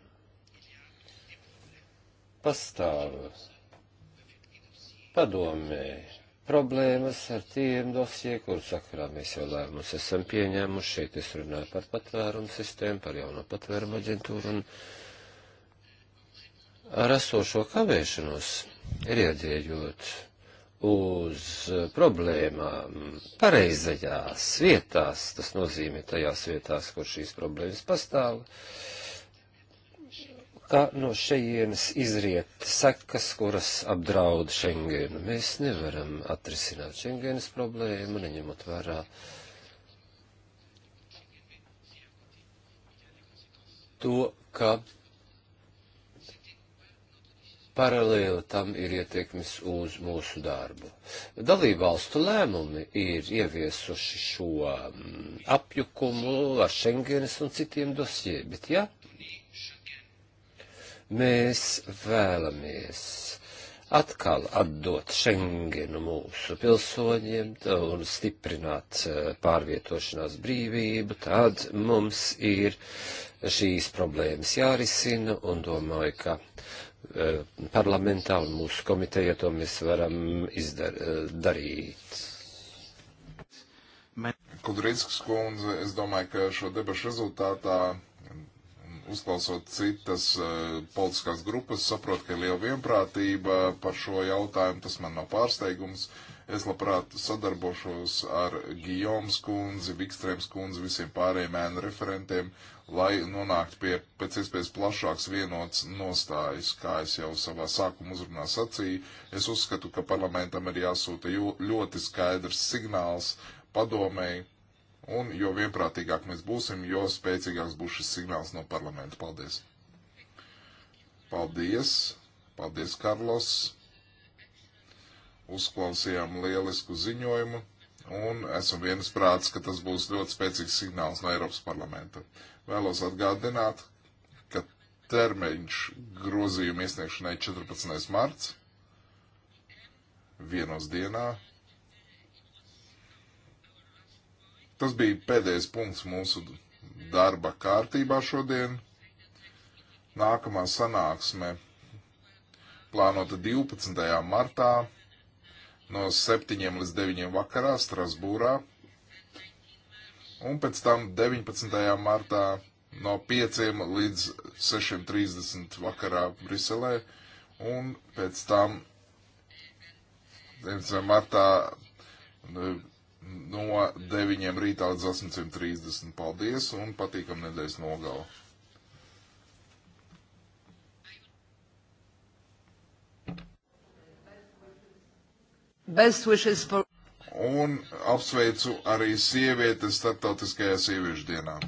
pastāv padomē problēmas ar tiem dosie, kur sakarā mēs jau lēmumus esam pieņēmuši. Šeit es runāju par patvērumu sistēmu, par jauno patvērumu aģentūru un ar esošo kavēšanos rieģējot uz problēmām pareizajās vietās, tas nozīmē tajās vietās, kur šīs problēmas pastāv. Uh, ka no šejienes izriet sekas, kuras apdraud Schengenu. Mēs nevaram atrisināt Schengenas problēmu, neņemot vērā to, ka paralēli tam ir ietekmes uz mūsu darbu. Dalībvalstu lēmumi ir ieviesuši šo mm, apjukumu ar Schengenes un citiem dosjē, bet ja Mēs vēlamies atkal atdot Schengenu mūsu pilsoņiem un stiprināt eh, pārvietošanās brīvību, tad mums ir šīs problēmas jārisina un domāju, ka eh, parlamentā un mūsu komiteja to mēs varam izdarīt. Izdarīt. Eh, Kudrītskas kundze, es domāju, ka šo debašu rezultātā uzklausot citas uh, politiskās grupas, saprotu, ka ir liela vienprātība par šo jautājumu, tas man nav pārsteigums. Es labprāt sadarbošos ar Gijoms kundzi, Vikstrēms kundzi, visiem pārējiem ēnu referentiem, lai nonāktu pie pēc iespējas plašāks vienots nostājas, kā es jau savā sākuma uzrunā sacīju. Es uzskatu, ka parlamentam ir jāsūta ļoti skaidrs signāls padomēji Un jo vienprātīgāk mēs būsim, jo spēcīgāks būs šis signāls no parlamenta. Paldies! Paldies! Paldies, Karlos! Uzklausījām lielisku ziņojumu un esam viensprāts, ka tas būs ļoti spēcīgs signāls no Eiropas parlamenta. Vēlos atgādināt, ka termiņš grozījuma iesniegšanai 14. marts vienos dienā Tas bija pēdējais punkts mūsu darba kārtībā šodien. Nākamā sanāksme plānota 12. martā no 7 līdz 9 vakarā Strasbūrā un pēc tam 19. martā no 5 līdz 6.30 vakarā Briselē un pēc tam 19. martā no 9 rītā līdz 8.30. Paldies un patīkam nedēļas nogalu. For... Un apsveicu arī sievietes starptautiskajā sieviešu dienā.